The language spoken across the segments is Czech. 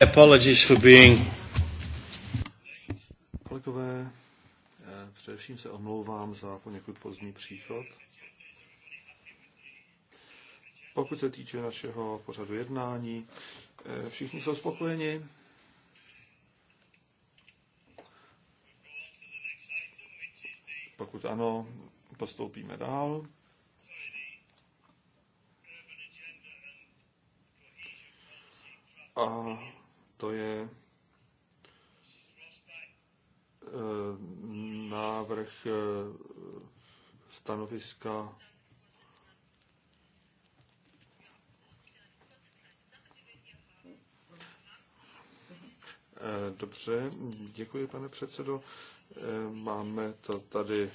Apologies for being... Kolegové, eh, především se omlouvám za poněkud pozdní příchod. Pokud se týče našeho pořadu jednání, eh, všichni jsou spokojeni. Pokud ano, postoupíme dál. A to je eh, návrh eh, stanoviska eh, Dobře, děkuji pane předsedo. Máme to tady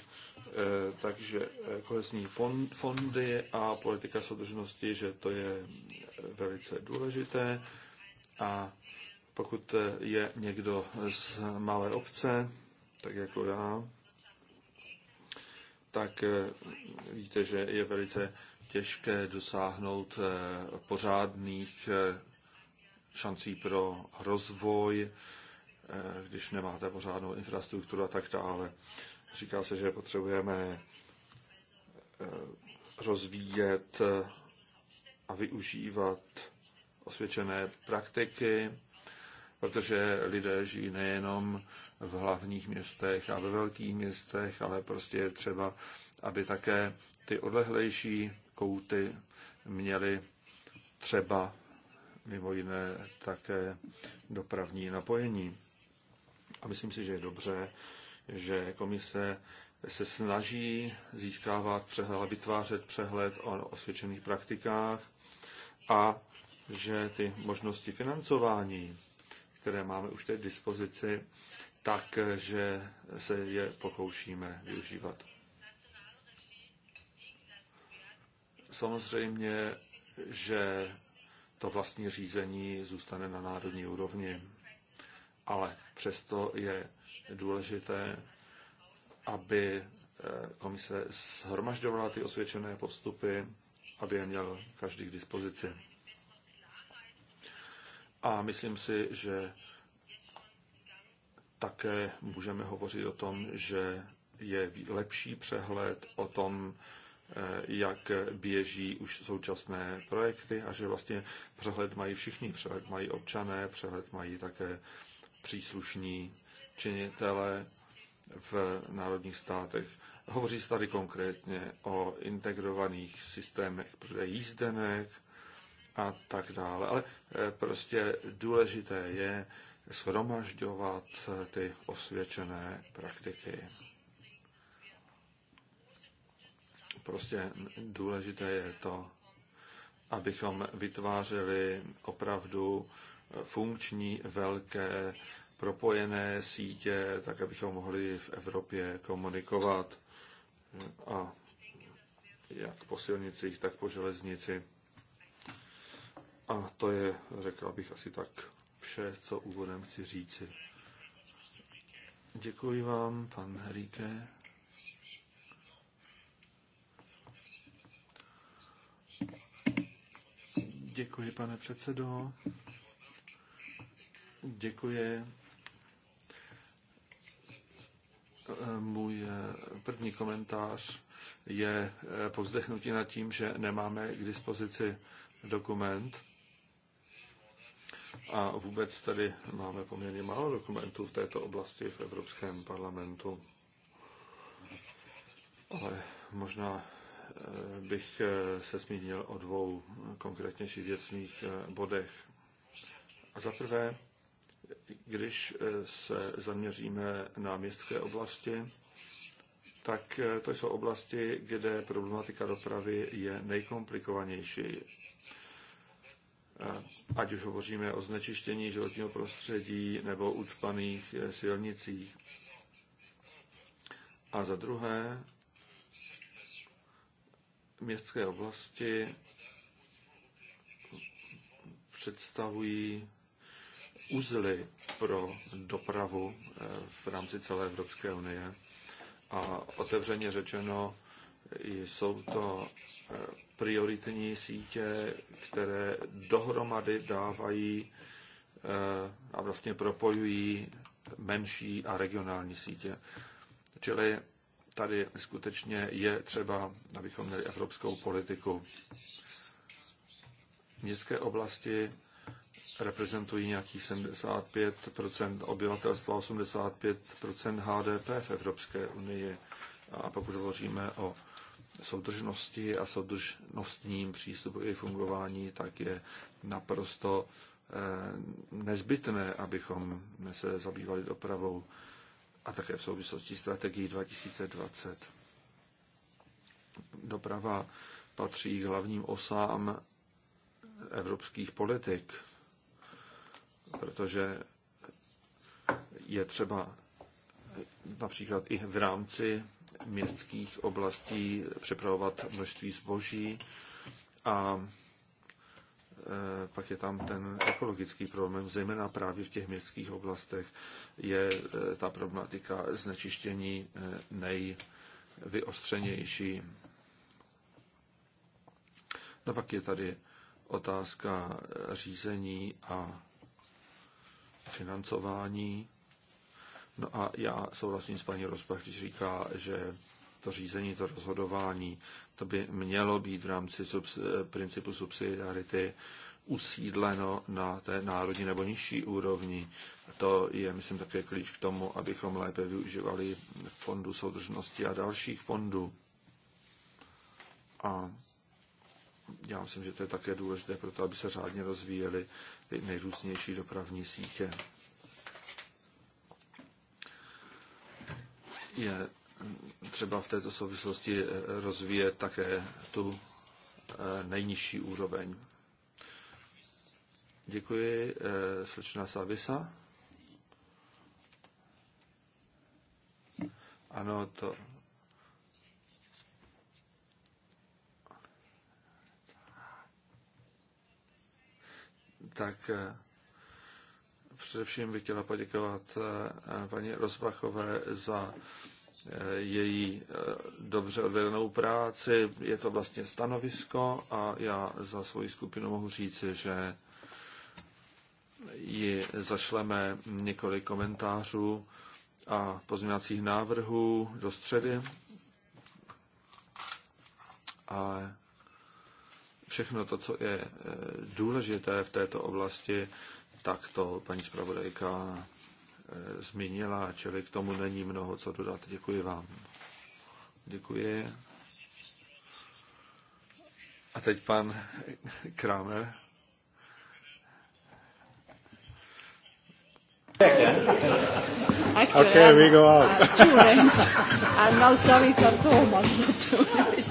takže kohezní fondy a politika soudržnosti, že to je velice důležité a pokud je někdo z malé obce, tak jako já, tak eh, víte, že je velice těžké dosáhnout eh, pořádných eh, šancí pro rozvoj, když nemáte pořádnou infrastrukturu a tak dále. Říká se, že potřebujeme rozvíjet a využívat osvědčené praktiky, protože lidé žijí nejenom v hlavních městech a ve velkých městech, ale prostě je třeba, aby také ty odlehlejší kouty měly třeba mimo jiné také dopravní napojení. A myslím si, že je dobře, že komise se snaží získávat přehled, vytvářet přehled o osvědčených praktikách a že ty možnosti financování které máme už teď dispozici, tak, že se je pokoušíme využívat. Samozřejmě, že to vlastní řízení zůstane na národní úrovni, ale přesto je důležité, aby eh, komise shromažďovala ty osvědčené postupy, aby je měl každý k dispozici. A myslím si, že také můžeme hovořit o tom, že je lepší přehled o tom, eh, jak běží už současné projekty a že vlastně přehled mají všichni. Přehled mají občané, přehled mají také příslušní činitele v národních státech. Hovoří se tady konkrétně o integrovaných systémech prodeje jízdenek, a tak dále. Ale eh, prostě důležité je shromažďovat eh, ty osvědčené praktiky. Prostě důležité je to, abychom vytvářeli opravdu eh, funkční, velké, propojené sítě, tak abychom mohli v Evropě komunikovat a jak po silnicích, tak po železnici. A to je, řekl bych, asi tak vše, co úvodem chci říci. Děkuji vám, pan Henrique. Děkuji, pane předsedo. Děkuji. Můj eh, první komentář je eh, povzdechnutí nad tím, že nemáme k dispozici dokument a vůbec tady máme poměrně málo dokumentů v této oblasti v Evropském parlamentu. Ale možná eh, bych eh, se zmínil o dvou konkrétnějších věcných eh, bodech. A Za prvé, když se zaměříme na městské oblasti, tak to jsou oblasti, kde problematika dopravy je nejkomplikovanější ať už hovoříme o znečištění životního prostředí nebo ucpaných eh, silnicích. A za druhé, městské oblasti představují uzly pro dopravu eh, v rámci celé Evropské unie. A otevřeně řečeno, jsou to eh, prioritní sítě, které dohromady dávají eh, a vlastně propojují menší a regionální sítě. Čili tady skutečně je třeba, abychom měli evropskou politiku. Městské oblasti reprezentují nějaký 75 obyvatelstva, 85 HDP v Evropské unii. A pokud hovoříme o soudržnosti a soudržnostním přístupu i fungování, tak je naprosto eh, nezbytné, abychom se zabývali dopravou a také v souvislosti strategií 2020. Doprava patří k hlavním osám evropských politik, protože je třeba například i v rámci městských oblastí přepravovat množství zboží a e, pak je tam ten ekologický problém, zejména právě v těch městských oblastech je e, ta problematika znečištění e, nejvyostřenější. No pak je tady otázka řízení a financování No a já souhlasím s paní Rozpach, když říká, že to řízení, to rozhodování, to by mělo být v rámci subs, principu subsidiarity usídleno na té národní nebo nižší úrovni. To je, myslím, také klíč k tomu, abychom lépe využívali fondu soudržnosti a dalších fondů. A já myslím, že to je také důležité pro to, aby se řádně rozvíjely ty nejrůznější dopravní sítě. Je třeba v této souvislosti rozvíjet také tu eh, nejnižší úroveň. Děkuji, eh, slečna Savisa. Ano, to. Tak eh, Především bych chtěla poděkovat eh, paní Rozbachové za eh, její eh, dobře odvedenou práci. Je to vlastně stanovisko a já za svoji skupinu mohu říci, že ji zašleme několik komentářů a pozměňovacích návrhů do středy. A všechno to, co je důležité v této oblasti, tak to paní zpravodajka eh, zmínila, čili k tomu není mnoho co dodat. Děkuji vám. Děkuji. A teď pan Kramer. Actually, okay, I'm, we go out. two I'm now sorry for Thomas.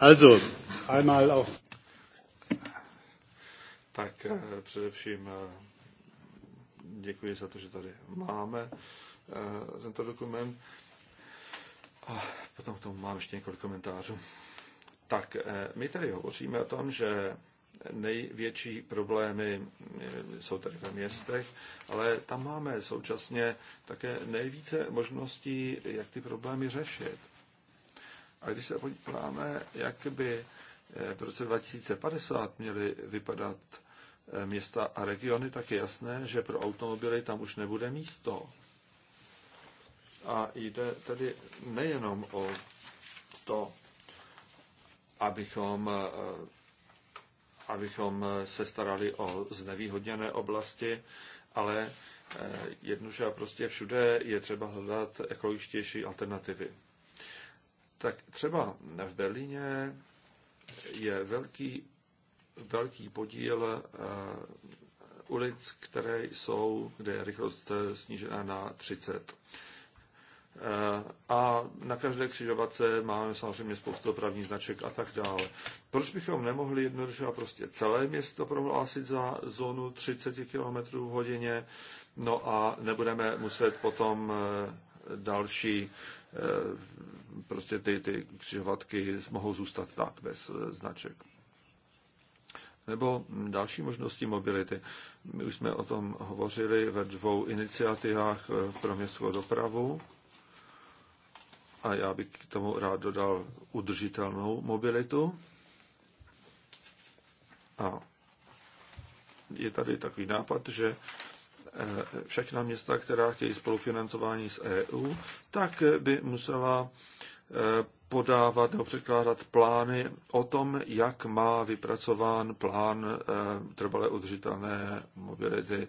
also, einmal auf tak eh, především eh, děkuji za to, že tady máme eh, tento dokument. A potom k tomu mám ještě několik komentářů. Tak my tady hovoříme o tom, že největší problémy jsou tady ve městech, ale tam máme současně také nejvíce možností, jak ty problémy řešit. A když se podíváme, jak by v roce 2050 měly vypadat Eh, města a regiony, tak je jasné, že pro automobily tam už nebude místo. A jde tedy nejenom o to, abychom, eh, abychom se starali o znevýhodněné oblasti, ale eh, jednoduše a prostě všude je třeba hledat ekologičtější alternativy. Tak třeba v Berlíně je velký velký podíl eh, ulic, které jsou, kde je rychlost eh, snížena na 30. Eh, a na každé křižovatce máme samozřejmě spoustu dopravních značek a tak dále. Proč bychom nemohli jednoduše a prostě celé město prohlásit za zónu 30 km v hodině, no a nebudeme muset potom další prostě ty, ty křižovatky mohou zůstat tak bez značek. Nebo další možnosti mobility. My už jsme o tom hovořili ve dvou iniciativách eh, pro městskou dopravu a já bych k tomu rád dodal udržitelnou mobilitu. A je tady takový nápad, že eh, všechna města, která chtějí spolufinancování z EU, tak by musela podávat nebo překládat plány o tom, jak má vypracován plán eh, trvalé udržitelné mobility.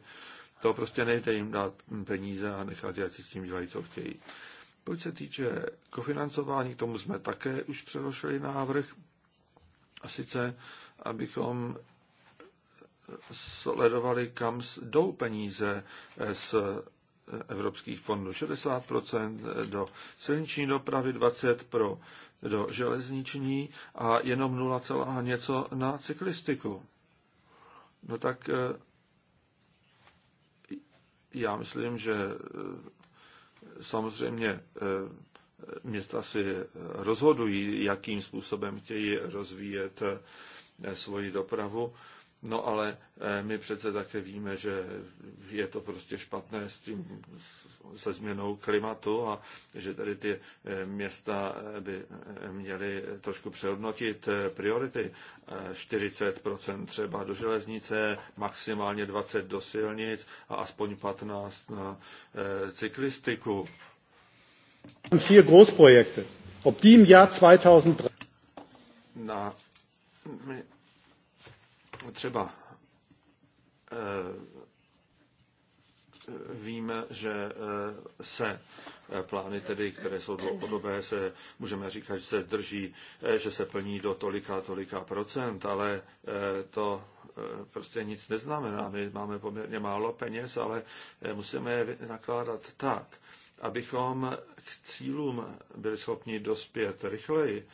To prostě nejde jim dát peníze a nechat, jak si s tím dělají, co chtějí. Pokud se týče kofinancování, k tomu jsme také už přeložili návrh, a sice, abychom sledovali, kam jdou peníze eh, z evropských fondů. 60% do silniční dopravy, 20% pro, do železniční a jenom 0, něco na cyklistiku. No tak eh, já myslím, že eh, samozřejmě eh, města si rozhodují, jakým způsobem chtějí rozvíjet svoji dopravu No ale eh, my přece také víme, že je to prostě špatné s tím, se změnou klimatu a že tady ty eh, města eh, by měly trošku přehodnotit priority. 40% třeba do železnice, maximálně 20 do silnic a aspoň 15 na cyklistiku. na, my třeba eh, víme, že eh, se eh, plány tedy, které jsou dlouhodobé, se můžeme říkat, že se drží, že se plní do tolika, tolika procent, ale to prostě nic neznamená. My máme poměrně málo peněz, ale musíme je nakládat tak, abychom k cílům byli schopni dospět rychleji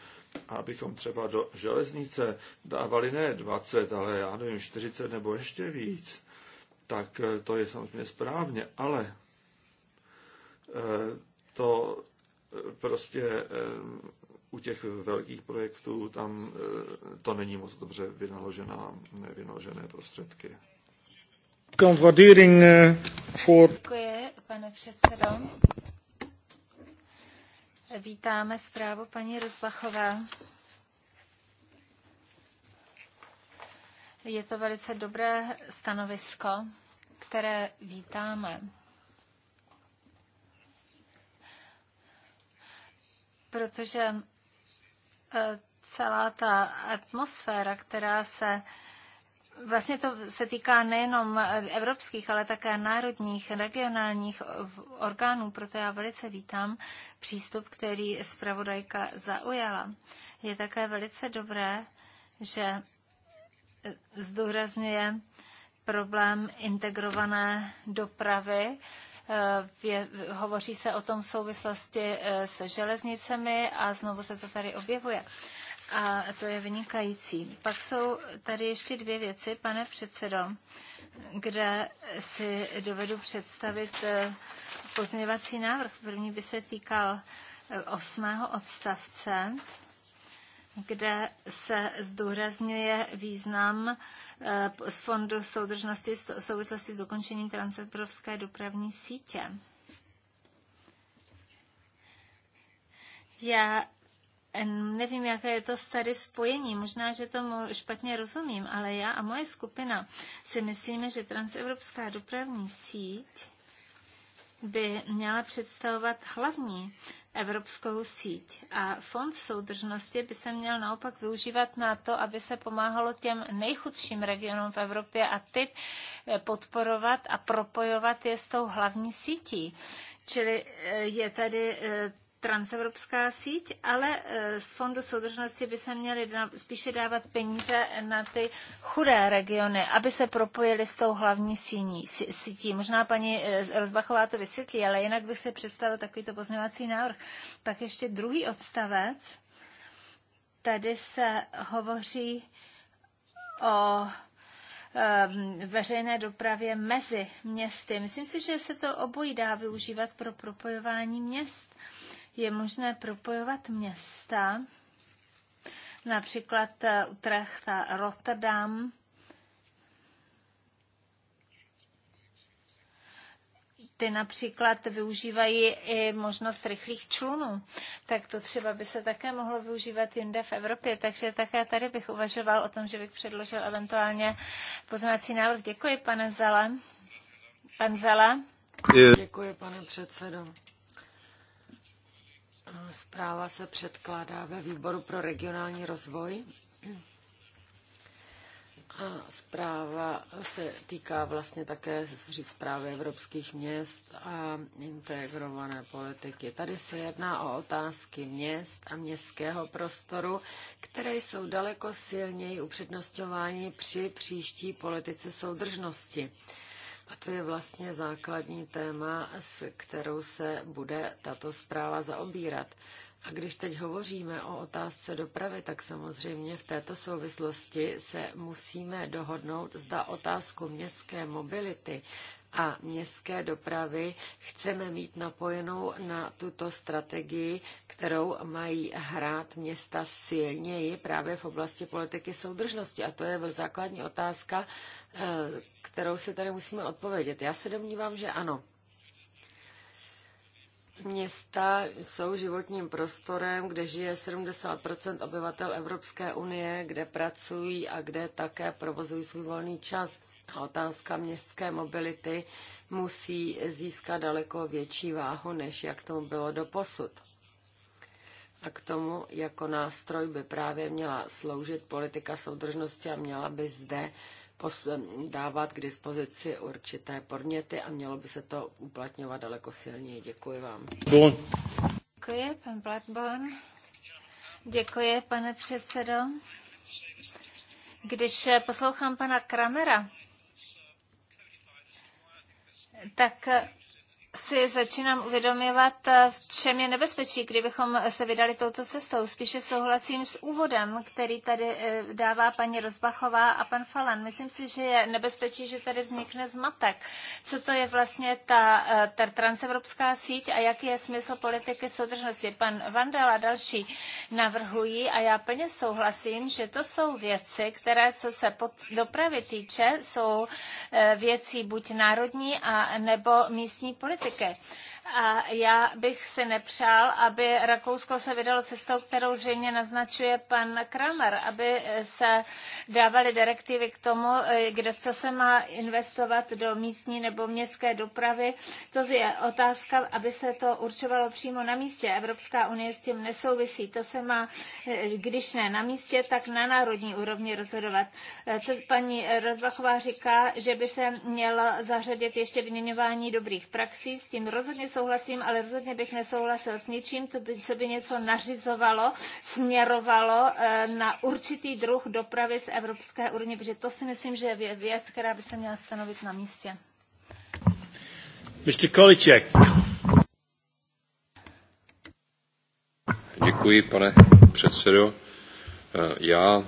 abychom třeba do železnice dávali ne 20, ale já nevím, 40 nebo ještě víc, tak eh, to je samozřejmě správně, ale eh, to eh, prostě u těch velkých projektů tam to není moc dobře vynaložená, vynaložené prostředky. Děkuji, pane předsedo. Vítáme zprávu paní Rozbachové. Je to velice dobré stanovisko, které vítáme. Protože eh, celá ta atmosféra, která se vlastně to se týká nejenom evropských, ale také národních, regionálních orgánů, proto já velice vítám přístup, který zpravodajka zaujala. Je také velice dobré, že zdůrazňuje problém integrované dopravy, eh, je, hovoří se o tom v souvislosti eh, se železnicemi a znovu se to tady objevuje a to je vynikající. Pak jsou tady ještě dvě věci, pane předsedo, kde si dovedu představit eh, pozměňovací návrh. První by se týkal eh, osmého odstavce, kde se zdůrazňuje význam z eh, Fondu soudržnosti v souvislosti s dokončením transevropské dopravní sítě. Já Nevím, jaké je to staré spojení, možná, že tomu špatně rozumím, ale já a moje skupina si myslíme, že transevropská dopravní síť by měla představovat hlavní evropskou síť. A fond soudržnosti by se měl naopak využívat na to, aby se pomáhalo těm nejchudším regionům v Evropě a ty eh, podporovat a propojovat je s tou hlavní sítí. Čili eh, je tady eh, transevropská síť, ale eh, z Fondu soudržnosti by se měly spíše dávat peníze na ty chudé regiony, aby se propojily s tou hlavní síní, sítí. Možná paní eh, Rozbachová to vysvětlí, ale jinak bych se představil takovýto pozměvací návrh. Pak ještě druhý odstavec. Tady se hovoří o ehm, veřejné dopravě mezi městy. Myslím si, že se to obojí dá využívat pro propojování měst je možné propojovat města, například eh, Utrecht a Rotterdam, ty například využívají i možnost rychlých člunů, tak to třeba by se také mohlo využívat jinde v Evropě. Takže také tady bych uvažoval o tom, že bych předložil eventuálně poznací návrh. Děkuji, pane Zale. Pan Zala. Děkuji, pane předsedo. Zpráva se předkládá ve výboru pro regionální rozvoj. A zpráva se týká vlastně také zprávy evropských měst a integrované politiky. Tady se jedná o otázky měst a městského prostoru, které jsou daleko silněji upřednostňovány při příští politice soudržnosti. A to je vlastně základní téma, s kterou se bude tato zpráva zaobírat. A když teď hovoříme o otázce dopravy, tak samozřejmě v této souvislosti se musíme dohodnout, zda otázku městské mobility a městské dopravy chceme mít napojenou na tuto strategii, kterou mají hrát města silněji právě v oblasti politiky soudržnosti. A to je základní otázka, eh, kterou si tady musíme odpovědět. Já se domnívám, že ano. Města jsou životním prostorem, kde žije 70 obyvatel Evropské unie, kde pracují a kde také provozují svůj volný čas. A otázka městské mobility musí získat daleko větší váhu, než jak tomu bylo doposud. A k tomu jako nástroj by právě měla sloužit politika soudržnosti a měla by zde dávat k dispozici určité podněty a mělo by se to uplatňovat daleko silněji. Děkuji vám. Bon. Děkuji, pan Blackburn. Děkuji, pane předsedo. Když poslouchám pana Kramera, tak si začínám uvědomovat, eh, v čem je nebezpečí, kdybychom se vydali touto cestou. Spíše souhlasím s úvodem, který tady eh, dává paní Rozbachová a pan Falan. Myslím si, že je nebezpečí, že tady vznikne zmatek. Co to je vlastně ta, eh, ta transevropská síť a jaký je smysl politiky soudržnosti? Pan Vandal a další navrhují a já plně souhlasím, že to jsou věci, které, co se pod dopravy týče, jsou věcí buď národní a nebo místní politiky politiky. A já bych si nepřál, aby Rakousko se vydalo cestou, kterou zřejmě naznačuje pan Kramer, aby se dávaly direktivy k tomu, e, kde co se má investovat do místní nebo městské dopravy. To je otázka, aby se to určovalo přímo na místě. Evropská unie s tím nesouvisí. To se má, e, když ne na místě, tak na národní úrovni rozhodovat. E, co paní Rozvachová říká, že by se mělo zařadit ještě vyměňování dobrých praxí, s tím rozhodně souhlasím, ale rozhodně bych nesouhlasil s ničím, to by se by něco nařizovalo, směrovalo eh, na určitý druh dopravy z Evropské unie, protože to si myslím, že je věc, která by se měla stanovit na místě. Mr. Kolicek. Děkuji, pane předsedo. Eh, já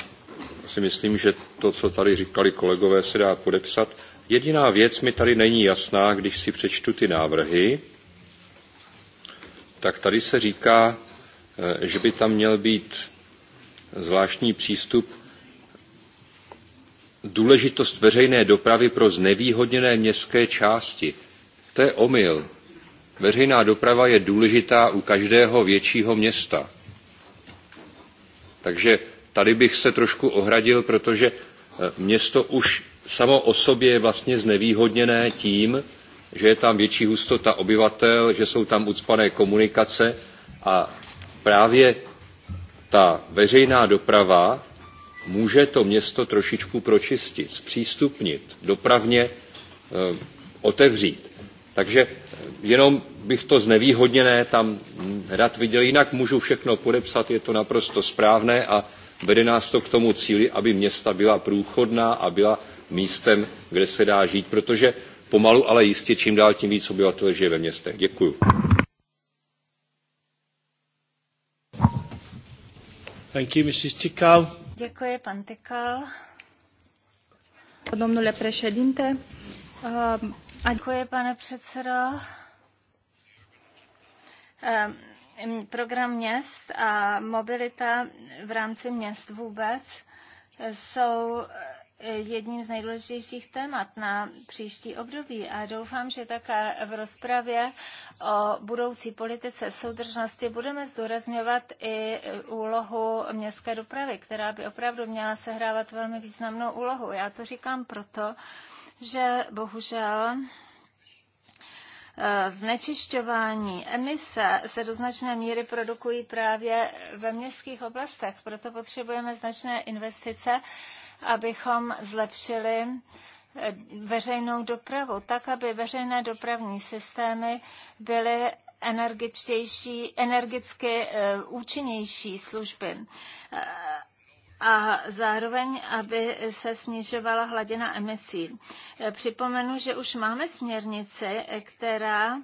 si myslím, že to, co tady říkali kolegové, se dá podepsat. Jediná věc mi tady není jasná, když si přečtu ty návrhy, tak tady se říká, eh, že by tam měl být zvláštní přístup důležitost veřejné dopravy pro znevýhodněné městské části. To je omyl. Veřejná doprava je důležitá u každého většího města. Takže tady bych se trošku ohradil, protože eh, město už samo o sobě je vlastně znevýhodněné tím, že je tam větší hustota obyvatel, že jsou tam ucpané komunikace a právě ta veřejná doprava může to město trošičku pročistit, zpřístupnit, dopravně eh, otevřít. Takže jenom bych to znevýhodněné tam rád viděl. Jinak můžu všechno podepsat, je to naprosto správné a vede nás to k tomu cíli, aby města byla průchodná a byla místem, kde se dá žít, protože pomalu, ale jistě čím dál tím víc obyvatel žije ve městech. Děkuju. Thank you, Mrs. Tikal. Děkuji, pan Tikal. Domnule președinte, eh, a děkuji, pane předsedo. Eh, program měst a mobilita v rámci měst vůbec jsou jedním z nejdůležitějších témat na příští období a doufám, že také v rozpravě o budoucí politice soudržnosti budeme zdůrazňovat i úlohu městské dopravy, která by opravdu měla sehrávat velmi významnou úlohu. Já to říkám proto, že bohužel eh, znečišťování, emise se do značné míry produkují právě ve městských oblastech, proto potřebujeme značné investice abychom zlepšili eh, veřejnou dopravu, tak, aby veřejné dopravní systémy byly energičtější, energicky eh, účinnější služby eh, a zároveň, aby se snižovala hladina emisí. Připomenu, že už máme směrnici, která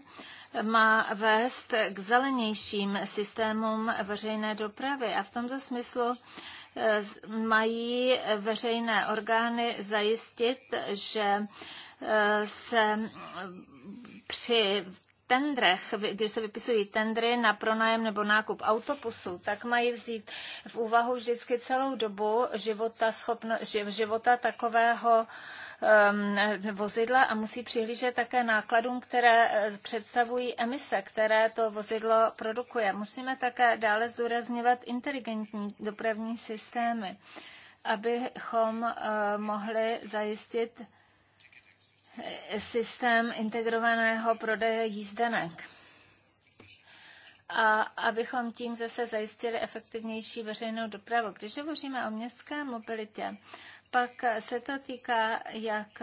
má vést k zelenějším systémům veřejné dopravy a v tomto smyslu mají veřejné orgány zajistit, že eh, se eh, při tendrech, když se vypisují tendry na pronájem nebo nákup autobusu, tak mají vzít v úvahu vždycky celou dobu života, schopno, života takového Um, vozidla a musí přihlížet také nákladům, které eh, představují emise, které to vozidlo produkuje. Musíme také dále zdůrazňovat inteligentní dopravní systémy, abychom eh, mohli zajistit eh, systém integrovaného prodeje jízdenek a abychom tím zase zajistili efektivnější veřejnou dopravu. Když hovoříme o městské mobilitě, pak se to týká jak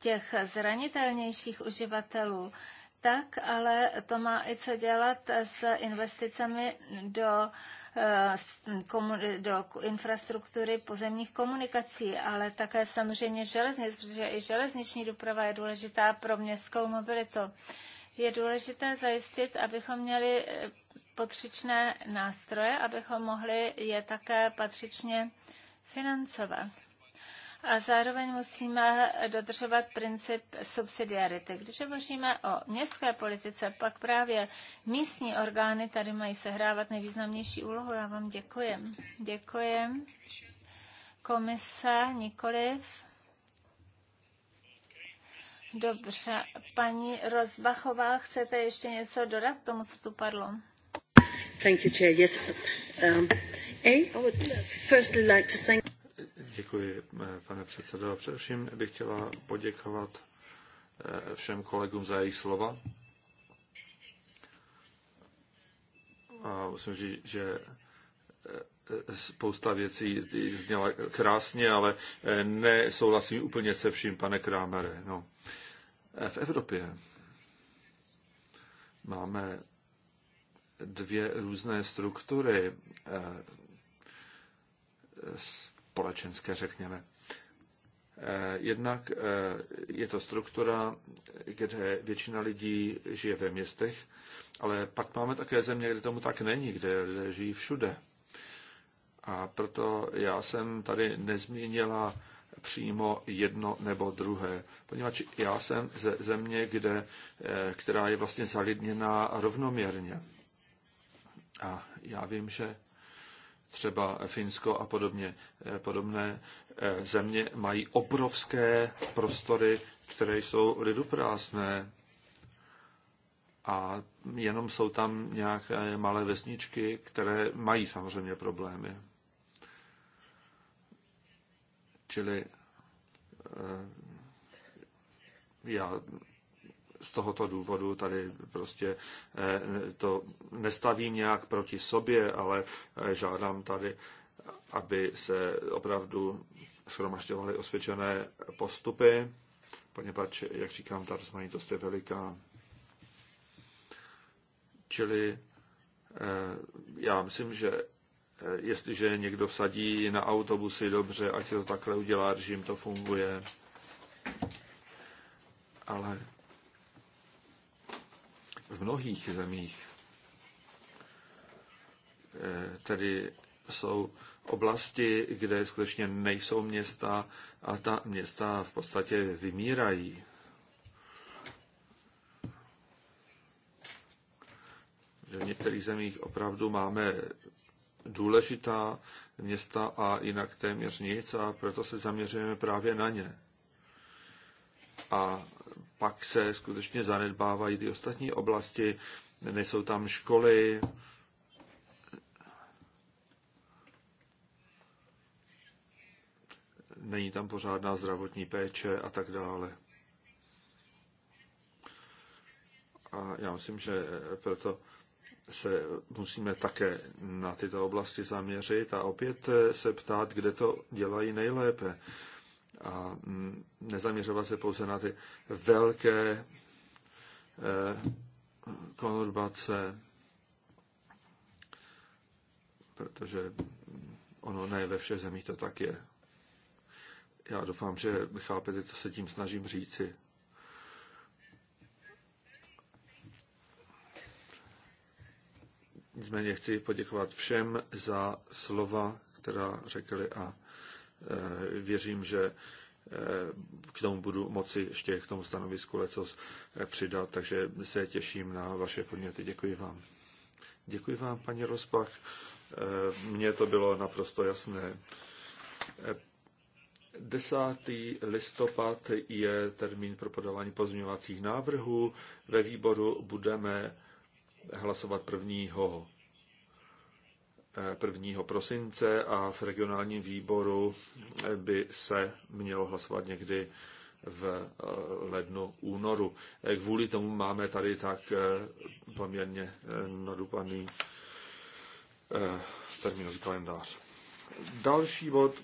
těch zranitelnějších uživatelů, tak, ale to má i co dělat s investicemi do, eh, do infrastruktury pozemních komunikací, ale také samozřejmě železnic, protože i železniční doprava je důležitá pro městskou mobilitu. Je důležité zajistit, abychom měli eh, potřičné nástroje, abychom mohli je také patřičně financovat a zároveň musíme dodržovat princip subsidiarity. Když hovoříme o městské politice, pak právě místní orgány tady mají sehrávat nejvýznamnější úlohu. Já vám děkuji. Děkuji. Komise nikoliv. Dobře. Paní Rozbachová, chcete ještě něco dodat k tomu, co tu padlo? Thank you, Chair. Yes. Um, I would firstly like to thank Děkuji, eh, pane předsedo. Především bych chtěla poděkovat eh, všem kolegům za jejich slova. A musím říct, že eh, spousta věcí zněla krásně, ale nesouhlasím úplně se vším, pane Krámere. No. V Evropě máme dvě různé struktury společenské, řekněme. Eh, jednak eh, je to struktura, kde většina lidí žije ve městech, ale pak máme také země, kde tomu tak není, kde lidé žijí všude. A proto já jsem tady nezmínila přímo jedno nebo druhé, poněvadž já jsem ze země, kde, eh, která je vlastně zalidněná rovnoměrně. A já vím, že třeba Finsko a podobně, eh, podobné eh, země mají obrovské prostory, které jsou liduprázdné a jenom jsou tam nějaké malé vesničky, které mají samozřejmě problémy. Čili eh, já z tohoto důvodu tady prostě eh, to nestavím nějak proti sobě, ale eh, žádám tady, aby se opravdu shromažďovaly osvědčené postupy, poněvadž, jak říkám, ta rozmanitost je veliká. Čili eh, já myslím, že jestliže někdo vsadí na autobusy dobře, ať se to takhle udělá, režim to funguje. Ale v mnohých zemích eh, tedy jsou oblasti, kde skutečně nejsou města a ta města v podstatě vymírají. Že v některých zemích opravdu máme důležitá města a jinak téměř nic a proto se zaměřujeme právě na ně. A pak se skutečně zanedbávají ty ostatní oblasti, nejsou tam školy, není tam pořádná zdravotní péče a tak dále. A já myslím, že proto se musíme také na tyto oblasti zaměřit a opět se ptát, kde to dělají nejlépe a nezaměřovat se pouze na ty velké eh, konurbace, protože ono ne ve všech zemích to tak je. Já doufám, že chápete, co se tím snažím říci. Nicméně chci poděkovat všem za slova, která řekli a Eh, věřím, že eh, k tomu budu moci ještě k tomu stanovisku lecos eh, přidat, takže se těším na vaše podněty. Děkuji vám. Děkuji vám, paní Rozpach. Mně to bylo naprosto jasné. 10. listopad je termín pro podávání pozměňovacích návrhů. Ve výboru budeme hlasovat 1. 1. prosince a v regionálním výboru by se mělo hlasovat někdy v eh, lednu, únoru. Eh, kvůli tomu máme tady tak eh, poměrně nadupaný termínový kalendář. Další bod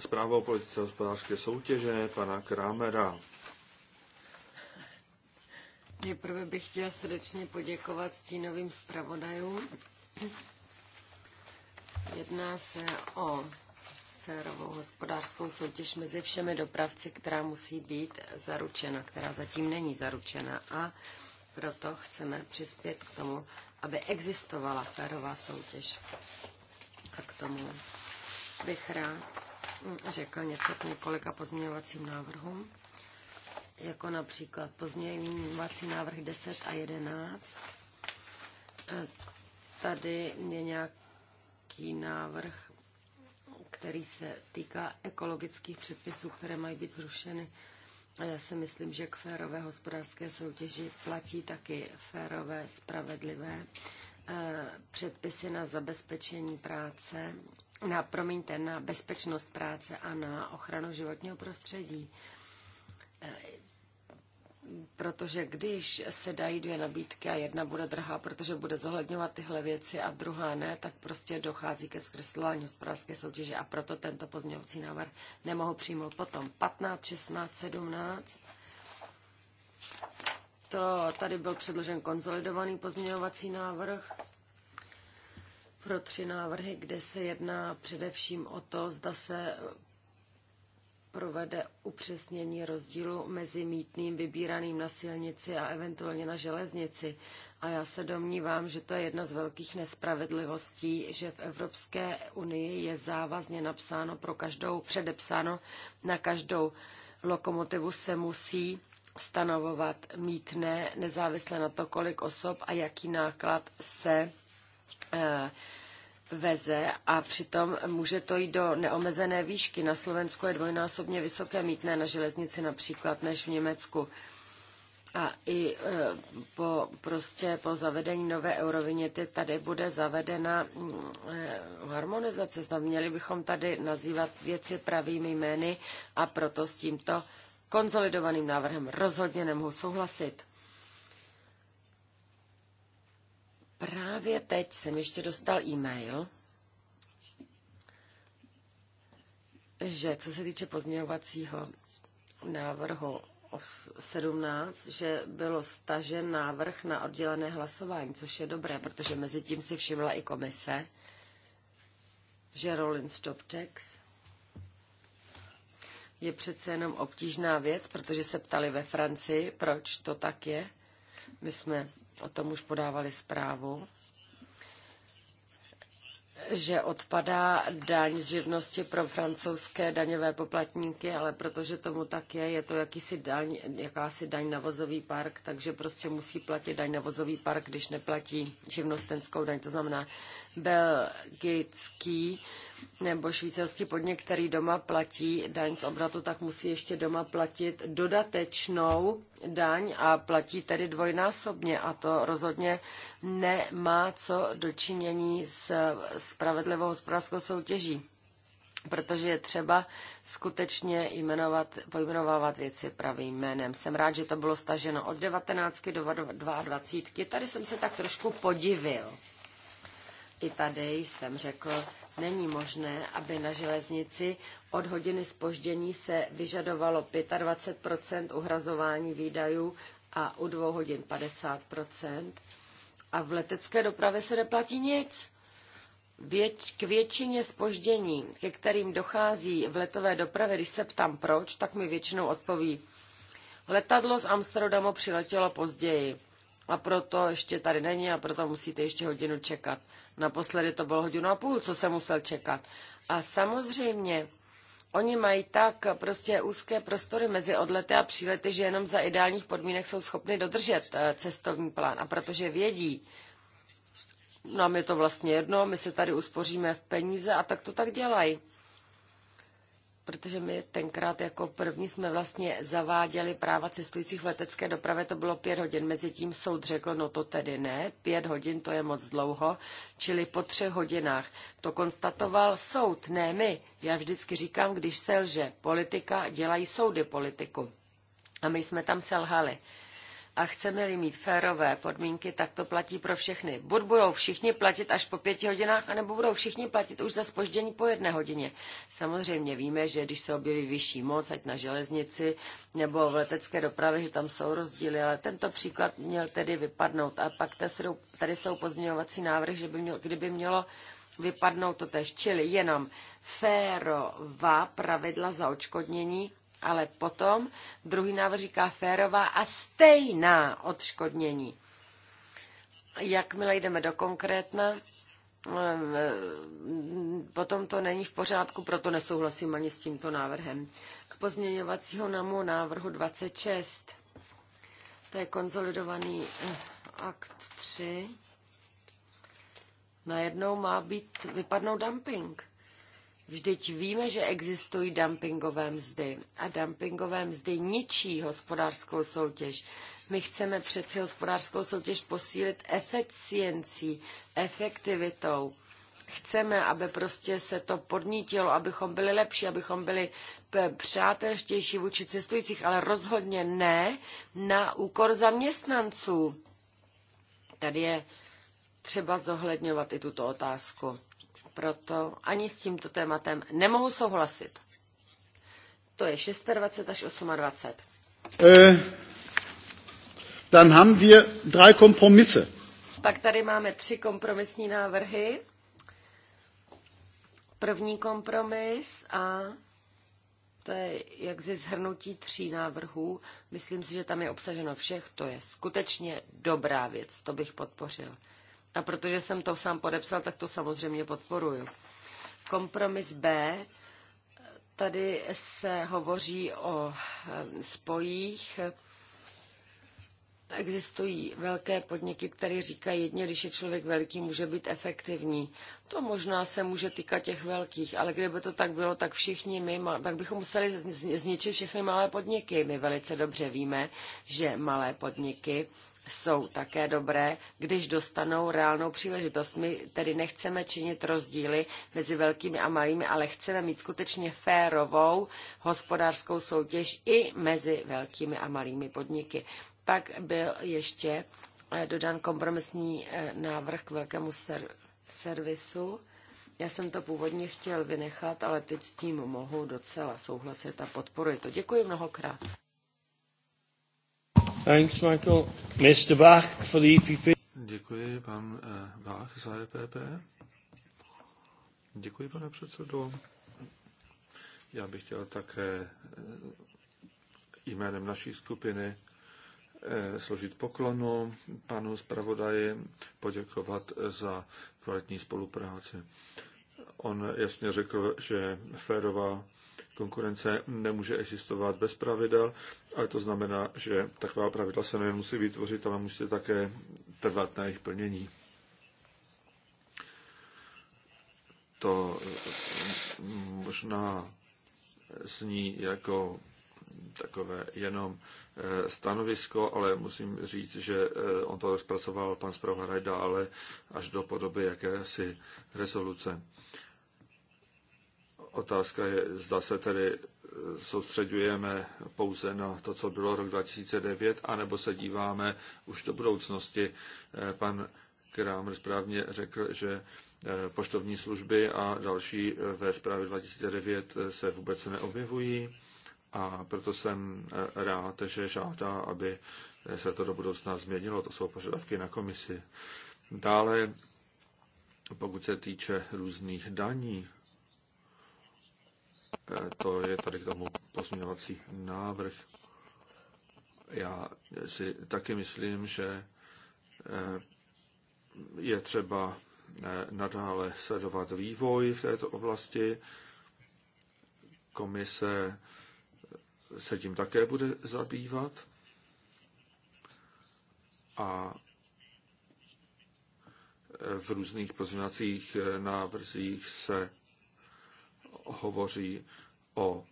zpráva o politice hospodářské soutěže pana Kramera. Nejprve bych chtěla srdečně poděkovat stínovým zpravodajům Jedná se o férovou hospodářskou soutěž mezi všemi dopravci, která musí být zaručena, která zatím není zaručena. A proto chceme přispět k tomu, aby existovala férová soutěž. A k tomu bych rád hm, řekl něco k několika pozměňovacím návrhům, jako například pozměňovací návrh 10 a 11. Tady je nějak nějaký návrh, který se týká ekologických předpisů, které mají být zrušeny. A já si myslím, že k férové hospodářské soutěži platí taky férové, spravedlivé eh, předpisy na zabezpečení práce, na, promiňte, na bezpečnost práce a na ochranu životního prostředí. Eh, Protože když se dají dvě nabídky a jedna bude drahá, protože bude zohledňovat tyhle věci a druhá ne, tak prostě dochází ke zkreslování hospodářské soutěže a proto tento pozměňovací návrh nemohu přijmout. Potom 15, 16, 17. To tady byl předložen konzolidovaný pozměňovací návrh pro tři návrhy, kde se jedná především o to, zda se provede upřesnění rozdílu mezi mítným vybíraným na silnici a eventuálně na železnici. A já se domnívám, že to je jedna z velkých nespravedlivostí, že v Evropské unii je závazně napsáno pro každou, předepsáno na každou lokomotivu se musí stanovovat mítné, nezávisle na to, kolik osob a jaký náklad se eh, veze a přitom může to jít do neomezené výšky. Na Slovensku je dvojnásobně vysoké mítné na železnici například než v Německu. A i e, po, prostě po zavedení nové eurovinety tady bude zavedena mm, e, harmonizace. Znamená, měli bychom tady nazývat věci pravými jmény a proto s tímto konzolidovaným návrhem rozhodně nemohu souhlasit. Právě teď jsem ještě dostal e-mail, že co se týče pozměňovacího návrhu 17, že bylo stažen návrh na oddělené hlasování, což je dobré, protože mezi tím si všimla i komise, že Rolling Stop Tax je přece jenom obtížná věc, protože se ptali ve Francii, proč to tak je. My jsme o tom už podávali zprávu, že odpadá daň z živnosti pro francouzské daňové poplatníky, ale protože tomu tak je, je to jakýsi daň, jakási daň na vozový park, takže prostě musí platit daň na vozový park, když neplatí živnostenskou daň. To znamená, belgický nebo švýcarský podnik, který doma platí daň z obratu, tak musí ještě doma platit dodatečnou daň a platí tedy dvojnásobně a to rozhodně nemá co dočinění s spravedlivou hospodářskou soutěží protože je třeba skutečně jmenovat, pojmenovávat věci pravým jménem. Jsem rád, že to bylo staženo od 19. do 22. Tady jsem se tak trošku podivil i tady jsem řekl, není možné, aby na železnici od hodiny spoždění se vyžadovalo 25 uhrazování výdajů a u dvou hodin 50 A v letecké dopravě se neplatí nic. Věč, k většině spoždění, ke kterým dochází v letové dopravě, když se ptám proč, tak mi většinou odpoví. Letadlo z Amsterdamu přiletělo později a proto ještě tady není a proto musíte ještě hodinu čekat. Naposledy to bylo hodinu a půl, co jsem musel čekat. A samozřejmě, oni mají tak prostě úzké prostory mezi odlety a přílety, že jenom za ideálních podmínek jsou schopni dodržet eh, cestovní plán. A protože vědí, nám je to vlastně jedno, my se tady uspoříme v peníze a tak to tak dělají protože my tenkrát jako první jsme vlastně zaváděli práva cestujících v letecké dopravě, to bylo pět hodin. Mezitím soud řekl, no to tedy ne, pět hodin to je moc dlouho, čili po třech hodinách. To konstatoval soud, ne my. Já vždycky říkám, když selže politika, dělají soudy politiku. A my jsme tam selhali a chceme-li mít férové podmínky, tak to platí pro všechny. Buď budou všichni platit až po pěti hodinách, anebo budou všichni platit už za spoždění po jedné hodině. Samozřejmě víme, že když se objeví vyšší moc, ať na železnici nebo v letecké dopravě, že tam jsou rozdíly, ale tento příklad měl tedy vypadnout. A pak tady jsou pozměňovací návrh, že by mělo, kdyby mělo vypadnout, to tež, čili jenom férová pravidla za očkodnění ale potom druhý návrh říká férová a stejná odškodnění. Jakmile jdeme do konkrétna, eh, potom to není v pořádku, proto nesouhlasím ani s tímto návrhem. K pozměňovacího námu návrhu 26. To je konzolidovaný eh, akt 3. Najednou má být, vypadnou dumping. Vždyť víme, že existují dumpingové mzdy a dumpingové mzdy ničí hospodářskou soutěž. My chceme přeci hospodářskou soutěž posílit eficiencí, efektivitou. Chceme, aby prostě se to podnítilo, abychom byli lepší, abychom byli přátelštější vůči cestujících, ale rozhodně ne na úkor zaměstnanců. Tady je třeba zohledňovat i tuto otázku proto ani s tímto tématem nemohu souhlasit. To je 26 až 28. Eh, äh, dann haben wir drei Kompromisse. Pak tady máme tři kompromisní návrhy. První kompromis a to je jak ze zhrnutí tří návrhů. Myslím si, že tam je obsaženo všech. To je skutečně dobrá věc. To bych podpořil. A protože jsem to sám podepsal, tak to samozřejmě podporuju. Kompromis B. Tady se hovoří o eh, spojích. Existují velké podniky, které říkají jedně, když je člověk velký, může být efektivní. To možná se může týkat těch velkých, ale kdyby to tak bylo, tak všichni my, tak bychom museli zničit všechny malé podniky. My velice dobře víme, že malé podniky jsou také dobré, když dostanou reálnou příležitost. My tedy nechceme činit rozdíly mezi velkými a malými, ale chceme mít skutečně férovou hospodářskou soutěž i mezi velkými a malými podniky. Pak byl ještě eh, dodán kompromisní eh, návrh k velkému ser- servisu. Já jsem to původně chtěl vynechat, ale teď s tím mohu docela souhlasit a podporuji to. Děkuji mnohokrát. Thanks, Michael. Mr. Bach for the EPP. Děkuji, pan eh, Bach za EPP. Děkuji, pane předsedo. Já bych chtěl také eh, jménem naší skupiny eh, složit poklonu panu zpravodaji, poděkovat za kvalitní spolupráci. On jasně řekl, že férová Konkurence nemůže existovat bez pravidel, ale to znamená, že taková pravidla se nejen musí vytvořit, ale musí také trvat na jejich plnění. To eh, možná sní jako takové jenom eh, stanovisko, ale musím říct, že eh, on to rozpracoval pan zpravodaj dále až do podoby jakési rezoluce. Otázka je, zda se tedy e, soustředujeme pouze na to, co bylo rok 2009, anebo se díváme už do budoucnosti. E, pan Kramer správně řekl, že e, poštovní služby a další ve zprávě 2009 se vůbec neobjevují a proto jsem rád, že žádá, aby se to do budoucna změnilo. To jsou požadavky na komisi. Dále, pokud se týče různých daní, to je tady k tomu pozměňovací návrh. Já si taky myslím, že eh, je třeba eh, nadále sledovat vývoj v této oblasti. Komise se tím také bude zabývat. A eh, v různých pozměňovacích návrzích se hovoří o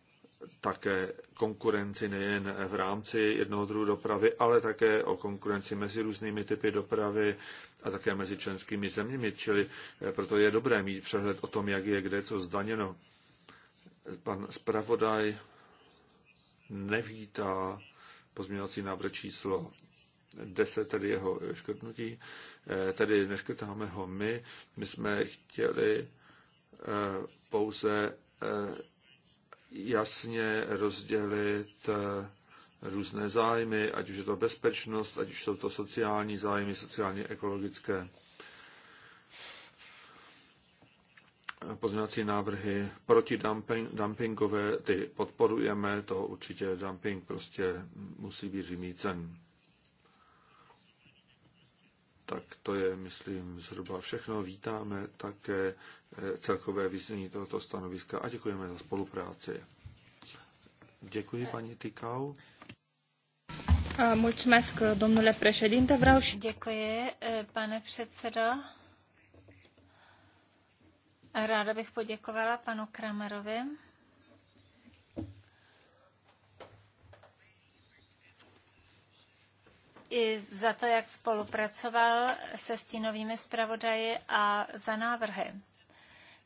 také konkurenci nejen v rámci jednoho druhu dopravy, ale také o konkurenci mezi různými typy dopravy a také mezi členskými zeměmi, čili eh, proto je dobré mít přehled o tom, jak je kde co zdaněno. Pan zpravodaj nevítá pozměňovací návrh číslo 10, tedy jeho škrtnutí, eh, tedy neškrtáme ho my. My jsme chtěli Eh, pouze eh, jasně rozdělit eh, různé zájmy, ať už je to bezpečnost, ať už jsou to sociální zájmy, sociálně ekologické. Pozměňovací návrhy proti dumping, dumpingové, ty podporujeme, to určitě dumping prostě musí být vymícen tak to je, myslím, zhruba všechno. Vítáme také eh, celkové vyznění tohoto stanoviska a děkujeme za spolupráci. Děkuji, paní Tykau. Eh, mulțumesc, domnule președinte. Vreau și... Děkuji, eh, pane předsedo. Ráda bych poděkovala panu Kramerovi i za to, jak spolupracoval se stínovými zpravodaji a za návrhy.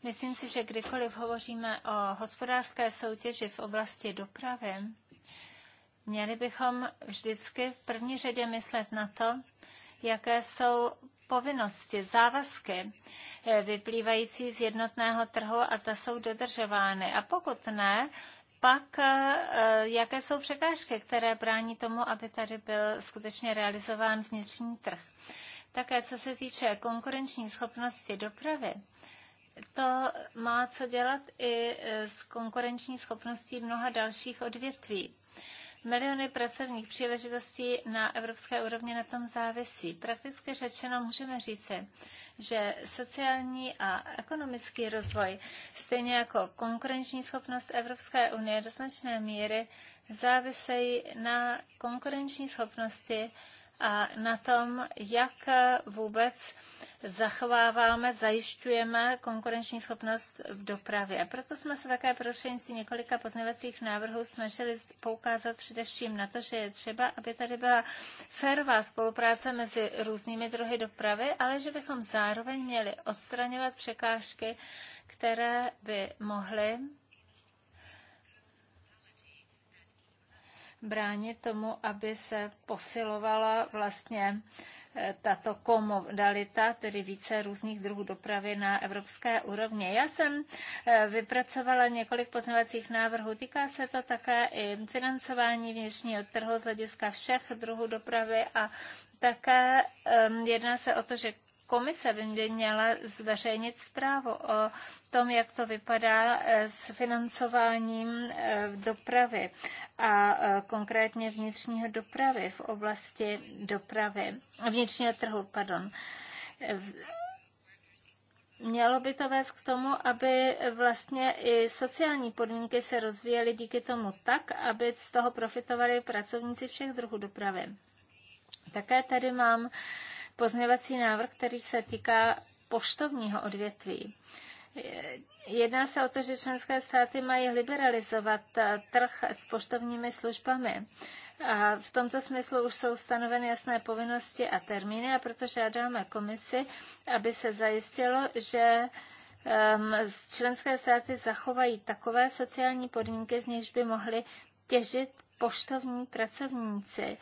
Myslím si, že kdykoliv hovoříme o hospodářské soutěži v oblasti dopravy, měli bychom vždycky v první řadě myslet na to, jaké jsou povinnosti, závazky eh, vyplývající z jednotného trhu a zda jsou dodržovány. A pokud ne, pak eh, eh, jaké jsou překážky, které brání tomu, aby tady byl skutečně realizován vnitřní trh. Také co se týče konkurenční schopnosti dopravy, to má co dělat i eh, s konkurenční schopností mnoha dalších odvětví. Miliony pracovních příležitostí na evropské úrovni na tom závisí. Prakticky řečeno můžeme říci, že sociální a ekonomický rozvoj, stejně jako konkurenční schopnost Evropské unie do značné míry závisejí na konkurenční schopnosti a na tom, jak vůbec zachováváme, zajišťujeme konkurenční schopnost v dopravě. Proto jsme se také prostřednictvím několika pozměvacích návrhů snažili poukázat především na to, že je třeba, aby tady byla férová spolupráce mezi různými druhy dopravy, ale že bychom zároveň měli odstraňovat překážky, které by mohly bránit tomu, aby se posilovala vlastně eh, tato komodalita, tedy více různých druhů dopravy na evropské úrovni. Já jsem eh, vypracovala několik poznavacích návrhů. Týká se to také i financování vnitřního trhu z hlediska všech druhů dopravy a také ehm, jedná se o to, že komise by měla zveřejnit zprávu o tom, jak to vypadá eh, s financováním eh, dopravy a eh, konkrétně vnitřního dopravy v oblasti dopravy, vnitřního trhu, pardon. Mělo by to vést k tomu, aby vlastně i sociální podmínky se rozvíjely díky tomu tak, aby z toho profitovali pracovníci všech druhů dopravy. Také tady mám uh, pozměvací návrh, který se týká poštovního odvětví. Jedná se o to, že členské státy mají liberalizovat eh, trh s poštovními službami. A v tomto smyslu už jsou stanoveny jasné povinnosti a termíny, a proto žádáme komisi, aby se zajistilo, že ehm, členské státy zachovají takové sociální podmínky, z nichž by mohly těžit poštovní pracovníci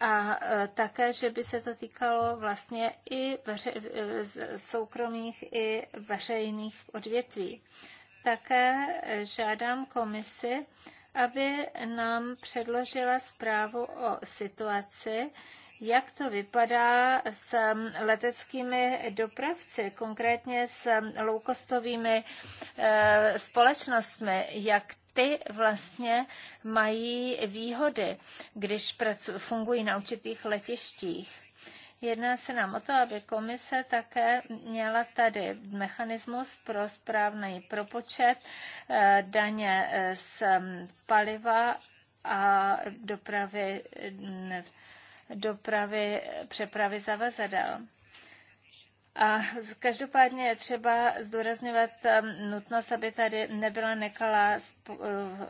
a e, také, že by se to týkalo vlastně i veře, e, soukromých, i veřejných odvětví. Také e, žádám komisi, aby nám předložila zprávu o situaci, jak to vypadá s leteckými dopravci, konkrétně s loukostovými společnostmi, jak ty vlastně mají výhody, když fungují na určitých letištích. Jedná se nám o to, aby komise také měla tady mechanismus pro správný propočet eh, daně eh, z mm, paliva a dopravy, mm, dopravy přepravy zavazadel. A každopádně je třeba zdůrazňovat um, nutnost, aby tady nebyla nekalá uh,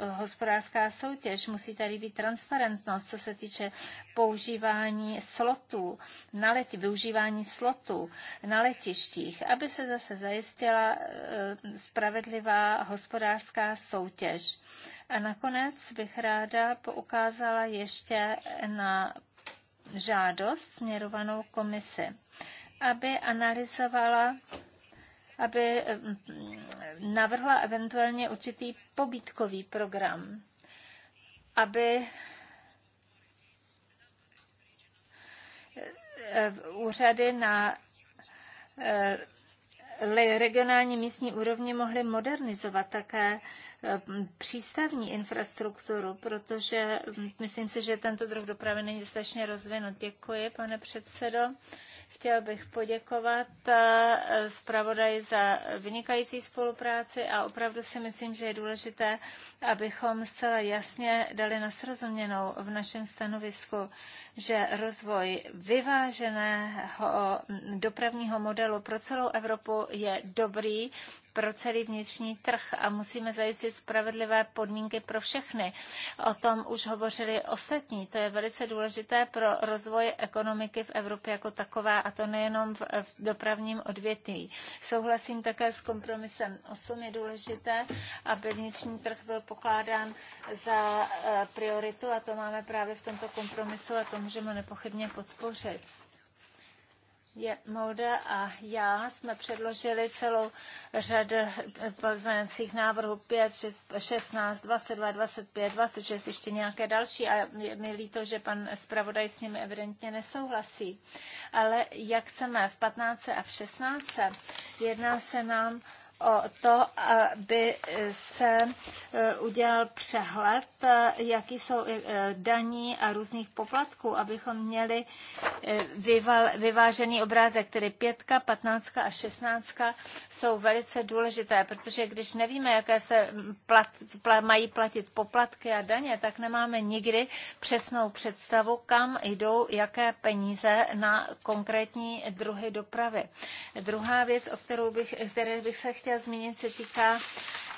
hospodářská soutěž. Musí tady být transparentnost, co se týče používání slotů, na leti, využívání slotů na letištích, aby se zase zajistila uh, spravedlivá hospodářská soutěž. A nakonec bych ráda poukázala ještě na žádost směrovanou komisi aby analyzovala aby mm, navrhla eventuálně určitý pobítkový program, aby eh, úřady na eh, regionální místní úrovni mohly modernizovat také eh, přístavní infrastrukturu, protože mm, myslím si, že tento druh dopravy není dostatečně rozvinut. Děkuji, pane předsedo. Chtěl bych poděkovat eh, zpravodaji za vynikající spolupráci a opravdu si myslím, že je důležité, abychom zcela jasně dali nasrozuměnou v našem stanovisku, že rozvoj vyváženého dopravního modelu pro celou Evropu je dobrý, pro celý vnitřní trh a musíme zajistit spravedlivé podmínky pro všechny. O tom už hovořili ostatní. To je velice důležité pro rozvoj ekonomiky v Evropě jako takové a to nejenom v, v dopravním odvětví. Souhlasím také s kompromisem 8. Je důležité, aby vnitřní trh byl pokládán za eh, prioritu a to máme právě v tomto kompromisu a to můžeme nepochybně podpořit je Molda a já jsme předložili celou řadu pozměňovacích návrhů 5, 6, 16, 22, 25, 26, ještě nějaké další a je mi líto, že pan zpravodaj s nimi evidentně nesouhlasí. Ale jak chceme v 15 a v 16, jedná se nám o to, aby se e, udělal přehled, e, jaký jsou e, daní a různých poplatků, abychom měli vyvážený obrázek, tedy pětka, patnáctka a šestnáctka jsou velice důležité, protože když nevíme, jaké se plat, mají platit poplatky a daně, tak nemáme nikdy přesnou představu, kam jdou jaké peníze na konkrétní druhy dopravy. Druhá věc, o kterou bych, které bych se chtěla chtěla zmínit, se týká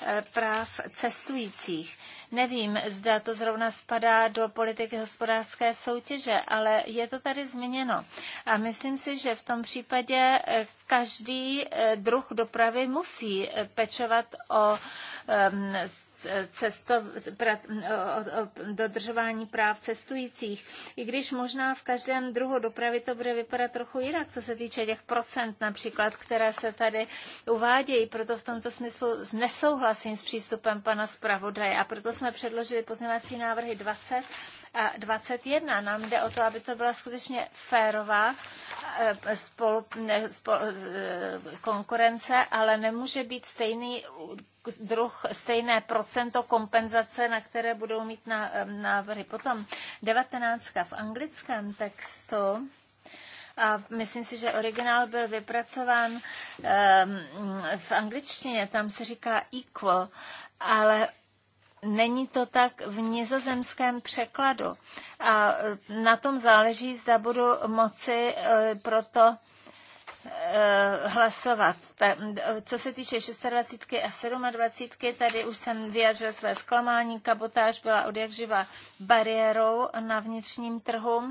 Eh, práv cestujících. Nevím, zda to zrovna spadá do politiky hospodářské soutěže, ale je to tady zmíněno. A myslím si, že v tom případě eh, každý eh, druh dopravy musí pečovat o, ehm, cesto, o dodržování práv cestujících. I když možná v každém druhu dopravy to bude vypadat trochu jinak, co se týče těch procent například, které se tady uvádějí. Proto v tomto smyslu nesouhlasím souhlasím s přístupem pana zpravodaje a proto jsme předložili pozměňovací návrhy 20 a 21. Nám jde o to, aby to byla skutečně férová eh, spolu, ne, spolu, eh, konkurence, ale nemůže být stejný druh, stejné procento kompenzace, na které budou mít eh, návrhy. Potom 19. v anglickém textu a myslím si, že originál byl vypracován ehm, v angličtině, tam se říká equal, ale Není to tak v nizozemském překladu. A e, na tom záleží, zda budu moci e, proto e, hlasovat. co se týče 26 a 27, tady už jsem vyjadřil své zklamání. Kabotáž byla odjakživa bariérou na vnitřním trhu.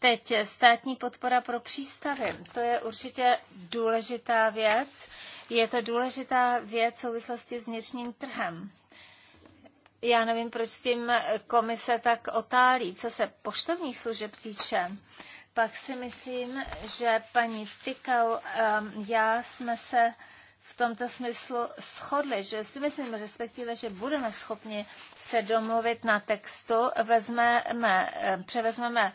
Teď státní podpora pro přístavy. To je určitě důležitá věc. Je to důležitá věc v souvislosti s vnitřním trhem. Já nevím, proč s tím komise tak otálí, co se poštovních služeb týče. Pak si myslím, že paní Fikau, ehm, já jsme se v tomto smyslu shodli, že si myslím, respektive, že budeme schopni se domluvit na textu, vezmeme, ehm, převezmeme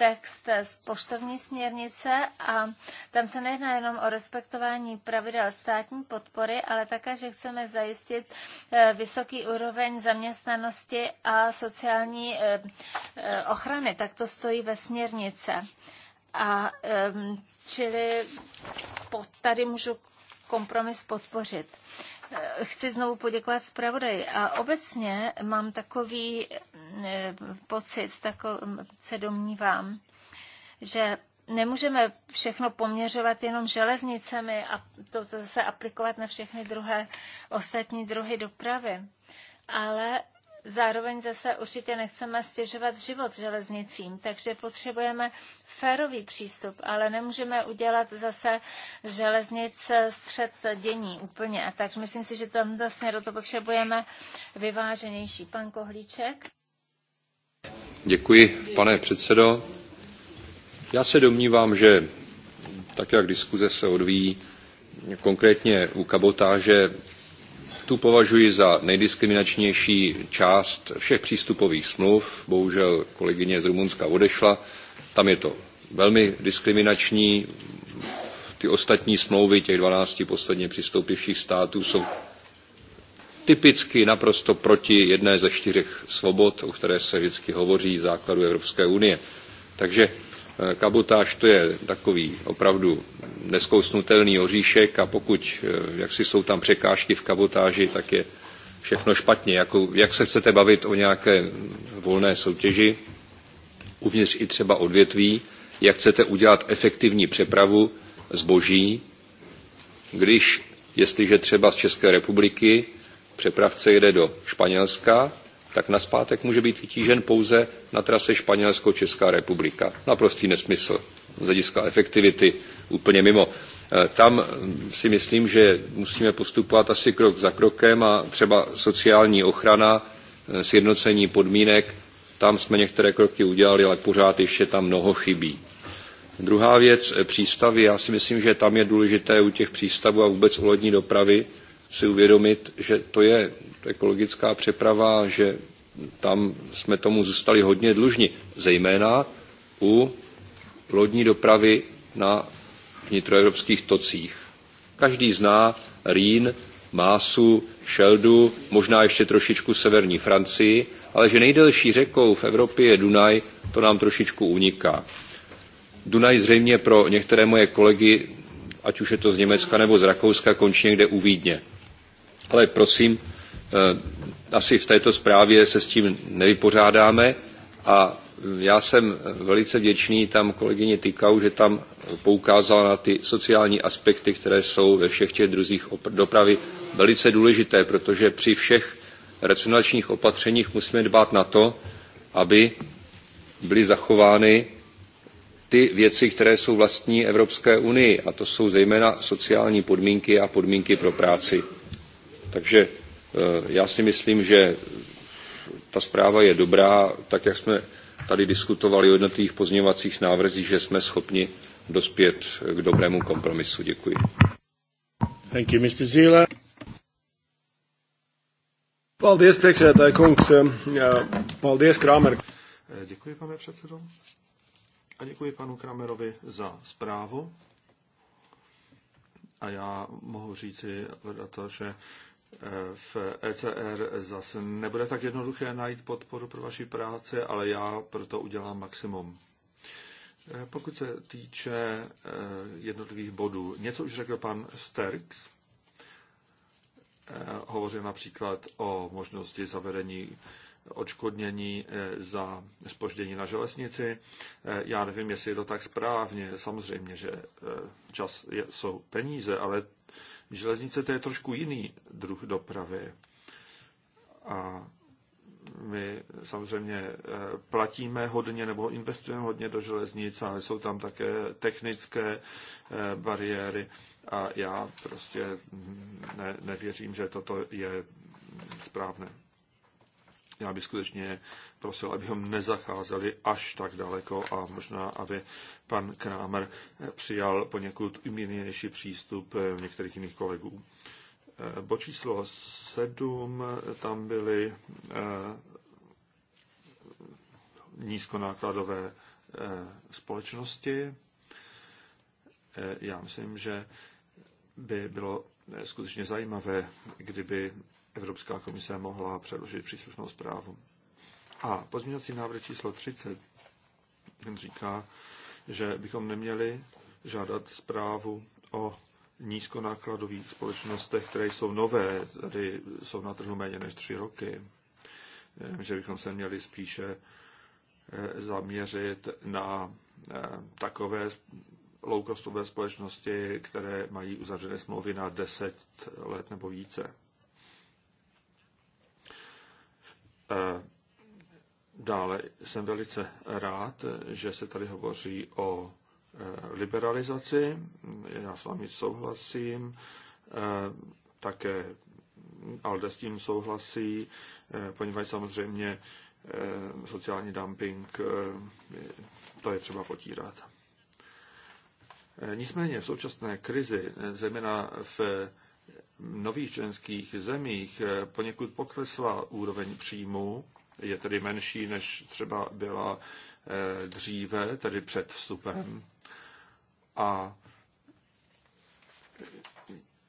text z poštovní směrnice a tam se nejedná jenom o respektování pravidel státní podpory, ale také, že chceme zajistit eh, vysoký úroveň zaměstnanosti a sociální eh, eh, ochrany. Tak to stojí ve směrnice. A ehm, čili tady můžu kompromis podpořit chci znovu poděkovat zpravodaji. A obecně mám takový eh, pocit, tako, se domnívám, že nemůžeme všechno poměřovat jenom železnicemi a to zase aplikovat na všechny druhé, ostatní druhy dopravy. Ale Zároveň zase určitě nechceme stěžovat život železnicím, takže potřebujeme férový přístup, ale nemůžeme udělat zase železnic eh, střed dění úplně. Takže myslím si, že tam vlastně do to potřebujeme vyváženější. Pan Kohlíček. Děkuji, pane předsedo. Já se domnívám, že tak, jak diskuze se odvíjí, konkrétně u kabotáže tu považuji za nejdiskriminačnější část všech přístupových smluv. Bohužel kolegyně z Rumunska odešla. Tam je to velmi diskriminační. Ty ostatní smlouvy těch 12 posledně přistoupivších států jsou typicky naprosto proti jedné ze čtyřech svobod, o které se vždycky hovoří v základu Evropské unie. Takže eh, kabotáž to je takový opravdu neskousnutelný oříšek a pokud eh, jak si jsou tam překážky v kabotáži, tak je všechno špatně. Jako, jak se chcete bavit o nějaké volné soutěži, uvnitř i třeba odvětví, jak chcete udělat efektivní přepravu zboží, když, jestliže třeba z České republiky přepravce jede do Španělska, tak naspátek může být vytížen pouze na trase Španělsko-Česká republika. Naprostý nesmysl z hlediska efektivity úplně mimo. Eh, tam eh, si myslím, že musíme postupovat asi krok za krokem a třeba sociální ochrana, eh, sjednocení podmínek, tam jsme některé kroky udělali, ale pořád ještě tam mnoho chybí. Druhá věc, přístavy. Já si myslím, že tam je důležité u těch přístavů a vůbec u lodní dopravy si uvědomit, že to je ekologická přeprava, že tam jsme tomu zůstali hodně dlužni, zejména u lodní dopravy na vnitroevropských tocích. Každý zná Rýn, Másu, Šeldu, možná ještě trošičku severní Francii, ale že nejdelší řekou v Evropě je Dunaj, to nám trošičku uniká. Dunaj zřejmě pro některé moje kolegy, ať už je to z Německa nebo z Rakouska, končí někde u Vídně. Ale prosím, eh, asi v této zprávě se s tím nevypořádáme a já jsem velice vděčný tam kolegyně Tykau, že tam poukázala na ty sociální aspekty, které jsou ve všech těch druzích dopravy velice důležité, protože při všech racionačních opatřeních musíme dbát na to, aby byly zachovány ty věci, které jsou vlastní Evropské unii, a to jsou zejména sociální podmínky a podmínky pro práci. Takže eh, já si myslím, že ta zpráva je dobrá, tak jak jsme tady diskutovali o jednotlivých pozměňovacích návrzích, že jsme schopni dospět k dobrému kompromisu. Děkuji. Thank you, Mr. Zila. Paldies, priekšsēdētāji kungs. Paldies, Kramer. Eh, děkuji, pane předsedo. A děkuji panu Kramerovi za zprávu. A já mohu říci, že v ECR zase nebude tak jednoduché najít podporu pro vaši práci, ale já proto udělám maximum. E, pokud se týče e, jednotlivých bodů, něco už řekl pan Sterks. E, hovořil například o možnosti zavedení odškodnění za spoždění na železnici. Já nevím, jestli je to tak správně. Samozřejmě, že čas je, jsou peníze, ale Železnice to je trošku jiný druh dopravy. A my samozřejmě eh, platíme hodně nebo investujeme hodně do železnic, ale jsou tam také technické eh, bariéry a já prostě hm, ne, nevěřím, že toto je správné já bych skutečně prosil, abychom nezacházeli až tak daleko a možná, aby pan Krámer přijal poněkud umírnější přístup eh, některých jiných kolegů. Eh, Bo číslo sedm. Eh, tam byly nízkonákladové společnosti. Já myslím, že by bylo skutečně zajímavé, kdyby Evropská komise mohla předložit příslušnou zprávu. A pozměňovací návrh číslo 30 říká, že bychom neměli žádat zprávu o nízkonákladových společnostech, které jsou nové, tedy jsou na trhu méně než tři roky. Že bychom se měli spíše eh, zaměřit na eh, takové loukostové společnosti, které mají uzavřené smlouvy na 10 let nebo více. Dále jsem velice rád, že se tady hovoří o e, liberalizaci. Já s vámi souhlasím. E, také Alde s tím souhlasí, e, poněvadž samozřejmě sociální dumping, to je třeba potírat. Nicméně v současné krizi, zejména v nových členských zemích eh, poněkud poklesla úroveň příjmů, je tedy menší, než třeba byla eh, dříve, tedy před vstupem. A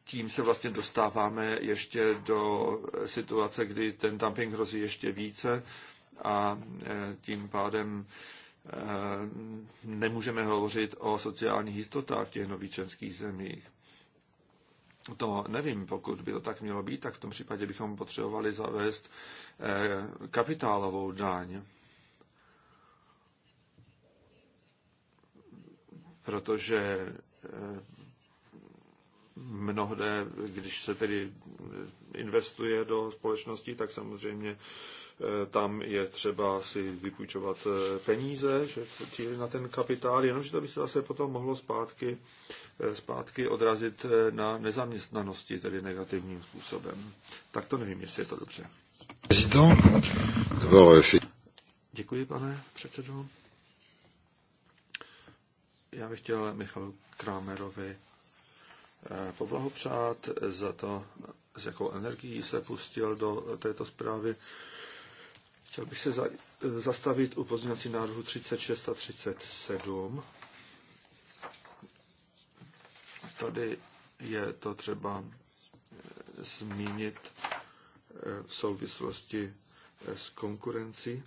tím se vlastně dostáváme ještě do eh, situace, kdy ten dumping hrozí ještě více a tím pádem nemůžeme hovořit o sociálních jistotách v těch nových členských zemích. To nevím, pokud by to tak mělo být, tak v tom případě bychom potřebovali zavést eh, kapitálovou daň. Protože eh, mnohde, když se tedy eh, investuje do společnosti, tak samozřejmě Eh, tam je třeba si vypůjčovat eh, peníze, že cíli na ten kapitál, jenomže to by se zase potom mohlo zpátky, eh, zpátky odrazit na nezaměstnanosti, tedy negativním způsobem. Tak to nevím, jestli je to dobře. Děkuji, pane předsedo. Já bych chtěl Michalu Kramerovi poblahopřát za to, s jakou energií se pustil do této zprávy. Chtěl bych se za, zastavit u pozměňovací návrhu 36 a 37. Tady je to třeba eh, zmínit eh, v souvislosti eh, s konkurencí.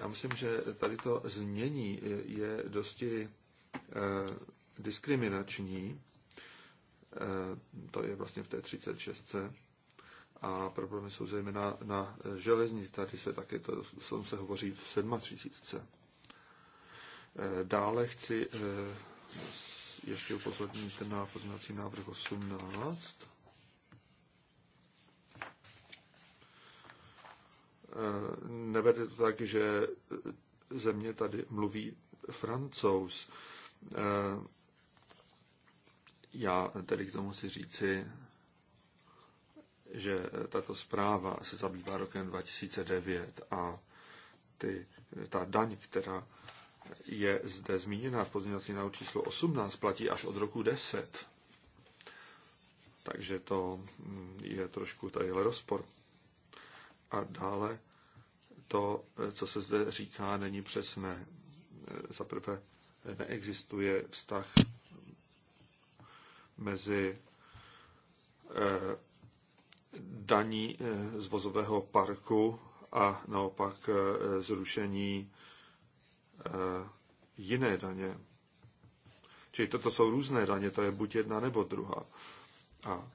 Já myslím, že tady to změní je dosti diskriminační. To je vlastně v té 36 a problémy jsou zejména na železnici. Tady se také to, o se hovoří v 37. Eh, dále chci eh, ještě upozornit na poznací návrh 18. Eh, neberte to tak, že země tady mluví francouz. Já tedy k tomu si říci, že tato zpráva se zabývá rokem 2009 a ty, ta daň, která je zde zmíněna v pozměňovací návrhu číslo 18, platí až od roku 10. Takže to mm, je trošku tady rozpor. A dále to, co se zde říká, není přesné. Za prvé neexistuje vztah mezi eh, daní eh, z vozového parku a naopak eh, zrušení eh, jiné daně. Čili toto jsou různé daně, to je buď jedna nebo druhá. A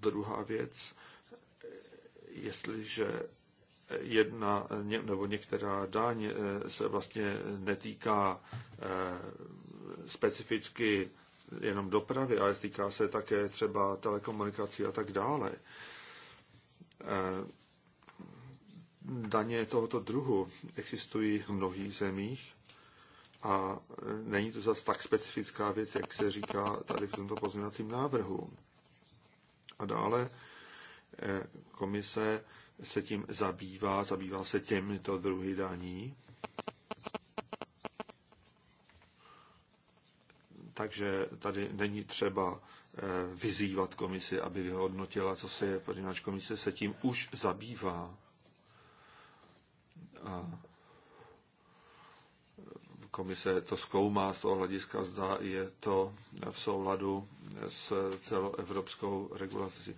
druhá věc, jestliže jedna nebo některá daň se vlastně netýká specificky jenom dopravy, ale týká se také třeba telekomunikací a tak dále. Eh, daně tohoto druhu existují v mnohých zemích a eh, není to zase tak specifická věc, jak se říká tady v tomto pozměňovacím návrhu. A dále eh, komise se tím zabývá, zabývá se těmito druhy daní takže tady není třeba eh, vyzývat komisi, aby vyhodnotila, co se je, protože komise se tím už zabývá. A komise to zkoumá z toho hlediska, zda je to v souladu s celoevropskou regulací.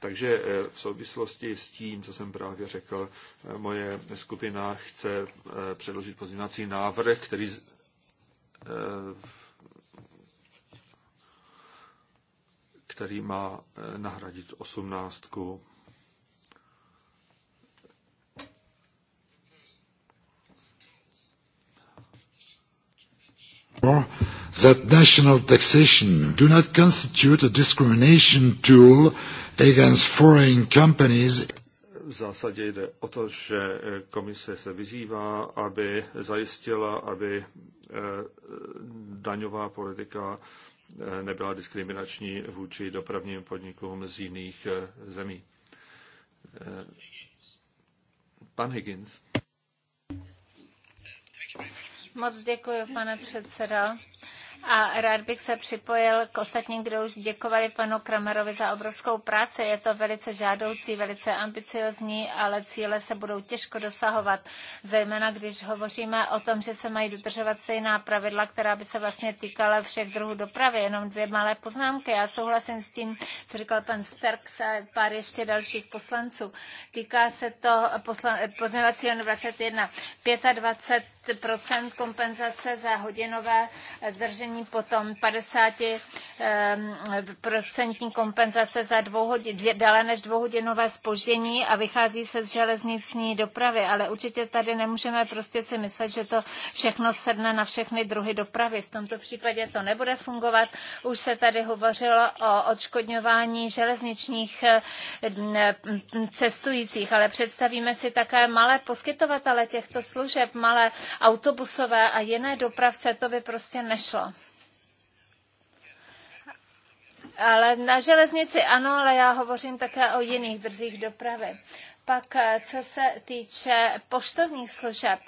Takže eh, v souvislosti s tím, co jsem právě řekl, eh, moje skupina chce předložit pozměňovací návrh, který který má eh, nahradit osmnáctku. That national taxation do not constitute a discrimination tool against foreign companies v zásadě jde o to, že eh, komise se vyzývá, aby zajistila, aby eh, daňová politika nebyla diskriminační vůči dopravním podnikům z jiných eh, zemí. Eh, pan Higgins. Moc děkuji, pane předseda a rád bych se připojil k ostatním, kdo už děkovali panu Kramerovi za obrovskou práci. Je to velice žádoucí, velice ambiciozní, ale cíle se budou těžko dosahovat, zejména když hovoříme o tom, že se mají dodržovat stejná pravidla, která by se vlastně týkala všech druhů dopravy. Jenom dvě malé poznámky. Já souhlasím s tím, co říkal pan Sterk, a pár ještě dalších poslanců. Týká se to poslan, pozměvacího 21. 25 kompenzace za hodinové zdržení opatření, potom 50% ehm, kompenzace za dvouhodin, dvě, než dvouhodinové spoždění a vychází se z železniční dopravy, ale určitě tady nemůžeme prostě si myslet, že to všechno sedne na všechny druhy dopravy. V tomto případě to nebude fungovat. Už se tady hovořilo o odškodňování železničních ehm, cestujících, ale představíme si také malé poskytovatele těchto služeb, malé autobusové a jiné dopravce, to by prostě nešlo ale na železnici ano, ale já hovořím také o jiných drzích dopravy. Pak, eh, co se týče poštovních služeb,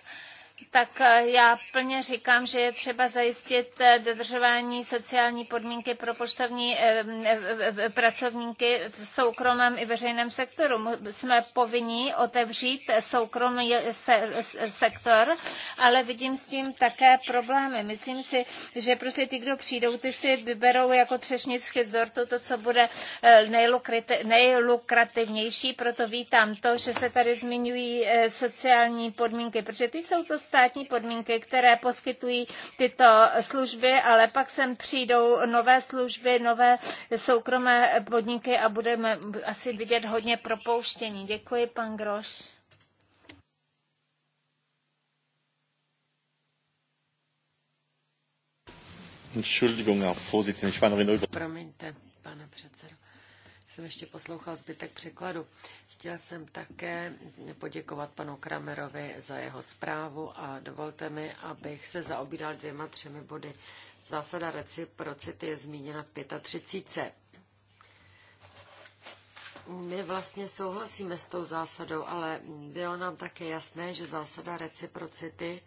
tak eh, já plně říkám, že je třeba zajistit eh, dodržování sociální podmínky pro poštovní eh, pracovníky v soukromém i veřejném sektoru. Jsme povinni otevřít soukromý sektor, ale vidím s tím také problémy. Myslím si, že prostě ti, kdo přijdou, ty si vyberou jako třešnicky z dortu to, co bude nejlukrativnější, proto vítám to, že se tady zmiňují sociální podmínky, protože ty jsou to státní podmínky, které poskytují tyto služby, ale pak sem přijdou nové služby, nové soukromé podniky a budeme asi vidět hodně propouštění. Děkuji, pan Groš. Entschuldigung, Herr Vorsitzender, ich war noch in Promiňte, pane předsedo jsem ještě poslouchal zbytek překladu. Chtěl jsem také poděkovat panu Kramerovi za jeho zprávu a dovolte mi, abych se zaobíral dvěma třemi body. Zásada reciprocity je zmíněna v 35. My vlastně souhlasíme s tou zásadou, ale bylo nám také jasné, že zásada reciprocity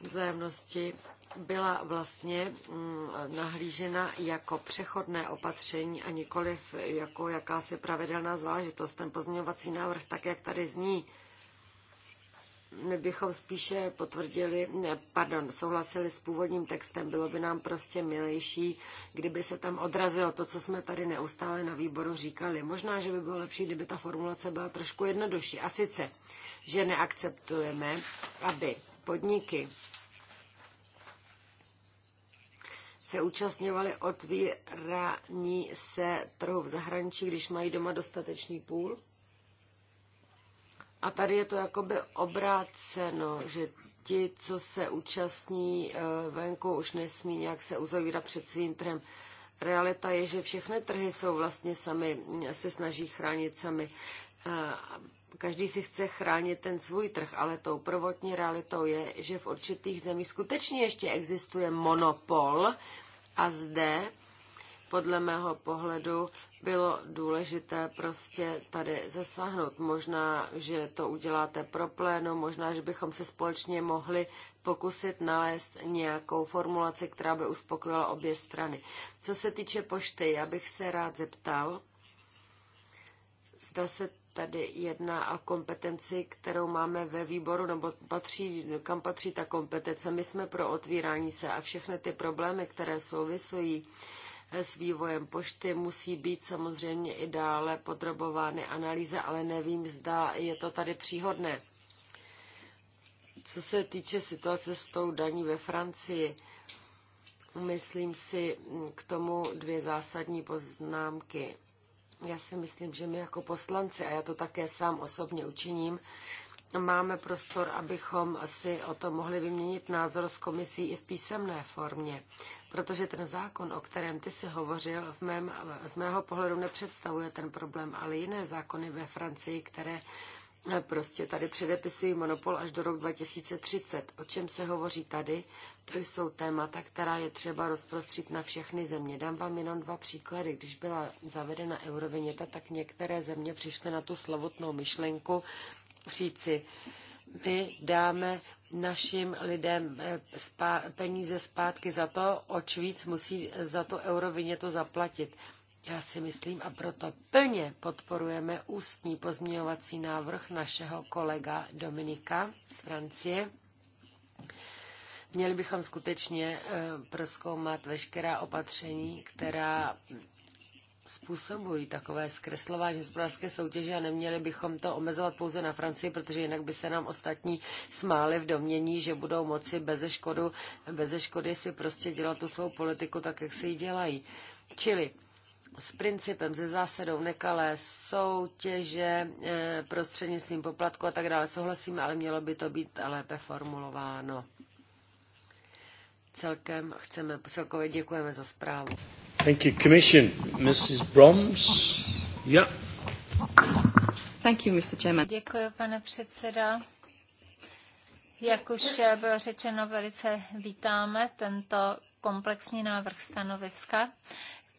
vzájemnosti byla vlastně mm, nahlížena jako přechodné opatření a nikoliv jako jakási pravidelná záležitost. Ten pozměňovací návrh, tak jak tady zní, my bychom spíše potvrdili, ne, pardon, souhlasili s původním textem. Bylo by nám prostě milejší, kdyby se tam odrazilo to, co jsme tady neustále na výboru říkali. Možná, že by bylo lepší, kdyby ta formulace byla trošku jednodušší. A sice, že neakceptujeme, aby podniky se účastňovali otvírání se trhu v zahraničí, když mají doma dostatečný půl. A tady je to jakoby obráceno, že ti, co se účastní eh, venku, už nesmí nějak se uzavírat před svým trhem. Realita je, že všechny trhy jsou vlastně sami, se snaží chránit sami. Eh, každý si chce chránit ten svůj trh, ale tou prvotní realitou je, že v určitých zemích skutečně ještě existuje monopol a zde podle mého pohledu bylo důležité prostě tady zasáhnout. Možná, že to uděláte pro plénu, možná, že bychom se společně mohli pokusit nalézt nějakou formulaci, která by uspokojila obě strany. Co se týče pošty, já bych se rád zeptal, zda se tady jedná o kompetenci, kterou máme ve výboru, nebo patří, kam patří ta kompetence. My jsme pro otvírání se a všechny ty problémy, které souvisují s vývojem pošty, musí být samozřejmě i dále podrobovány analýze, ale nevím, zda je to tady příhodné. Co se týče situace s tou daní ve Francii, myslím si mm, k tomu dvě zásadní poznámky. Já si myslím, že my jako poslanci, a já to také sám osobně učiním, máme prostor, abychom si o tom mohli vyměnit názor s komisí i v písemné formě, protože ten zákon, o kterém ty si hovořil, v mém, z mého pohledu nepředstavuje ten problém, ale jiné zákony ve Francii, které Eh, prostě tady předepisují monopol až do roku 2030. O čem se hovoří tady? To jsou témata, která je třeba rozprostřít na všechny země. Dám vám jenom dva příklady. Když byla zavedena euroviněta, tak některé země přišly na tu slovotnou myšlenku říci, my dáme našim lidem eh, peníze zpátky za to, oč víc musí za to eurovině to zaplatit. Já si myslím a proto plně podporujeme ústní pozměňovací návrh našeho kolega Dominika z Francie. Měli bychom skutečně eh, proskoumat veškerá opatření, která způsobují takové zkreslování hospodářské soutěže a neměli bychom to omezovat pouze na Francii, protože jinak by se nám ostatní smáli v domění, že budou moci beze, škodu, beze škody si prostě dělat tu svou politiku tak, jak si ji dělají. Čili s principem, se zásadou nekalé soutěže, eh, prostřednictvím poplatku a tak dále souhlasíme, ale mělo by to být lépe formulováno. Celkem chceme, celkově děkujeme za zprávu. Thank you, Commission. Mrs. Broms. Yeah. Thank you, Mr. Chairman. Děkuji, pane předseda. Jak už bylo řečeno, velice vítáme tento komplexní návrh stanoviska,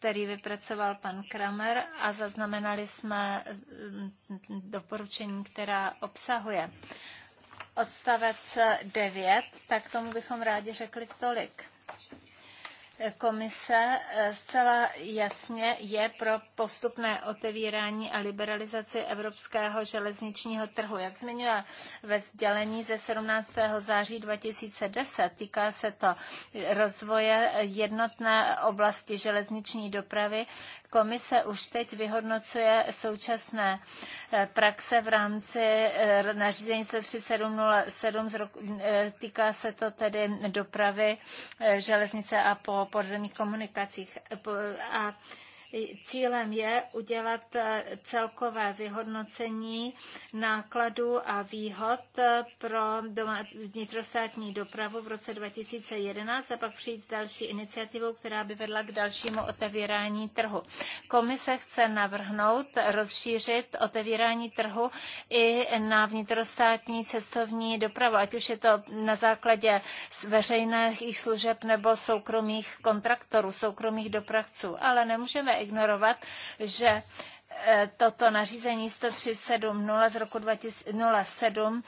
který vypracoval pan Kramer a zaznamenali jsme mm, doporučení, která obsahuje. Odstavec 9, tak tomu bychom rádi řekli tolik komise eh, zcela jasně je pro postupné otevírání a liberalizaci evropského železničního trhu. Jak zmiňuje ve sdělení ze 17. září 2010, týká se to rozvoje jednotné oblasti železniční dopravy, Komise už teď vyhodnocuje současné eh, praxe v rámci eh, nařízení 3707 z roku, eh, týká se to tedy dopravy železnice a po podzemních komunikacích. A Cílem je udělat eh, celkové vyhodnocení nákladů a výhod eh, pro vnitrostátní dopravu v roce 2011 a pak přijít s další iniciativou, která by vedla k dalšímu otevírání trhu. Komise chce navrhnout rozšířit otevírání trhu i na vnitrostátní cestovní dopravu, ať už je to na základě veřejných služeb nebo soukromých kontraktorů, soukromých dopravců. Ale nemůžeme ignorovat, že Eh, toto nařízení 137.0 z roku 2007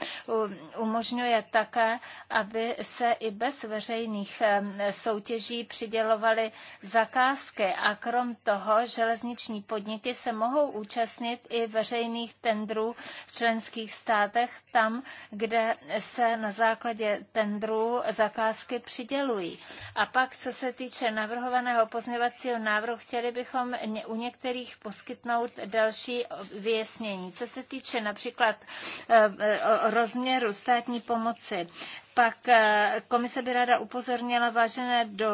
umožňuje také, aby se i bez veřejných eh, soutěží přidělovaly zakázky a krom toho železniční podniky se mohou účastnit i veřejných tendrů v členských státech tam, kde se na základě tendrů zakázky přidělují. A pak, co se týče navrhovaného pozměvacího návrhu, chtěli bychom u některých poskytnout přijmout další vyjasnění. Co se týče například eh, eh, rozměru státní pomoci, pak eh, komise by ráda upozornila vážené do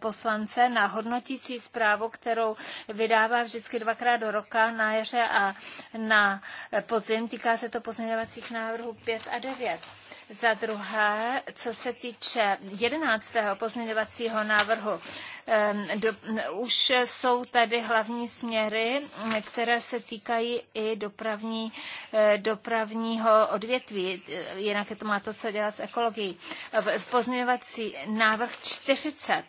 poslance na hodnotící zprávu, kterou vydává vždycky dvakrát do roka na jaře a na podzim. Týká se to pozměňovacích návrhů 5 a 9. Za druhé, co se týče jedenáctého pozměňovacího návrhu, do, už jsou tady hlavní směry, které se týkají i dopravní, eh, dopravního odvětví, jinak je to má to co dělat s ekologií. Pozměňovací návrh 40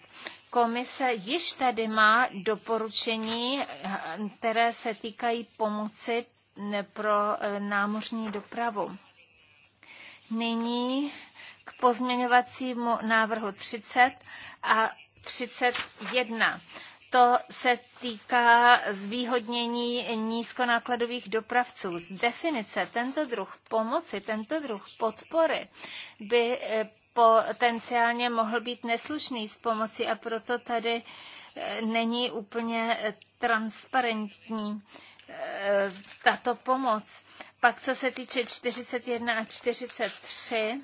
Komise již tady má doporučení, eh, které se týkají pomoci pro eh, námořní dopravu. Nyní k pozměňovacímu návrhu 30 a 31. To se týká zvýhodnění nízkonákladových dopravců. Z definice tento druh pomoci, tento druh podpory by eh, potenciálně mohl být neslušný s pomocí a proto tady eh, není úplně eh, transparentní tato pomoc. Pak co se týče 41 a 43,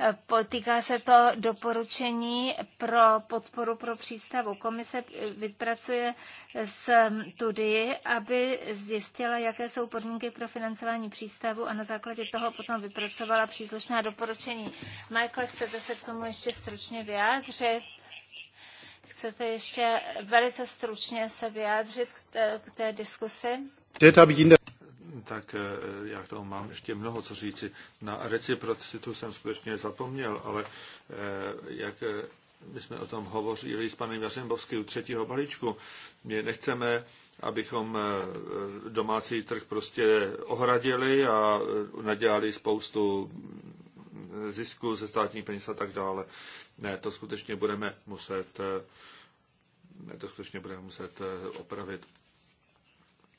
eh, Týká se to doporučení pro podporu pro přístavu. Komise eh, vypracuje eh, studii, aby zjistila, jaké jsou podmínky pro financování přístavu a na základě toho potom vypracovala příslušná doporučení. Michael, chcete se k tomu ještě stručně vyjádřit? Chcete ještě velice stručně se vyjádřit k té, k té diskusi? tak eh, já k tomu mám ještě mnoho co říci. Na reciprocitu jsem skutečně zapomněl, ale eh, jak eh, my jsme o tom hovořili s panem Jařembovským u třetího balíčku. My nechceme, abychom domácí trh prostě ohradili a nadělali spoustu mm, zisku ze státních peněz a tak dále. Ne, to skutečně budeme muset ne, to skutečně budeme muset opravit.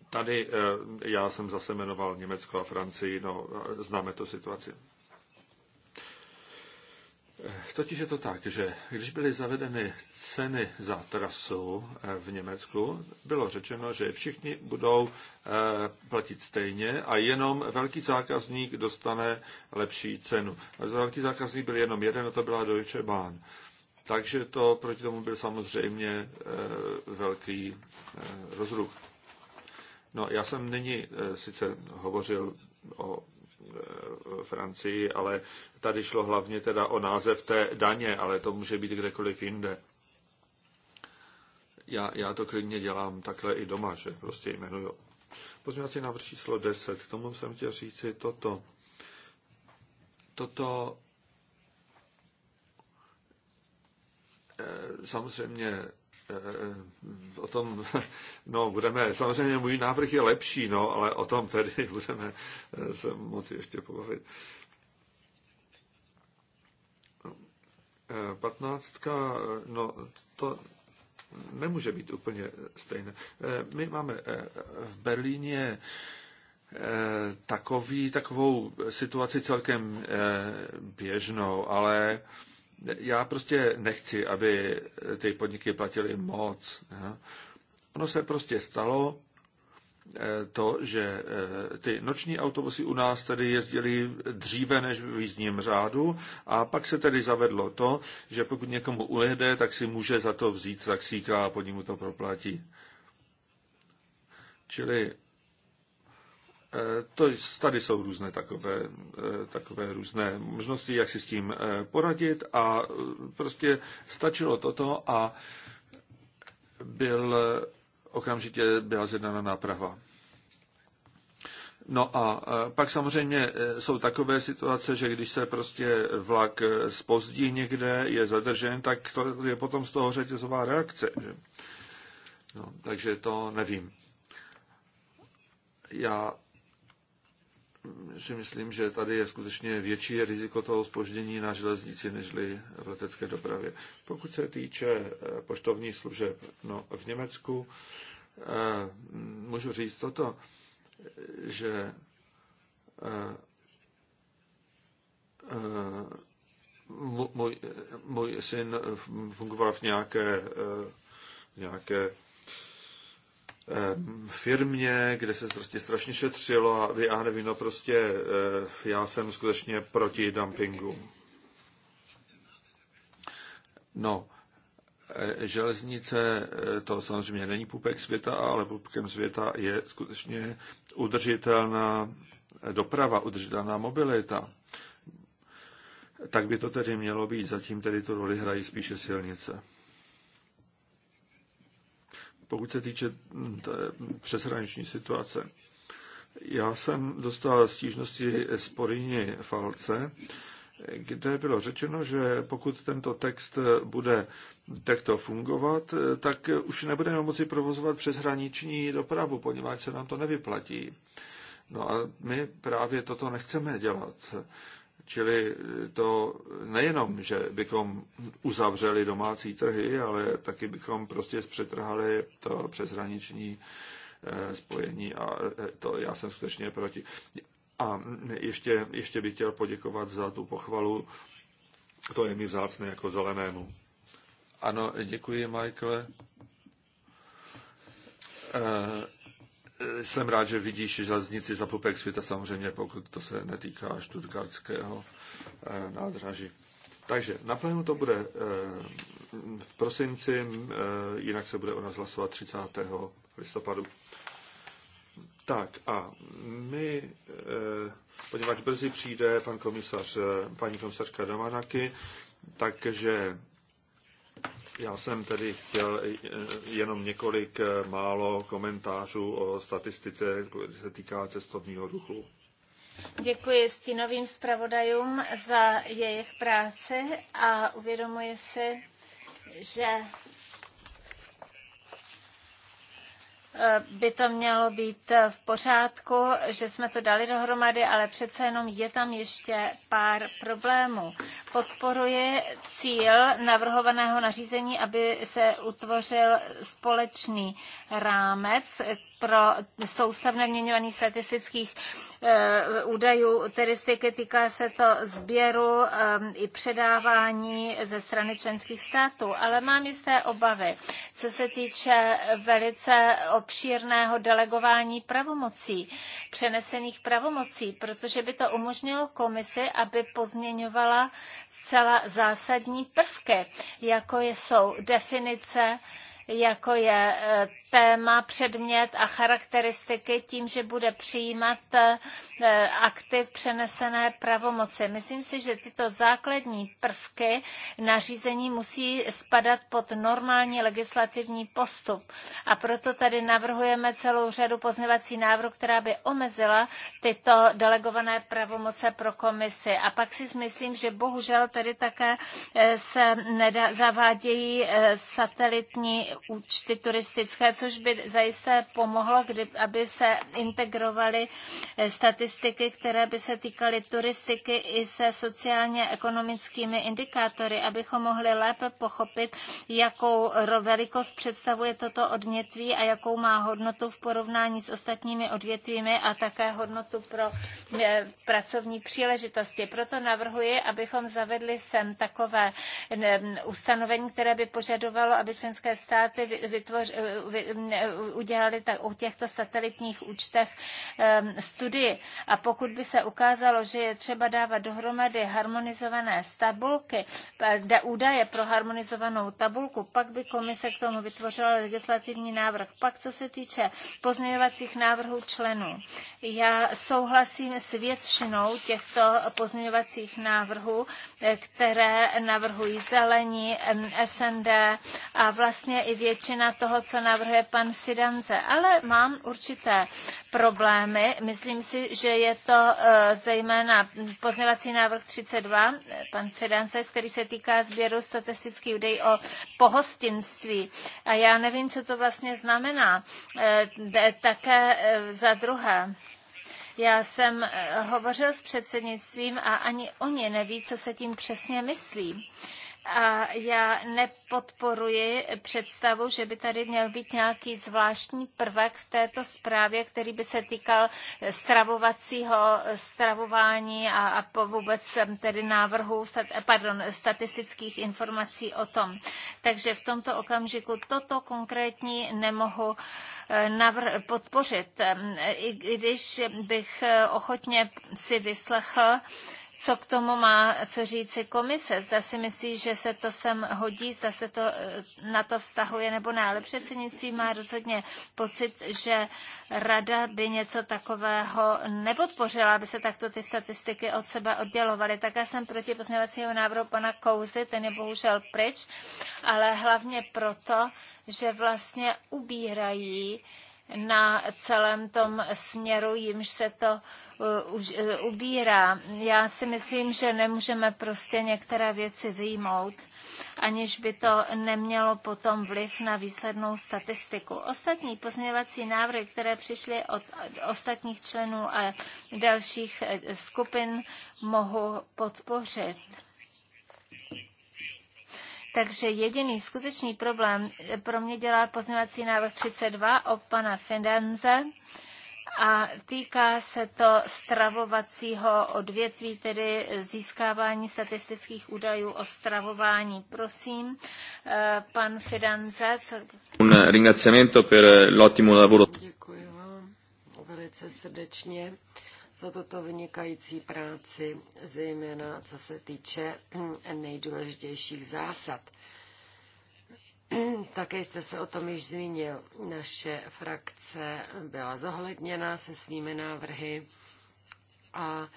Tady eh, já jsem zase jmenoval Německo a Francii, no známe tu situaci. Eh, totiž je to tak, že když byly zavedeny ceny za trasu eh, v Německu, bylo řečeno, že všichni budou platit stejně a jenom velký zákazník dostane lepší cenu. A velký zákazník byl jenom jeden a to byla Deutsche Bahn. Takže to proti tomu byl samozřejmě velký rozruch. No, já jsem nyní eh, sice hovořil eh, o Francii, ale tady šlo hlavně teda o název té daně, ale to může být kdekoliv jinde. Já, já to klidně dělám takhle i doma, že prostě jmenuju. Pozměňovací návrh číslo 10, k tomu jsem chtěl říci toto. Toto eh, samozřejmě Eh, eh, o tom, no, budeme, samozřejmě můj návrh je lepší, no, ale o tom tedy budeme eh, se moci ještě pobavit. No, patnáctka, no, to nemůže být úplně stejné. My máme v Berlíně takový, takovou situaci celkem běžnou, ale já prostě nechci, aby ty podniky platily moc. Ja. Ono se prostě stalo eh, to, že eh, ty noční autobusy u nás tedy jezdily dříve než v jízdním řádu a pak se tedy zavedlo to, že pokud někomu ujede, tak si může za to vzít taxíka a pod němu to proplatí. Čili Eh, to, tady jsou různé takové, eh, takové různé možnosti, jak si s tím eh, poradit a prostě stačilo toto a byl okamžitě byla zjednána náprava. No a pak samozřejmě jsou takové situace, že když se prostě vlak spozdí někde, je zadržen, tak to je potom z toho řetězová reakce. Že? No, takže to nevím. Já si myslím, že tady je skutečně větší riziko toho spoždění na železnici nežli v letecké dopravě. Pokud se týče eh, poštovních služeb, no v Německu eh, můžu říct toto, že eh, můj, můj syn fungoval v nějaké, nějaké Eh, firmě, kde se prostě strašně šetřilo a já nevím, no prostě eh, já jsem skutečně proti dumpingu. No, eh, železnice to samozřejmě není pupek světa, ale pupkem světa je skutečně udržitelná doprava, udržitelná mobilita. Tak by to tedy mělo být, zatím tedy tu roli hrají spíše silnice pokud se týče hm, té přeshraniční situace. Já jsem dostal stížnosti z Poryni Falce, kde bylo řečeno, že pokud tento text bude takto fungovat, tak už nebudeme moci provozovat přeshraniční dopravu, poněvadž se nám to nevyplatí. No a my právě toto nechceme dělat. Čili eh, to nejenom, že bychom uzavřeli domácí trhy, ale taky bychom prostě zpřetrhali to přeshraniční eh, spojení a eh, to já jsem skutečně proti. A ještě, ještě bych chtěl poděkovat za tu pochvalu. To je mi vzácné jako zelenému. Ano, děkuji, Michael jsem rád, že vidíš železnici za popek světa, samozřejmě pokud to se netýká štutgardského eh, nádraží. Takže na plénu to bude eh, v prosinci, eh, jinak se bude o nás hlasovat 30. listopadu. Tak a my, poněvadž brzy přijde pan komisař, paní komisařka Damanaky, takže já jsem tedy chtěl eh, jenom několik eh, málo komentářů o statistice, které se týká cestovního ruchu. Děkuji stínovým zpravodajům za jejich práci a uvědomuji si, že by to mělo být v pořádku, že jsme to dali dohromady, ale přece jenom je tam ještě pár problémů. Podporuje cíl navrhovaného nařízení, aby se utvořil společný rámec, pro soustavné neměňovaných statistických eh, údajů turistiky. Týká se to sběru eh, i předávání ze strany členských států, ale mám jisté obavy, co se týče velice obšírného delegování pravomocí, přenesených pravomocí, protože by to umožnilo komisi, aby pozměňovala zcela zásadní prvky, jako jsou definice, jako je eh, téma, předmět a charakteristiky tím, že bude přijímat eh, aktiv přenesené pravomoci. Myslím si, že tyto základní prvky nařízení musí spadat pod normální legislativní postup. A proto tady navrhujeme celou řadu pozměvací návrhů, která by omezila tyto delegované pravomoce pro komisi. A pak si myslím, že bohužel tady také eh, se nedá, zavádějí satelitní účty turistické, což by zajisté pomohlo, kdy, aby se integrovaly eh, statistiky, které by se týkaly turistiky i se sociálně-ekonomickými indikátory, abychom mohli lépe pochopit, jakou velikost představuje toto odvětví a jakou má hodnotu v porovnání s ostatními odvětvími a také hodnotu pro eh, pracovní příležitosti. Proto navrhuji, abychom zavedli sem takové eh, ustanovení, které by požadovalo, aby členské státy státy vytvoř, eh, vy, udělali tak u těchto satelitních účtech ehm, studii. A pokud by se ukázalo, že je třeba dávat dohromady harmonizované tabulky, eh, údaje pro harmonizovanou tabulku, pak by komise k tomu vytvořila legislativní návrh. Pak, co se týče pozměňovacích návrhů členů, já souhlasím s většinou těchto pozměňovacích návrhů, eh, které navrhují zelení, ehm, SND a vlastně i většina toho, co navrhuje pan Sidance, ale mám určité problémy. Myslím si, že je to eh, zejména pozměvací návrh 32, eh, pan Sidance, který se týká sběru statistických údajů o pohostinství. A já nevím, co to vlastně znamená. Eh, také za druhé, já jsem hovořil s předsednictvím a ani oni neví, co se tím přesně myslí. A já nepodporuji představu, že by tady měl být nějaký zvláštní prvek v této zprávě, který by se týkal stravovacího stravování a, a vůbec tedy návrhu, pardon, statistických informací o tom. Takže v tomto okamžiku toto konkrétní nemohu eh, navr- podpořit, i když bych eh, ochotně si vyslechl, co k tomu má co říci komise. Zda si myslí, že se to sem hodí, zda se to eh, na to vztahuje nebo ne. Ale předsednictví má rozhodně pocit, že rada by něco takového nepodpořila, aby se takto ty statistiky od sebe oddělovaly. já jsem proti pozměvacímu návrhu pana Kouzy, ten je bohužel pryč, ale hlavně proto, že vlastně ubírají na celém tom směru, jimž se to Eh, eh, ubírá. Já si myslím, že nemůžeme prostě některé věci vyjmout, aniž by to nemělo potom vliv na výslednou statistiku. Ostatní pozměňovací návrhy, které přišly od ostatních členů a dalších eh, skupin, mohu podpořit. Takže jediný skutečný problém pro mě dělá pozměňovací návrh 32 od pana Fendenze a týká se to stravovacího odvětví, tedy získávání statistických údajů o stravování. Prosím, eh, pan Fidanzec. Un ringraziamento per eh, l'ottimo lavoro. Děkuji vám velice srdečně za toto vynikající práci, zejména co se týče hm, nejdůležitějších zásad Také jste se o tom již zmínil. Naše frakce byla zohledněna se svými návrhy a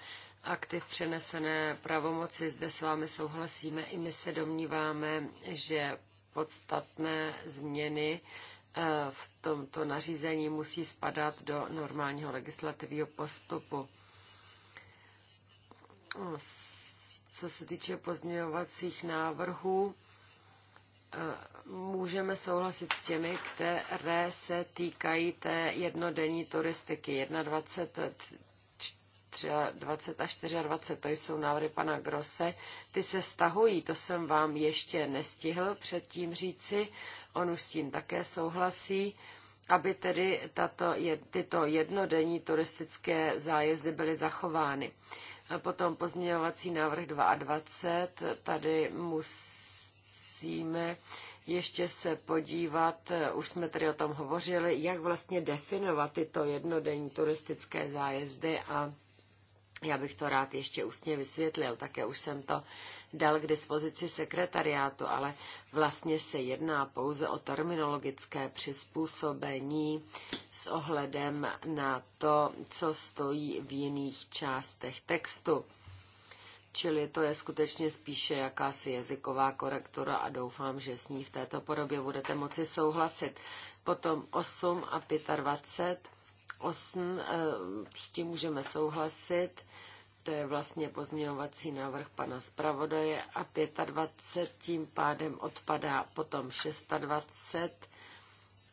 aktiv přenesené pravomoci. Zde s vámi souhlasíme i my se domníváme, že podstatné změny eh, v tomto nařízení musí spadat do normálního legislativního postupu. Co se týče pozměňovacích návrhů, můžeme souhlasit s těmi, které se týkají té jednodenní turistiky. 21 20 a 24, to jsou návrhy pana Grosse, ty se stahují, to jsem vám ještě nestihl předtím říci, on už s tím také souhlasí, aby tedy tato, tyto jednodenní turistické zájezdy byly zachovány. A potom pozměňovací návrh 22, tady musí musíme ještě se podívat, eh, už jsme tady o tom hovořili, jak vlastně definovat tyto jednodenní turistické zájezdy a já bych to rád ještě ústně vysvětlil, také už jsem to dal k dispozici sekretariátu, ale vlastně se jedná pouze o terminologické přizpůsobení s ohledem na to, co stojí v jiných částech textu. Čili to je skutečně spíše jakási jazyková korektura a doufám, že s ní v této podobě budete moci souhlasit. Potom 8 a 25. 8 eh, s tím můžeme souhlasit. To je vlastně pozměňovací návrh pana zpravodaje a 25 tím pádem odpadá potom 26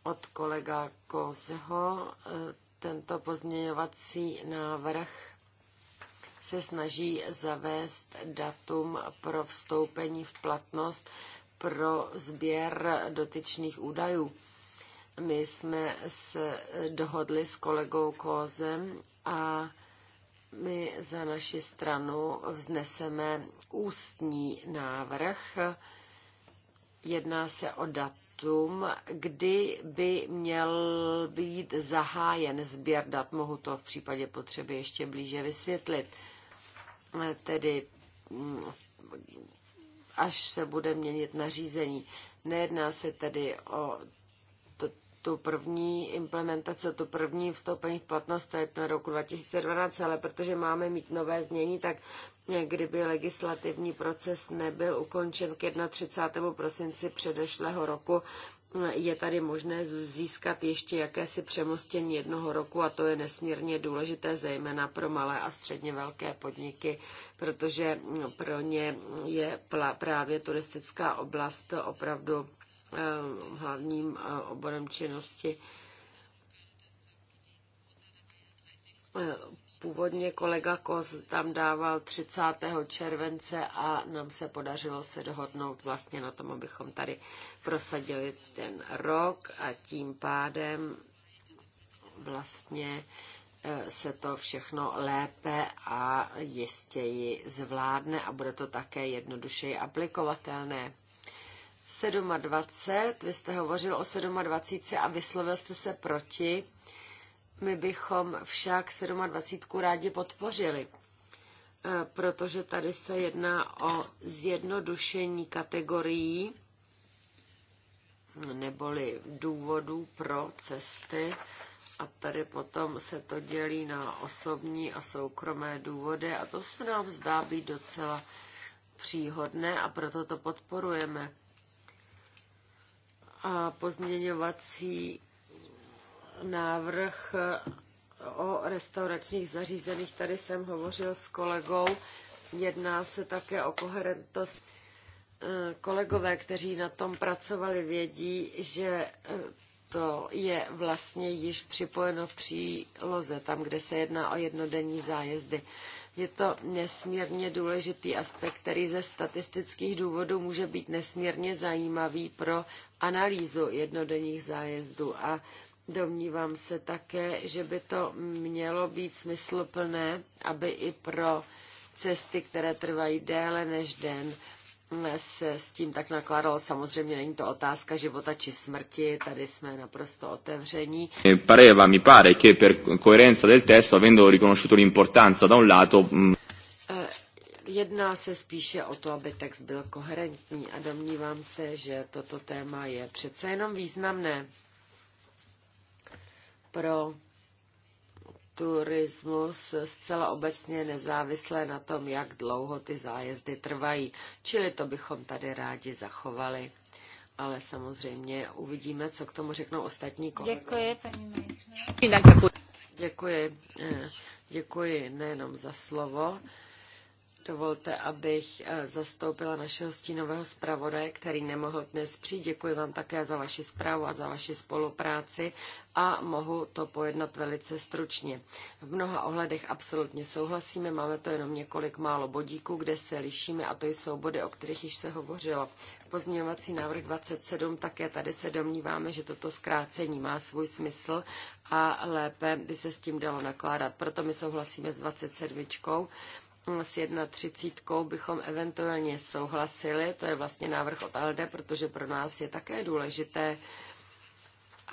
od kolega Kozeho. Eh, tento pozměňovací návrh se snaží zavést datum pro vstoupení v platnost pro sběr dotyčných údajů. My jsme se dohodli s kolegou Kózem a my za naši stranu vzneseme ústní návrh. Jedná se o datum, kdy by měl být zahájen sběr dat. Mohu to v případě potřeby ještě blíže vysvětlit tedy mm, až se bude měnit nařízení. Nejedná se tedy o tu první implementaci, tu první vstoupení v platnost, to je na roku 2012, ale protože máme mít nové změní, tak eh, kdyby legislativní proces nebyl ukončen k 31. prosinci předešlého roku, je tady možné získat ještě jakési přemostění jednoho roku a to je nesmírně důležité, zejména pro malé a středně velké podniky, protože pro ně je právě turistická oblast opravdu eh, hlavním eh, oborem činnosti eh, Původně kolega Koz tam dával 30. července a nám se podařilo se dohodnout vlastně na tom, abychom tady prosadili ten rok a tím pádem vlastně e, se to všechno lépe a jistěji zvládne a bude to také jednodušeji aplikovatelné. 27, vy jste hovořil o 27 a vyslovil jste se proti my bychom však 27 rádi podpořili, eh, protože tady se jedná o zjednodušení kategorií neboli důvodů pro cesty a tady potom se to dělí na osobní a soukromé důvody a to se nám zdá být docela příhodné a proto to podporujeme. A pozměňovací návrh eh, o restauračních zařízeních. Tady jsem hovořil s kolegou. Jedná se také o koherentnost. Eh, kolegové, kteří na tom pracovali, vědí, že eh, to je vlastně již připojeno v příloze, tam, kde se jedná o jednodenní zájezdy. Je to nesmírně důležitý aspekt, který ze statistických důvodů může být nesmírně zajímavý pro analýzu jednodenních zájezdů. A Domnívám se také, že by to mělo být smysluplné, aby i pro cesty, které trvají déle než den, se s tím tak nakládalo. Samozřejmě není to otázka života či smrti, tady jsme naprosto otevření. E, pareva, mi pare che per coerenza del testo, avendo riconosciuto l'importanza da un lato... Mm, e, jedná se spíše o to, aby text byl koherentní a domnívám se, že toto téma je přece jenom významné pro turismus zcela obecně nezávislé na tom, jak dlouho ty zájezdy trvají. Čili to bychom tady rádi zachovali. Ale samozřejmě uvidíme, co k tomu řeknou ostatní kolegy. Děkuji, paní Děkuji. Eh, děkuji nejenom za slovo, Dovolte, abych eh, zastoupila našeho stínového zpravodaje, který nemohl dnes přijít. Děkuji vám také za vaši zprávu a za vaši spolupráci a mohu to pojednat velice stručně. V mnoha ohledech absolutně souhlasíme, máme to jenom několik málo bodíků, kde se lišíme a to jsou body, o kterých již se hovořilo. Pozměňovací návrh 27, také tady se domníváme, že toto zkrácení má svůj smysl a lépe by se s tím dalo nakládat. Proto my souhlasíme s 27 s 31 bychom eventuálně souhlasili, to je vlastně návrh od ALDE, protože pro nás je také důležité,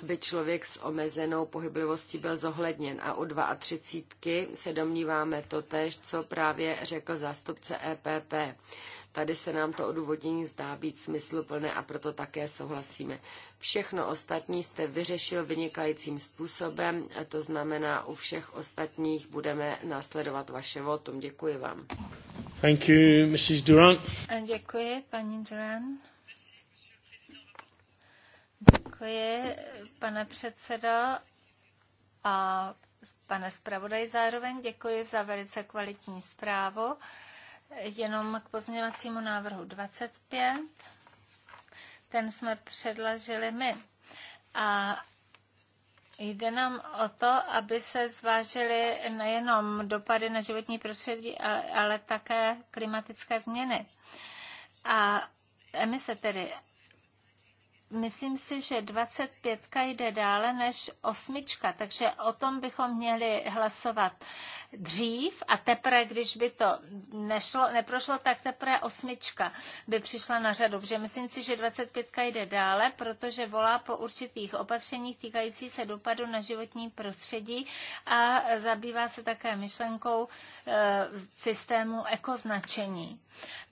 aby člověk s omezenou pohyblivostí byl zohledněn. A u 32 se domníváme to tež, co právě řekl zástupce EPP. Tady se nám to odůvodnění zdá být smysluplné a proto také souhlasíme. Všechno ostatní jste vyřešil vynikajícím způsobem, a to znamená, u všech ostatních budeme následovat vaše votum. Děkuji vám. Thank you, Mrs. Durant. Děkuji, paní Durant. Děkuji, pane předsedo a pane zpravodaj zároveň. Děkuji za velice kvalitní zprávu jenom k pozměňovacímu návrhu 25. Ten jsme předlažili my. A Jde nám o to, aby se zvážily nejenom dopady na životní prostředí, ale, ale také klimatické změny. A emise tedy. Myslím si, že 25 jde dále než osmička, takže o tom bychom měli hlasovat dřív a teprve, když by to nešlo, neprošlo, tak teprve osmička by přišla na řadu. Protože myslím si, že 25 jde dále, protože volá po určitých opatřeních týkající se dopadu na životní prostředí a zabývá se také myšlenkou eh, systému ekoznačení.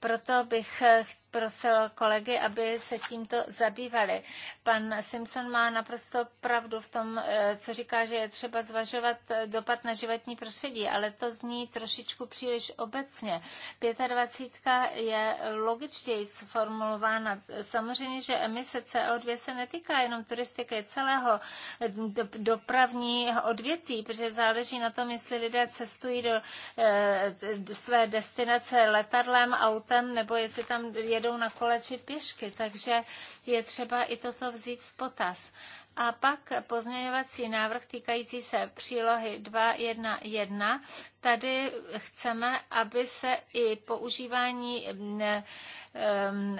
Proto bych eh, prosil kolegy, aby se tímto zabývali. Pan Simpson má naprosto pravdu v tom, eh, co říká, že je třeba zvažovat dopad na životní prostředí ale to zní trošičku příliš obecně. 25 je logičtěji sformulována. Samozřejmě, že emise CO2 se netýká jenom turistiky, celého dopravního odvětví, protože záleží na tom, jestli lidé cestují do e, své destinace letadlem, autem, nebo jestli tam jedou na kole či pěšky. Takže je třeba i toto vzít v potaz. A pak pozměňovací návrh týkající se přílohy 2.1.1. Tady chceme, aby se i používání Ehm,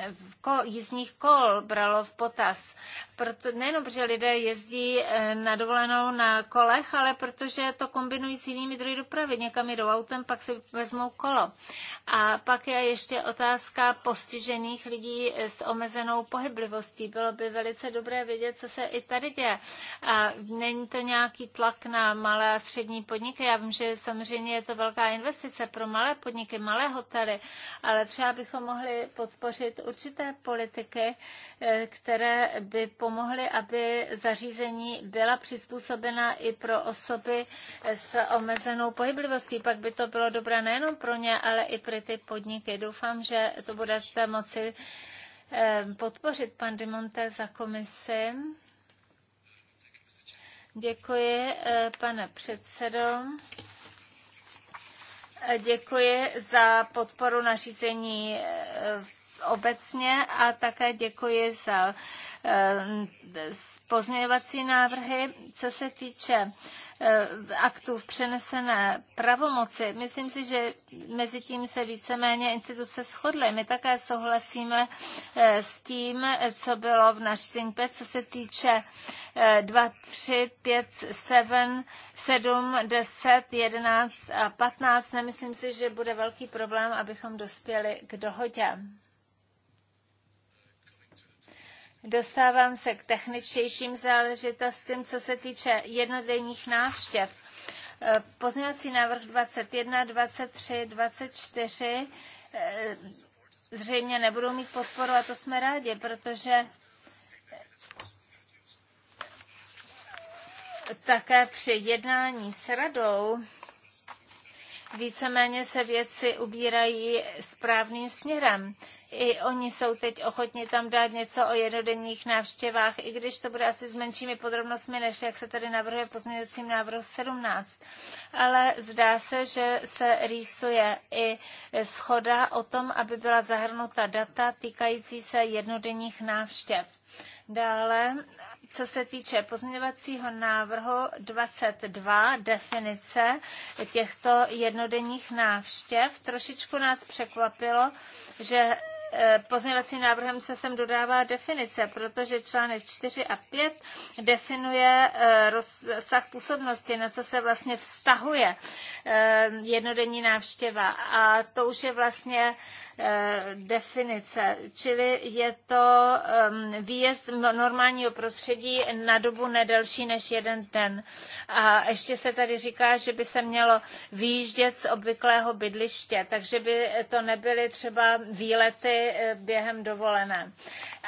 jízdních kol bralo v potaz. Proto, nejenom, protože lidé jezdí eh, na dovolenou na kolech, ale protože to kombinují s jinými druhy dopravy. Někam jdou autem, pak si vezmou kolo. A pak je ještě otázka postižených lidí eh, s omezenou pohyblivostí. Bylo by velice dobré vědět, co se i tady děje. A není to nějaký tlak na malé a střední podniky. Já vím, že samozřejmě je to velká investice pro malé podniky, malé hotely, ale třeba bychom mohli podpořit určité politiky, eh, které by pomohly, aby zařízení byla přizpůsobena i pro osoby s omezenou pohyblivostí. Pak by to bylo dobré nejenom pro ně, ale i pro ty podniky. Doufám, že to budete moci eh, podpořit pan Dimonte za komisi. Děkuji, eh, pane předsedo. Děkuji za podporu nařízení obecně a také děkuji za eh, pozměňovací návrhy. Co se týče eh, aktů v přenesené pravomoci, myslím si, že mezi tím se víceméně instituce shodly. My také souhlasíme eh, s tím, co bylo v nařízení 5, co se týče 2, 3, 5, 7, 7, 10, 11 a 15. Nemyslím si, že bude velký problém, abychom dospěli k dohodě. Dostávám se k techničtějším záležitostem, co se týče jednodenních návštěv. Eh, pozměňovací návrh 21, 23, 24 zřejmě nebudou mít podporu a to jsme rádi, protože také při jednání s radou víceméně se věci ubírají správným směrem. I oni jsou teď ochotni tam dát něco o jednodenních návštěvách, i když to bude asi s menšími podrobnostmi, než jak se tady navrhuje pozměňovacím návrhu 17. Ale zdá se, že se rýsuje i schoda o tom, aby byla zahrnuta data týkající se jednodenních návštěv. Dále, co se týče pozměňovacího návrhu 22, definice těchto jednodenních návštěv, trošičku nás překvapilo, že E, pozměňovacím návrhem se sem dodává definice, protože článek 4 a 5 definuje e, rozsah působnosti, na co se vlastně vztahuje e, jednodenní návštěva. A to už je vlastně definice, čili je to výjezd normálního prostředí na dobu nedelší než jeden den. A ještě se tady říká, že by se mělo výjíždět z obvyklého bydliště, takže by to nebyly třeba výlety Eh, během dovolené.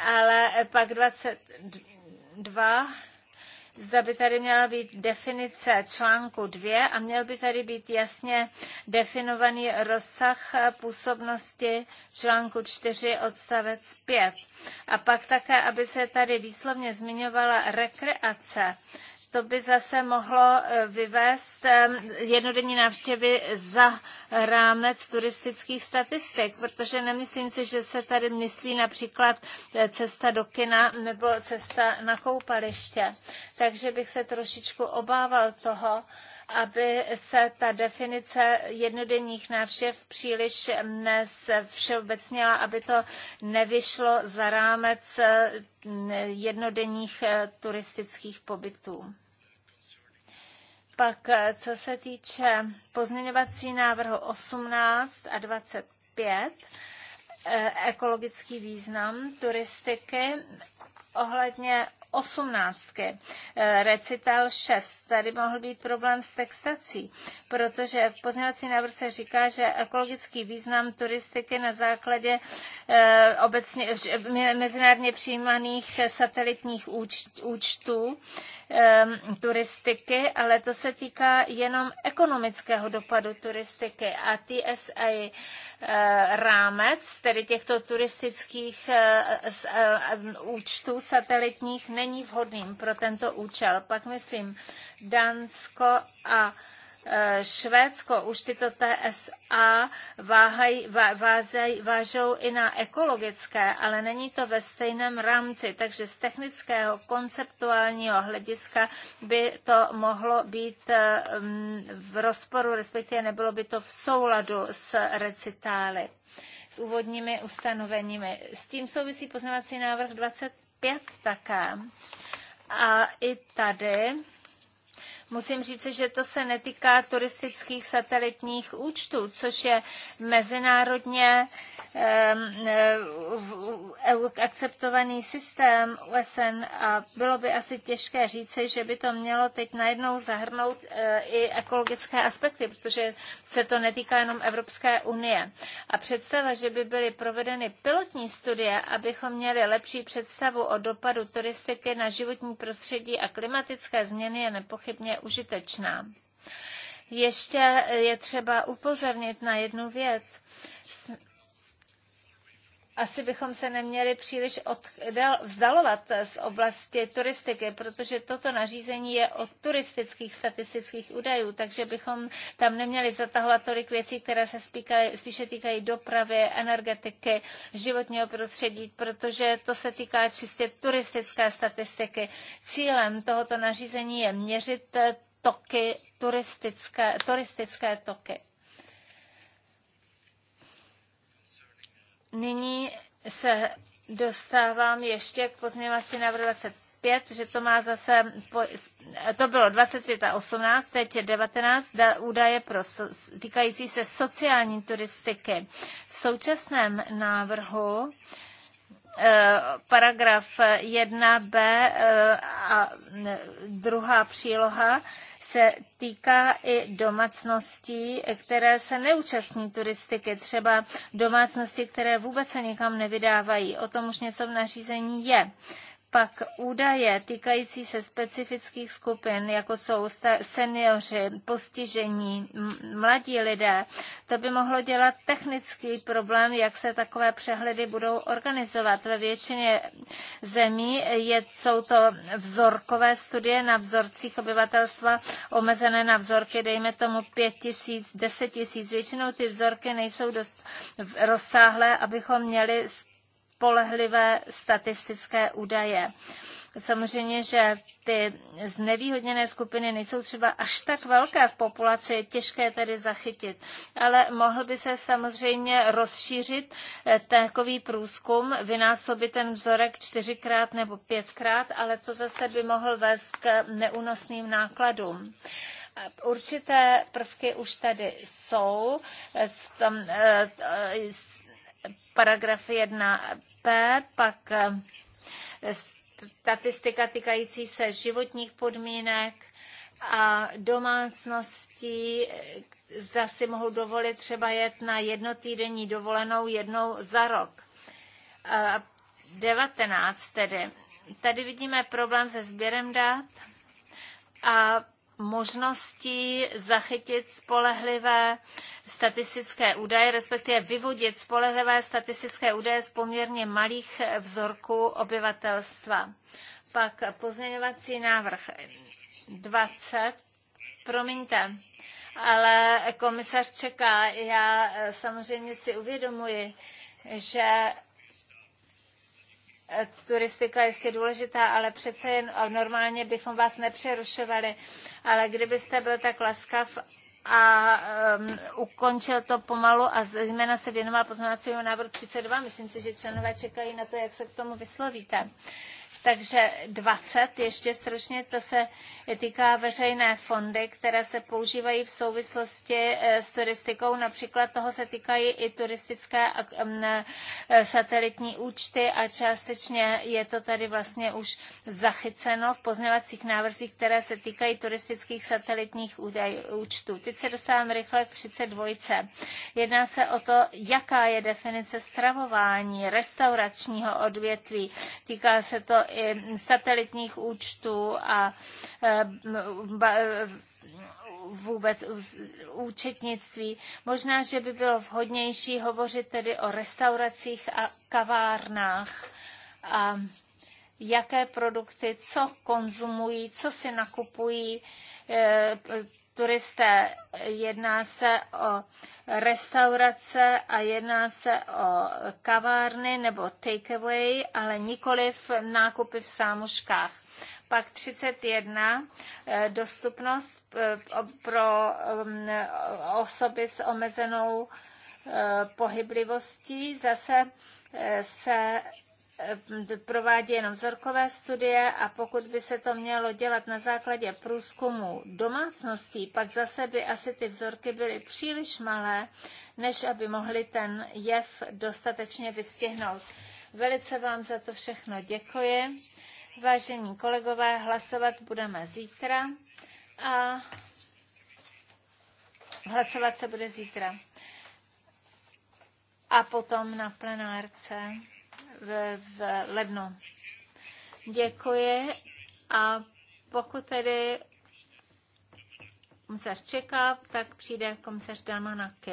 Ale eh, pak 22 zda by tady měla být definice článku 2 a měl by tady být jasně definovaný rozsah eh, působnosti článku 4 odstavec 5. A pak také, aby se tady výslovně zmiňovala rekreace, to by zase mohlo eh, vyvést eh, jednodenní návštěvy za rámec turistických statistik, protože nemyslím si, že se tady myslí například eh, cesta do kina nebo cesta na koupaliště. Takže bych se trošičku obával toho, aby se ta definice jednodenních návštěv příliš všeobecněla, aby to nevyšlo za rámec jednodenních eh, turistických pobytů. Pak, eh, co se týče pozměňovací návrhu 18 a 25, eh, ekologický význam turistiky ohledně 18. E, recital 6. Tady mohl být problém s textací, protože v pozměňovací návrh se říká, že ekologický význam turistiky na základě e, obecně mezinárodně přijímaných satelitních účtů e, turistiky, ale to se týká jenom ekonomického dopadu turistiky a TSA rámec, tedy těchto turistických účtů satelitních není vhodným pro tento účel. Pak myslím Dánsko a e, Švédsko už tyto TSA váhaj, vázej, vážou i na ekologické, ale není to ve stejném rámci, takže z technického, konceptuálního hlediska by to mohlo být e, v rozporu, respektive nebylo by to v souladu s recitály s úvodními ustanoveními. S tím souvisí poznávací návrh 20. 5 také. A i tady Musím říct, že to se netýká turistických satelitních účtů, což je mezinárodně Eh, eh, akceptovaný systém OSN a bylo by asi těžké říci, že by to mělo teď najednou zahrnout eh, i ekologické aspekty, protože se to netýká jenom Evropské unie. A představa, že by byly provedeny pilotní studie, abychom měli lepší představu o dopadu turistiky na životní prostředí a klimatické změny, je nepochybně užitečná. Ještě je třeba upozornit na jednu věc asi bychom se neměli příliš oddal, vzdalovat z oblasti turistiky, protože toto nařízení je od turistických statistických údajů, takže bychom tam neměli zatahovat tolik věcí, které se spíše týkají dopravy, energetiky, životního prostředí, protože to se týká čistě turistické statistiky. Cílem tohoto nařízení je měřit toky, turistické, turistické toky. Nyní se dostávám ještě k pozměňovací návrhu 25, že to má zase, to bylo 25 a 18, teď je 19, údaje pro, týkající se sociální turistiky. V současném návrhu paragraf 1b eh, a druhá příloha se týká i domácností, které se neúčastní turistiky, třeba domácnosti, které vůbec se nikam nevydávají. O tom už něco v nařízení je. Pak údaje týkající se specifických skupin, jako jsou seniori, postižení, mladí lidé, to by mohlo dělat technický problém, jak se takové přehledy budou organizovat. Ve většině zemí je, jsou to vzorkové studie na vzorcích obyvatelstva, omezené na vzorky, dejme tomu 5 tisíc, 10 tisíc. Většinou ty vzorky nejsou dost rozsáhlé, abychom měli spolehlivé statistické údaje. Samozřejmě, že ty znevýhodněné skupiny nejsou třeba až tak velké v populaci, je těžké tedy zachytit. Ale mohl by se samozřejmě rozšířit eh, takový průzkum, vynásobit ten vzorek čtyřikrát nebo pětkrát, ale to zase by mohl vést k neúnosným nákladům. Eh, určité prvky už tady jsou. Eh, v tom, paragraf 1p, pak eh, statistika týkající se životních podmínek a domácností, eh, zda si mohou dovolit třeba jet na jednotýdenní dovolenou jednou za rok. 19 eh, tedy. Tady vidíme problém se sběrem dat a možností zachytit spolehlivé statistické údaje, respektive vyvodit spolehlivé statistické údaje z poměrně malých vzorků obyvatelstva. Pak pozměňovací návrh 20. Promiňte, ale komisař čeká. Já samozřejmě si uvědomuji, že turistika je jistě důležitá, ale přece jen normálně bychom vás nepřerušovali. Ale kdybyste byl tak laskav a um, ukončil to pomalu a zejména se věnoval pozměňovacímu návrhu 32. Myslím si, že členové čekají na to, jak se k tomu vyslovíte. Uh, takže 20 ještě sročně to se týká veřejné fondy, které se používají v souvislosti eh, s turistikou. Například toho se týkají i turistické eh, satelitní účty a částečně je to tady vlastně už zachyceno v pozněvacích návrzích, které se týkají turistických satelitních údaj, účtů. Teď se dostávám rychle k 32. Jedná se o to, jaká je definice stravování restauračního odvětví. Týká se to i satelitních účtů a e, e, vůbec účetnictví. Možná, že by bylo vhodnější hovořit tedy o restauracích a kavárnách a jaké produkty, co konzumují, co si nakupují eh, turisté. Jedná se o restaurace a jedná se o kavárny nebo takeaway, ale nikoli v nákupy v sámoškách. Pak 31 eh, dostupnost eh, pro osoby s omezenou pohyblivostí. Zase se Eh, provádí jenom vzorkové studie a pokud by se to mělo dělat na základě průzkumu domácností, pak zase by asi ty vzorky byly příliš malé, než aby mohli ten jev dostatečně vystihnout. Velice vám za to všechno děkuji. Vážení kolegové, hlasovat budeme zítra a hlasovat se bude zítra a potom na plenárce v, v lednu. Děkuji a pokud tedy komisař čeká, tak přijde komisař Dalmanaky.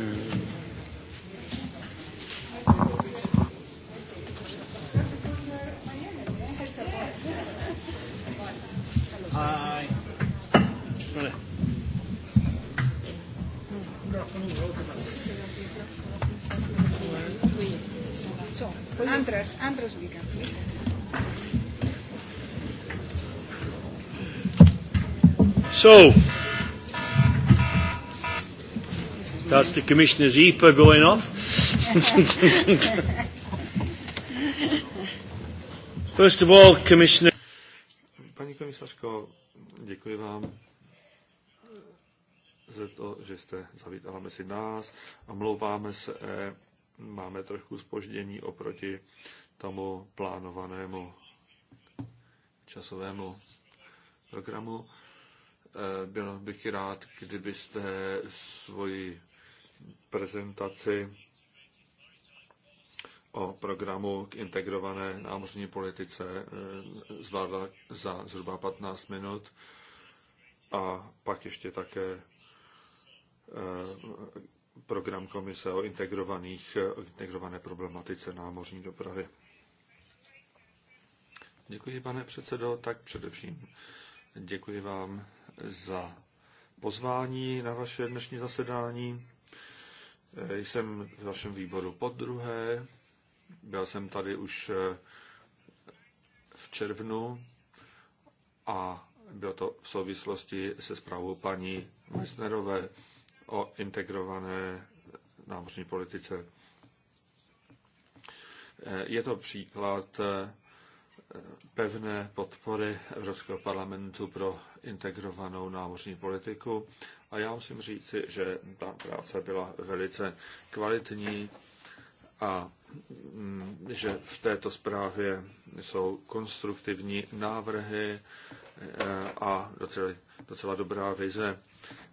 So, that's the Commissioner's EPA going off. First of all, Commissioner. Paní komisařko, děkuji vám za to, že jste zavítala mezi nás. a Omlouváme se, máme trošku spoždění oproti tomu plánovanému časovému programu. Eh, byl bych rád, kdybyste svoji prezentaci o programu k integrované námořní politice eh, zvládla za zhruba 15 minut a pak ještě také eh, program komise o integrovaných, integrované problematice námořní dopravy. Děkuji, pane předsedo, tak především děkuji vám za pozvání na vaše dnešní zasedání. E, jsem v vašem výboru pod druhé. Byl jsem tady už e, v červnu a bylo to v souvislosti se zprávou paní Wisnerové o integrované námořní politice. E, je to příklad pevné podpory Evropského parlamentu pro integrovanou námořní politiku a já musím říci, že ta práce byla velice kvalitní a mm, že v této zprávě jsou konstruktivní návrhy e, a docela, docela dobrá vize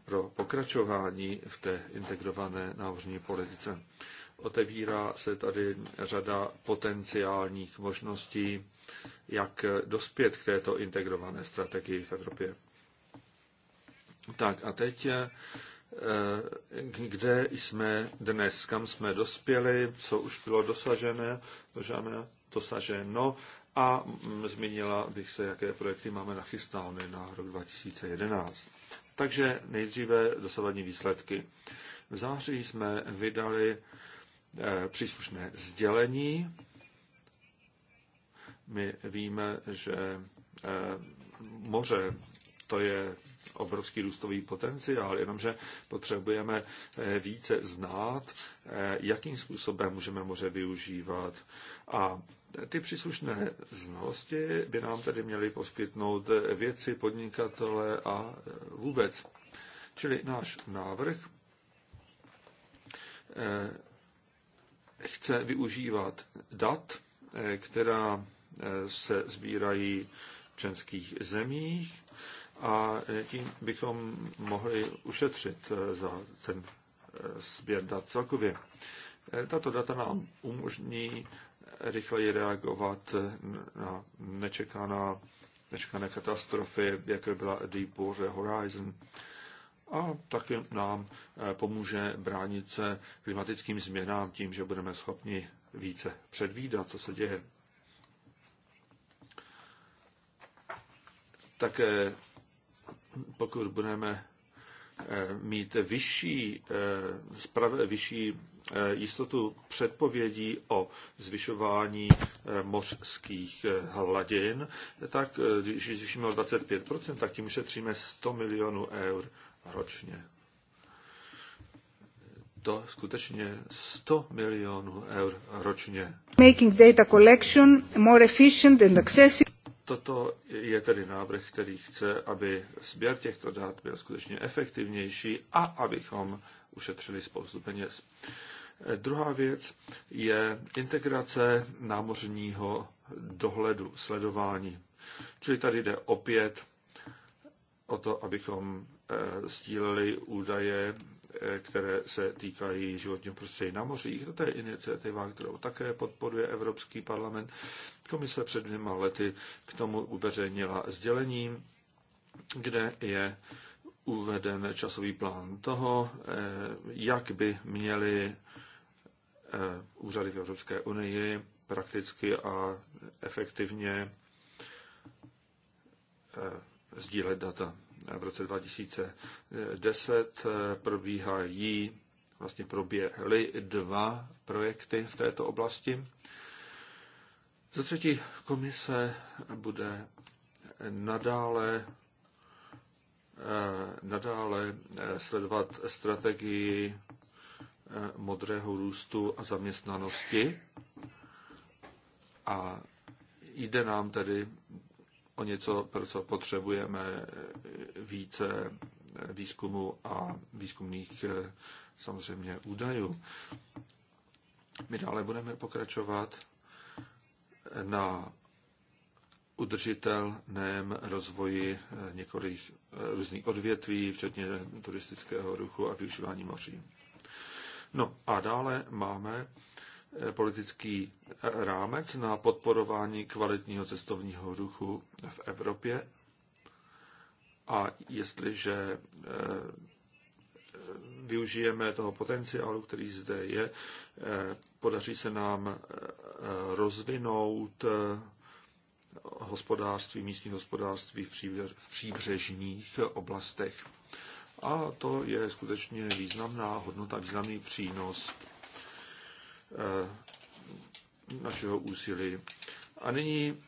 pro pokračování v té integrované námořní politice. Otevírá se tady řada potenciálních možností, jak dospět k této integrované strategii v Evropě. Tak a teď, eh, kde jsme dnes, kam jsme dospěli, co už bylo dosažené, dožáme, dosaženo a mm, zmínila bych se, jaké projekty máme nachystány na rok 2011. Takže nejdříve dosavadní výsledky. V září jsme vydali Eh, příslušné sdělení. My víme, že eh, moře to je obrovský růstový potenciál, jenomže potřebujeme eh, více znát, jakým způsobem můžeme moře využívat. A ty příslušné znalosti by nám tedy měly poskytnout věci, podnikatele a vůbec. Čili náš návrh chce využívat dat, eh, která eh, se sbírají v členských zemích a eh, tím bychom mohli ušetřit za ten sběr dat celkově. Tato data nám umožní rychleji reagovat na nečekaná, nečekané katastrofy, jako byla Deepwater Horizon a také nám eh, pomůže bránit se klimatickým změnám tím, že budeme schopni více předvídat, co se děje. Také pokud budeme eh, mít vyšší, eh, vyšší jistotu předpovědí o zvyšování mořských hladin, tak když zvýšíme o 25%, tak tím ušetříme 100 milionů eur ročně. To skutečně 100 milionů eur ročně. Making data collection more efficient and accessible. Toto je tedy návrh, který chce, aby sběr těchto dát byl skutečně efektivnější a abychom ušetřili spoustu peněz. Eh, druhá věc je integrace námořního dohledu, sledování. Čili tady jde opět o to, abychom Eh, sdíleli údaje, eh, které se týkají životního prostředí na mořích. To je iniciativa, kterou také podporuje Evropský parlament. Komise před dvěma lety k tomu uveřejnila sdělení, kde je uveden časový plán toho, eh, jak by měly úřady v Evropské unii prakticky a efektivně sdílet data v roce 2010 eh, probíhají, vlastně proběhly dva projekty v této oblasti. Za třetí, komise bude nadále eh, nadále eh, sledovat strategii modrého růstu a zaměstnanosti. A jde nám tedy o něco, pro co potřebujeme více výzkumu a výzkumných eh, samozřejmě údajů. My dále budeme pokračovat na udržitelném rozvoji eh, několik eh, různých odvětví, včetně turistického ruchu a využívání moří. No a dále máme politický rámec na podporování kvalitního cestovního ruchu v Evropě. A jestliže eh, využijeme toho potenciálu, který zde je, eh, podaří se nám eh, rozvinout hospodářství, místní hospodářství v příbřežních oblastech. A to je skutečně významná hodnota, významný přínos Eh, našeho úsilí. A nyní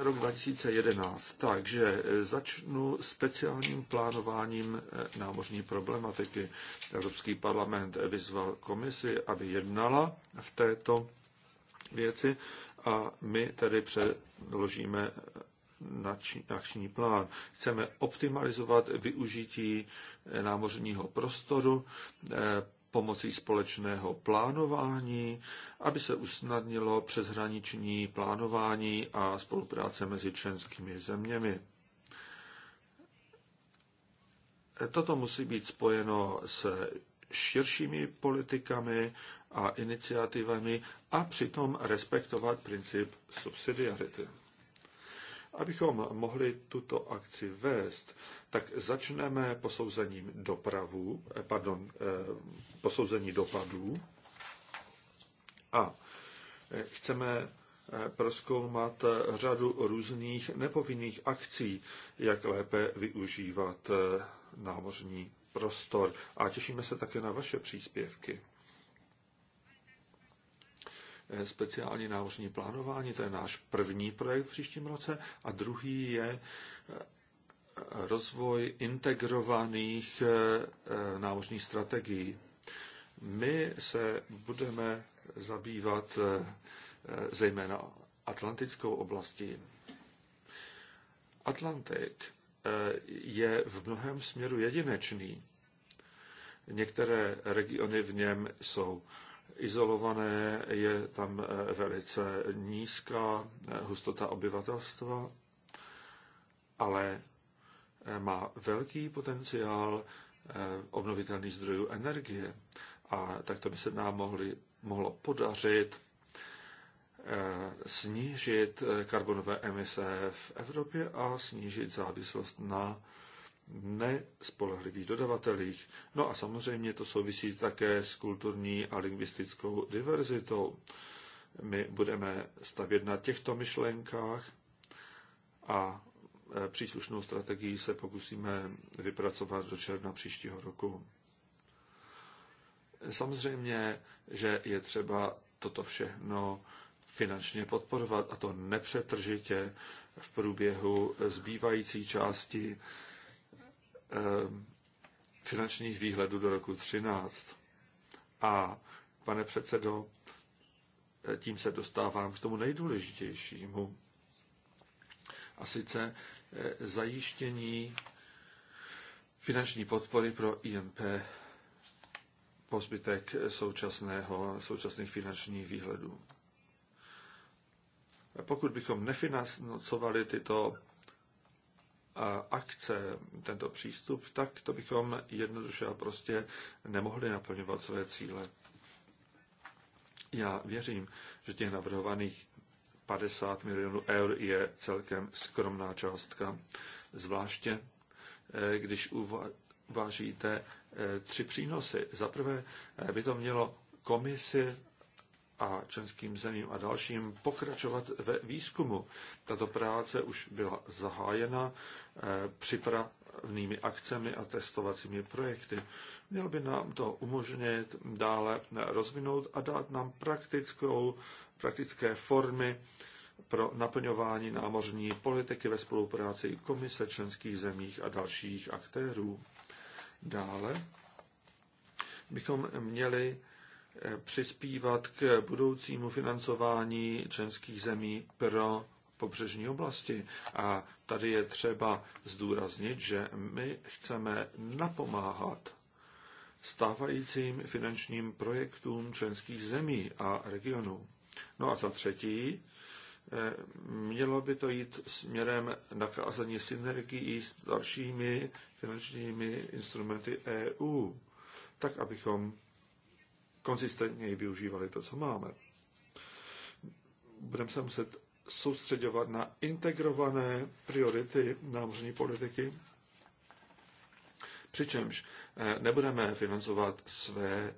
rok 2011. Takže eh, začnu speciálním plánováním eh, námořní problematiky. Evropský parlament vyzval komisi, aby jednala v této věci a my tedy předložíme akční plán. Chceme optimalizovat využití námořního prostoru, pomocí společného plánování, aby se usnadnilo přeshraniční plánování a spolupráce mezi členskými zeměmi. Toto musí být spojeno s širšími politikami a iniciativami a přitom respektovat princip subsidiarity. Abychom mohli tuto akci vést, tak začneme posouzením dopravu, eh, pardon, eh, posouzení dopadů a eh, chceme proskoumat řadu různých nepovinných akcí, jak lépe využívat námořní prostor. A těšíme se také na vaše příspěvky. Eh, speciální námořní plánování, to je náš první projekt v příštím roce, a druhý je eh, rozvoj integrovaných eh, námořních strategií. My se budeme zabývat zejména atlantickou oblastí. Atlantik je v mnohem směru jedinečný. Některé regiony v něm jsou izolované, je tam eh, velice nízká eh, hustota obyvatelstva, ale eh, má velký potenciál obnovitelných zdrojů energie. A takto by se nám mohli, mohlo podařit snížit karbonové emise v Evropě a snížit závislost na nespolehlivých dodavatelích. No a samozřejmě to souvisí také s kulturní a lingvistickou diverzitou. My budeme stavět na těchto myšlenkách a e, příslušnou strategii se pokusíme vypracovat do června příštího roku. Samozřejmě, že je třeba toto všechno finančně podporovat a to nepřetržitě v průběhu zbývající části Eh, finančních výhledů do roku 13. A pane předsedo, eh, tím se dostávám k tomu nejdůležitějšímu. A sice eh, zajištění finanční podpory pro IMP po zbytek současného, současných finančních výhledů. Pokud bychom nefinancovali tyto akce, tento přístup, tak to bychom jednoduše a prostě nemohli naplňovat své cíle. Já věřím, že těch navrhovaných 50 milionů eur je celkem skromná částka, zvláště eh, když uvážíte eh, tři přínosy. Za prvé eh, by to mělo komisi a členským zemím a dalším pokračovat ve výzkumu. Tato práce už byla zahájena eh, připravnými akcemi a testovacími projekty. Měl by nám to umožnit dále rozvinout a dát nám praktickou, praktické formy pro naplňování námořní politiky ve spolupráci komise členských zemích a dalších aktérů. Dále bychom měli přispívat k budoucímu financování členských zemí pro pobřežní oblasti. A tady je třeba zdůraznit, že my chceme napomáhat stávajícím finančním projektům členských zemí a regionů. No a za třetí, eh, mělo by to jít směrem nakázení synergií s dalšími finančními instrumenty EU, tak abychom konzistentněji využívali to, co máme. Budeme se muset soustředovat na integrované priority námořní politiky, přičemž eh, nebudeme financovat své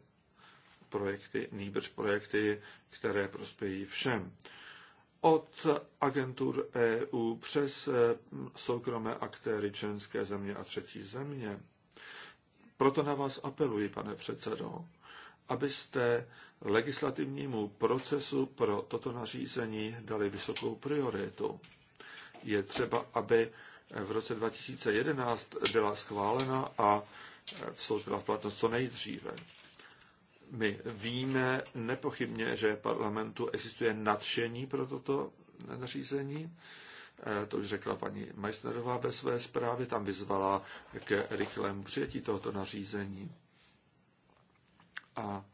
projekty, nýbrž projekty, které prospějí všem. Od agentur EU přes eh, soukromé aktéry členské země a třetí země. Proto na vás apeluji, pane předsedo, abyste legislativnímu procesu pro toto nařízení dali vysokou prioritu. Je třeba, aby v roce 2011 byla schválena a vstoupila v platnost co nejdříve. My víme nepochybně, že parlamentu existuje nadšení pro toto nařízení. Eh, to už řekla paní Meissnerová ve své zprávě, tam vyzvala k rychlému přijetí tohoto nařízení. A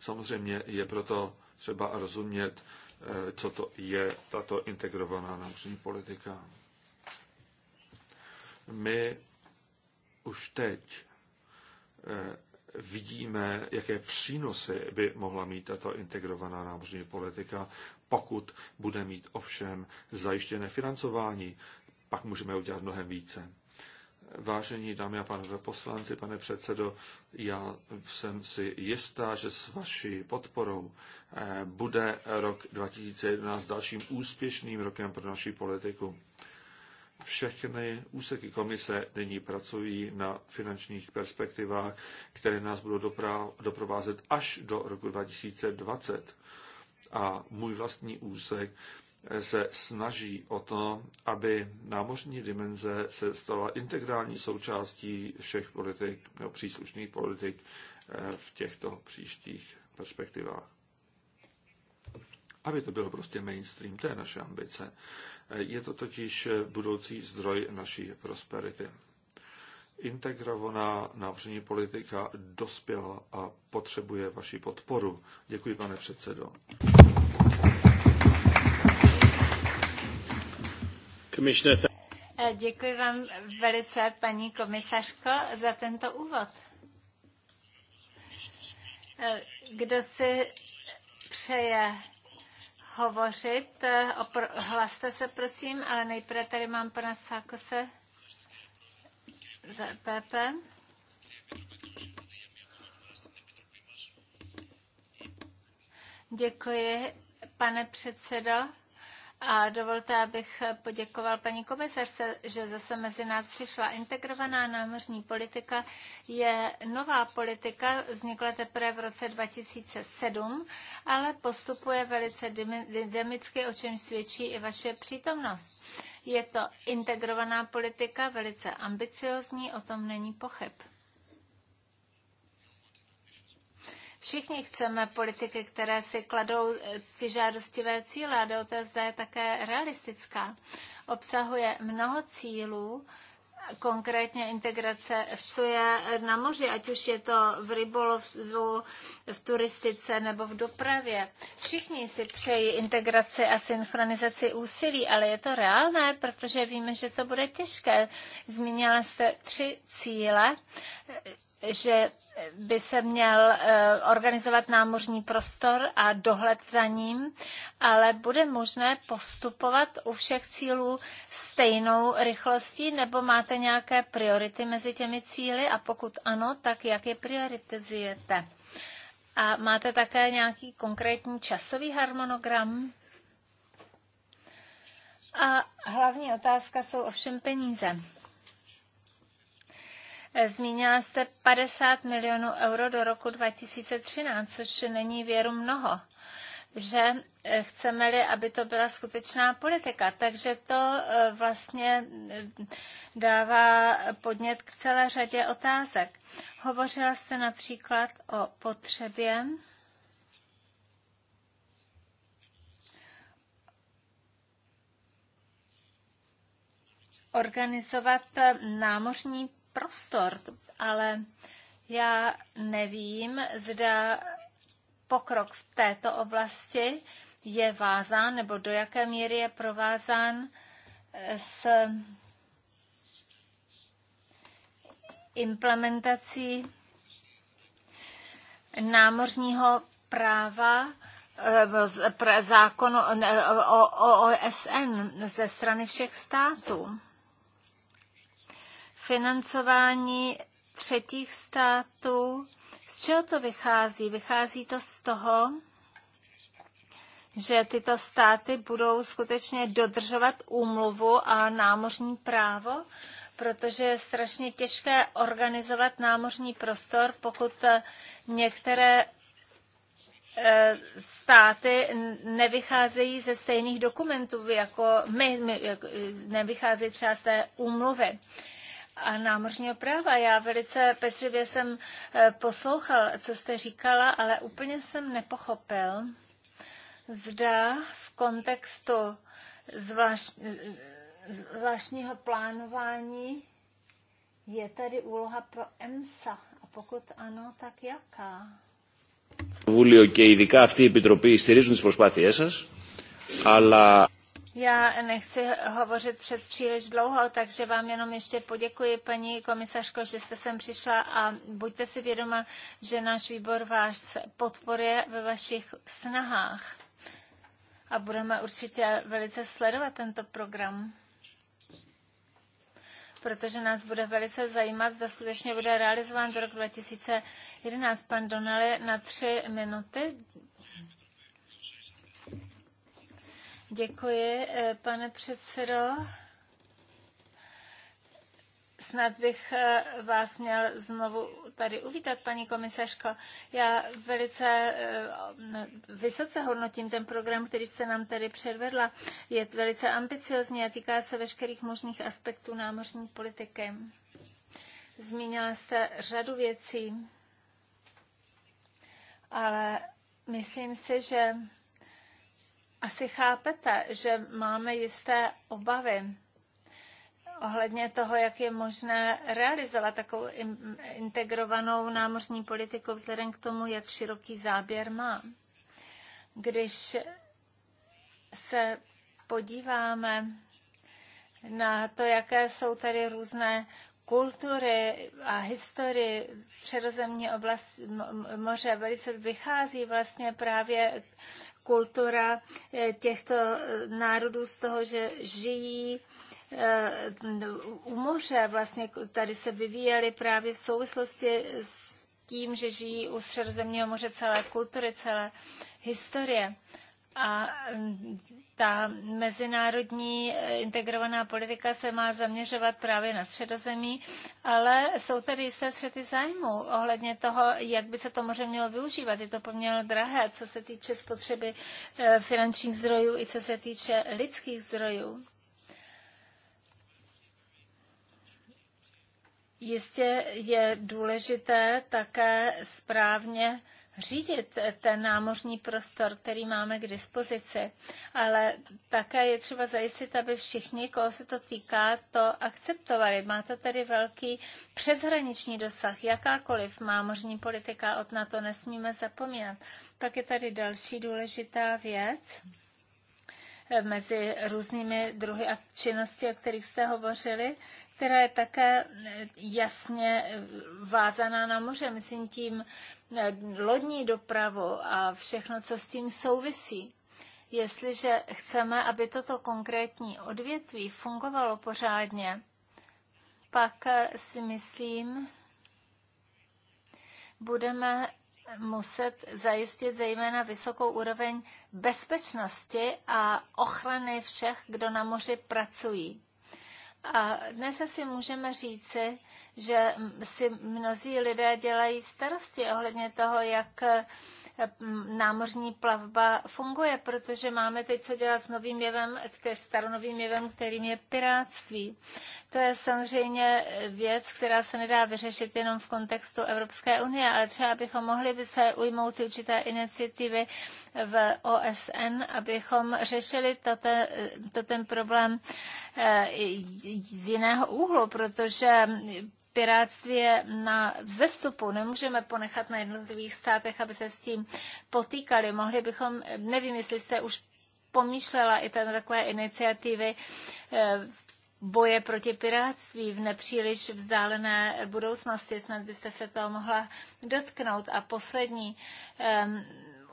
samozřejmě je proto třeba rozumět, eh, co to je tato integrovaná námořní politika. My už teď eh, vidíme, jaké přínosy by mohla mít tato integrovaná námořní politika, pokud bude mít ovšem zajištěné financování, pak můžeme udělat mnohem více. Vážení dámy a pánové poslanci, pane předsedo, já jsem si jistá, že s vaší podporou eh, bude rok 2011 dalším úspěšným rokem pro naši politiku. Všechny úseky komise nyní pracují na finančních perspektivách, které nás budou doprovázet až do roku 2020. A můj vlastní úsek se snaží o to, aby námořní dimenze se stala integrální součástí všech politik nebo příslušných politik eh, v těchto příštích perspektivách. Aby to bylo prostě mainstream, to je naše ambice. Eh, je to totiž eh, budoucí zdroj naší prosperity. Integrovaná námořní politika dospěla a potřebuje vaši podporu. Děkuji, pane předsedo. Eh, děkuji vám velice, paní komisařko, za tento úvod. Eh, kdo si přeje hovořit, eh, hlaste se prosím, ale nejprve tady mám pana Sákose za PP. Děkuji, pane předsedo. A dovolte, abych poděkoval paní komisařce, že zase mezi nás přišla. Integrovaná námořní politika je nová politika, vznikla teprve v roce 2007, ale postupuje velice dynamicky, o čem svědčí i vaše přítomnost. Je to integrovaná politika, velice ambiciozní, o tom není pochyb. Všichni chceme politiky, které si kladou eh, si žádostivé cíle a DOTSD je také realistická. Obsahuje mnoho cílů, konkrétně integrace je na moři, ať už je to v rybolovu, v turistice nebo v dopravě. Všichni si přejí integraci a synchronizaci úsilí, ale je to reálné, protože víme, že to bude těžké. Zmínila jste tři cíle že by se měl eh, organizovat námořní prostor a dohled za ním, ale bude možné postupovat u všech cílů stejnou rychlostí, nebo máte nějaké priority mezi těmi cíly a pokud ano, tak jak je prioritizujete? A máte také nějaký konkrétní časový harmonogram? A hlavní otázka jsou ovšem peníze. Zmínila jste 50 milionů euro do roku 2013, což není věru mnoho že eh, chceme-li, aby to byla skutečná politika. Takže to eh, vlastně eh, dává podnět k celé řadě otázek. Hovořila jste například o potřebě organizovat námořní prostor, ale já nevím, zda pokrok v této oblasti je vázán nebo do jaké míry je provázán eh, s implementací námořního práva eh, zákonu o OSN ze strany všech států financování třetích států. Z čeho to vychází? Vychází to z toho, že tyto státy budou skutečně dodržovat úmluvu a námořní právo, protože je strašně těžké organizovat námořní prostor, pokud eh, některé eh, státy nevycházejí ze stejných dokumentů, jako my, my eh, nevycházejí třeba z té úmluvy a námořního práva. Já velice pečlivě jsem eh, poslouchal, co jste říkala, ale úplně jsem nepochopil, zda v kontextu zvlášť, eh, zvláštního plánování je tady úloha pro EMSA a pokud ano, tak jaká? Vůli, και ειδικά αυτή η Επιτροπή στηρίζουν τις προσπάθειές σας, αλλά... Já nechci hovořit přes příliš dlouho, takže vám jenom ještě poděkuji, paní komisařko, že jste sem přišla a buďte si vědoma, že náš výbor vás podporuje ve vašich snahách. A budeme určitě velice sledovat tento program protože nás bude velice zajímat, zda skutečně bude realizován do roku 2011. Pan Donnelly na tři minuty. Děkuji, eh, pane předsedo. Snad bych eh, vás měl znovu tady uvítat, paní komisařko. Já velice eh, vysoce hodnotím ten program, který jste nám tady předvedla. Je velice ambiciozní a týká se veškerých možných aspektů námořní politiky. Zmínila jste řadu věcí, ale myslím si, že asi chápete, že máme jisté obavy ohledně toho, jak je možné realizovat takovou integrovanou námořní politiku vzhledem k tomu, jak široký záběr má. Když se podíváme na to, jaké jsou tady různé kultury a historii středozemní oblasti. moře velice vychází vlastně právě kultura eh, těchto eh, národů z toho, že žijí eh, u moře, vlastně tady se vyvíjely právě v souvislosti s tím, že žijí u Středozemního moře celé kultury, celé historie. A mm, ta mezinárodní eh, integrovaná politika se má zaměřovat právě na středozemí, ale jsou tady jisté střety zájmu ohledně toho, jak by se to moře mělo využívat. Je to poměrně drahé, co se týče spotřeby eh, finančních zdrojů i co se týče lidských zdrojů. Jistě je důležité také správně řídit ten námořní prostor, který máme k dispozici, ale také je třeba zajistit, aby všichni, koho se to týká, to akceptovali. Má to tedy velký přeshraniční dosah. Jakákoliv námořní politika, od NATO nesmíme zapomínat. Pak je tady další důležitá věc mezi různými druhy a činnosti, o kterých jste hovořili, která je také jasně vázaná na moře. Myslím tím lodní dopravu a všechno, co s tím souvisí. Jestliže chceme, aby toto konkrétní odvětví fungovalo pořádně, pak eh, si myslím, budeme muset zajistit zejména vysokou úroveň bezpečnosti a ochrany všech, kdo na moři pracují. A dnes si můžeme říci, že si mnozí lidé dělají starosti ohledně toho, jak mm, námořní plavba funguje, protože máme teď co dělat s novým jevem, staronovým jevem, kterým je piráctví. To je samozřejmě věc, která se nedá vyřešit jenom v kontextu Evropské unie, ale třeba bychom mohli by se ujmout určité iniciativy v OSN, abychom řešili toto, to ten problém eh, z jiného úhlu, protože piráctví je na vzestupu. Nemůžeme ponechat na jednotlivých státech, aby se s tím potýkali. Mohli bychom, nevím, jestli jste už pomýšlela i ten takové iniciativy eh, boje proti piráctví v nepříliš vzdálené budoucnosti. Snad byste se toho mohla dotknout. A poslední, ehm,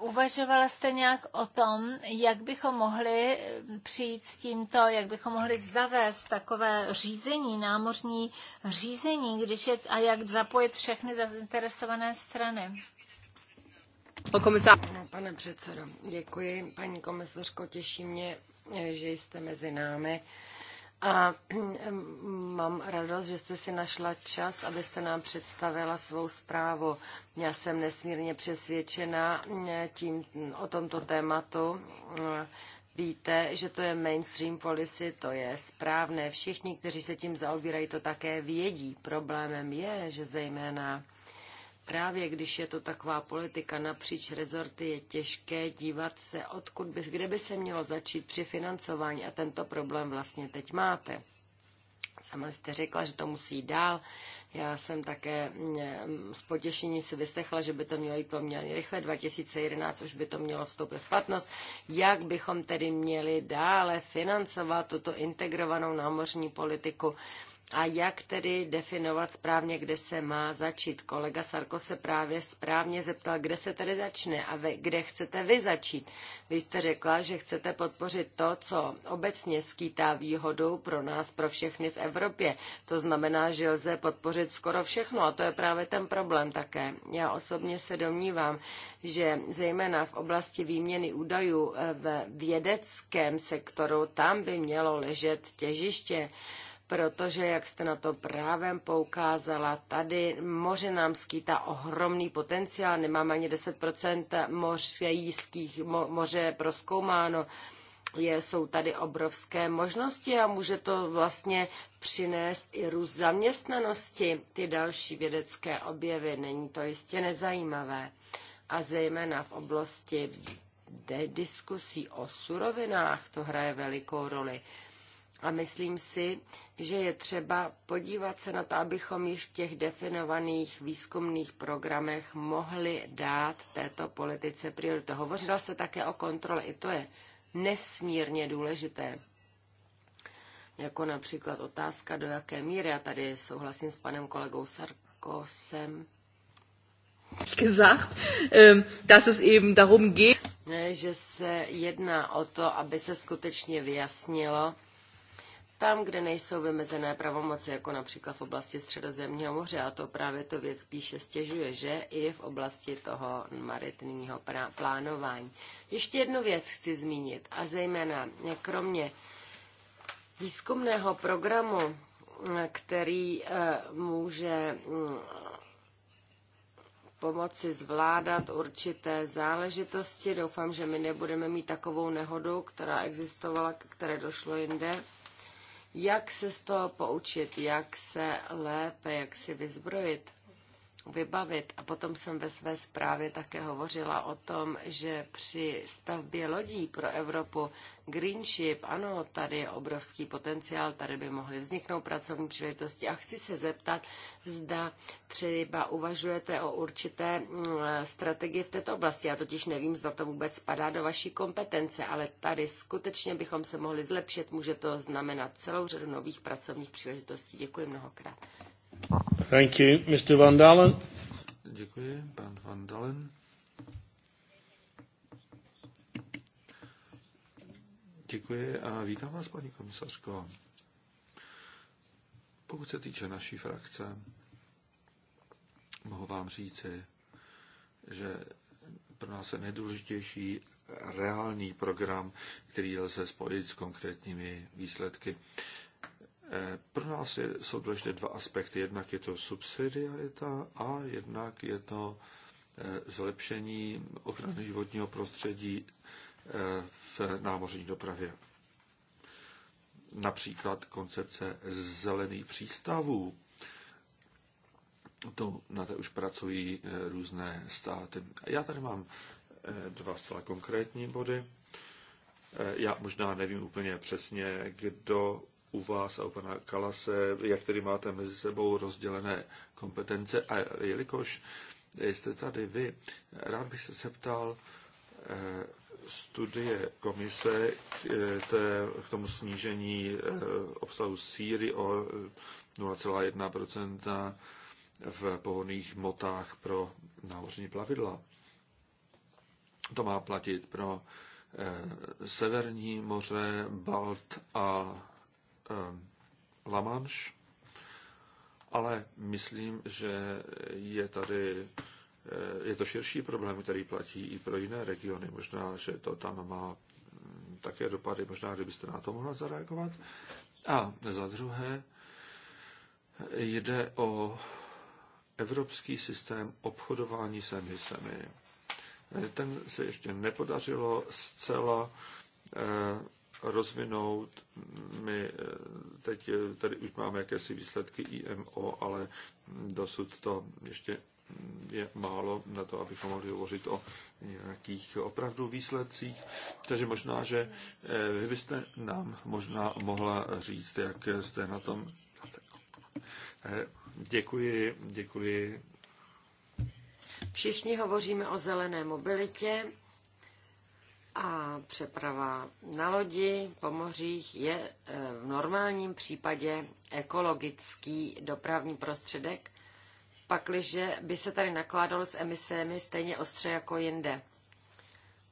uvažovala jste nějak o tom, jak bychom mohli eh, přijít s tímto, jak bychom mohli zavést takové řízení, námořní řízení, když je, a jak zapojit všechny zainteresované strany? No, pane předsedo, děkuji. Paní komisařko, těší mě, eh, že jste mezi námi. A mám radost, že jste si našla čas, abyste nám představila svou zprávu. Já jsem nesmírně přesvědčena eh, tím, mm, o tomto tématu. Eh, víte, že to je mainstream policy, to je správné. Všichni, kteří se tím zaobírají, to také vědí. Problémem je, že zejména právě když je to taková politika napříč rezorty, je těžké dívat se, odkud by, kde by se mělo začít při financování a tento problém vlastně teď máte. Sama jste řekla, že to musí dál. Já jsem také mm, s potěšením si vystechla, že by to mělo jít poměrně rychle. 2011 už by to mělo vstoupit v platnost. Jak bychom tedy měli dále financovat tuto integrovanou námořní politiku? A jak tedy definovat správně, kde se má začít? Kolega Sarko se právě správně zeptal, kde se tedy začne a vy, kde chcete vy začít. Vy jste řekla, že chcete podpořit to, co obecně skýtá výhodu pro nás, pro všechny v Evropě. To znamená, že lze podpořit skoro všechno a to je právě ten problém také. Já osobně se domnívám, že zejména v oblasti výměny údajů eh, v vědeckém sektoru, tam by mělo ležet těžiště protože, jak jste na to právě poukázala, tady moře nám skýtá ohromný potenciál, nemáme ani 10% jízkých, mo, moře proskoumáno, je, jsou tady obrovské možnosti a může to vlastně přinést i růst zaměstnanosti, ty další vědecké objevy, není to jistě nezajímavé. A zejména v oblasti diskusí o surovinách to hraje velikou roli. A myslím si, že je třeba podívat se na to, abychom již v těch definovaných výzkumných programech mohli dát této politice prioritu. Hovořila se také o kontrole, i to je nesmírně důležité. Jako například otázka, do jaké míry, a tady souhlasím s panem kolegou Sarkosem, gesagt, ähm, dass es eben darum geht, že se jedná o to, aby se skutečně vyjasnilo, tam, kde nejsou vymezené pravomoci, jako například v oblasti Středozemního moře, a to právě to věc spíše stěžuje, že i v oblasti toho maritního plánování. Ještě jednu věc chci zmínit, a zejména kromě výzkumného programu, který eh, může mm, pomoci zvládat určité záležitosti. Doufám, že my nebudeme mít takovou nehodu, která existovala, které došlo jinde jak se z toho poučit, jak se lépe, jak si vyzbrojit vybavit. A potom jsem ve své zprávě také hovořila o tom, že při stavbě lodí pro Evropu Green Ship, ano, tady je obrovský potenciál, tady by mohly vzniknout pracovní příležitosti. A chci se zeptat, zda třeba uvažujete o určité mm, strategii v této oblasti. Já totiž nevím, zda to vůbec spadá do vaší kompetence, ale tady skutečně bychom se mohli zlepšit. Může to znamenat celou řadu nových pracovních příležitostí. Děkuji mnohokrát. Thank you. Mr. Van Dalen. Děkuji, pan Van Dalen. Děkuji a vítám vás, paní komisařko. Pokud se týče naší frakce, mohu vám říci, že pro nás je nejdůležitější reálný program, který lze spojit s konkrétními výsledky. Eh, pro nás jsou důležité dva aspekty. Jednak je to subsidiarita a jednak je to eh, zlepšení ochrany životního prostředí eh, v námořní dopravě. Například koncepce zelených přístavů. To, na to už pracují různé státy. Já tady mám dva zcela konkrétní body. Já možná nevím úplně přesně, kdo u vás a u pana Kalase, jak tedy máte mezi sebou rozdělené kompetence. A jelikož jste tady vy, rád bych se zeptal eh, studie komise eh, k tomu snížení eh, obsahu síry o 0,1 v pohodných motách pro námořní plavidla. To má platit pro Severní moře, Balt a Eh, La Manche, ale myslím, že je tady eh, je to širší problém, který platí i pro jiné regiony. Možná, že to tam má hm, také dopady, možná, kdybyste na to mohla zareagovat. A za druhé, jde o evropský systém obchodování s emisemi. Eh, ten se ještě nepodařilo zcela rozvinout. My eh, teď eh, tady už máme jakési výsledky IMO, ale dosud to ještě je málo na to, abychom mohli hovořit o nějakých opravdu výsledcích. Takže možná, že eh, vy byste nám možná mohla říct, jak jste na tom. Děkuji, děkuji. Všichni hovoříme o zelené mobilitě a přeprava na lodi po mořích je e, v normálním případě ekologický dopravní prostředek, pakliže by se tady nakládalo s emisemi stejně ostře jako jinde.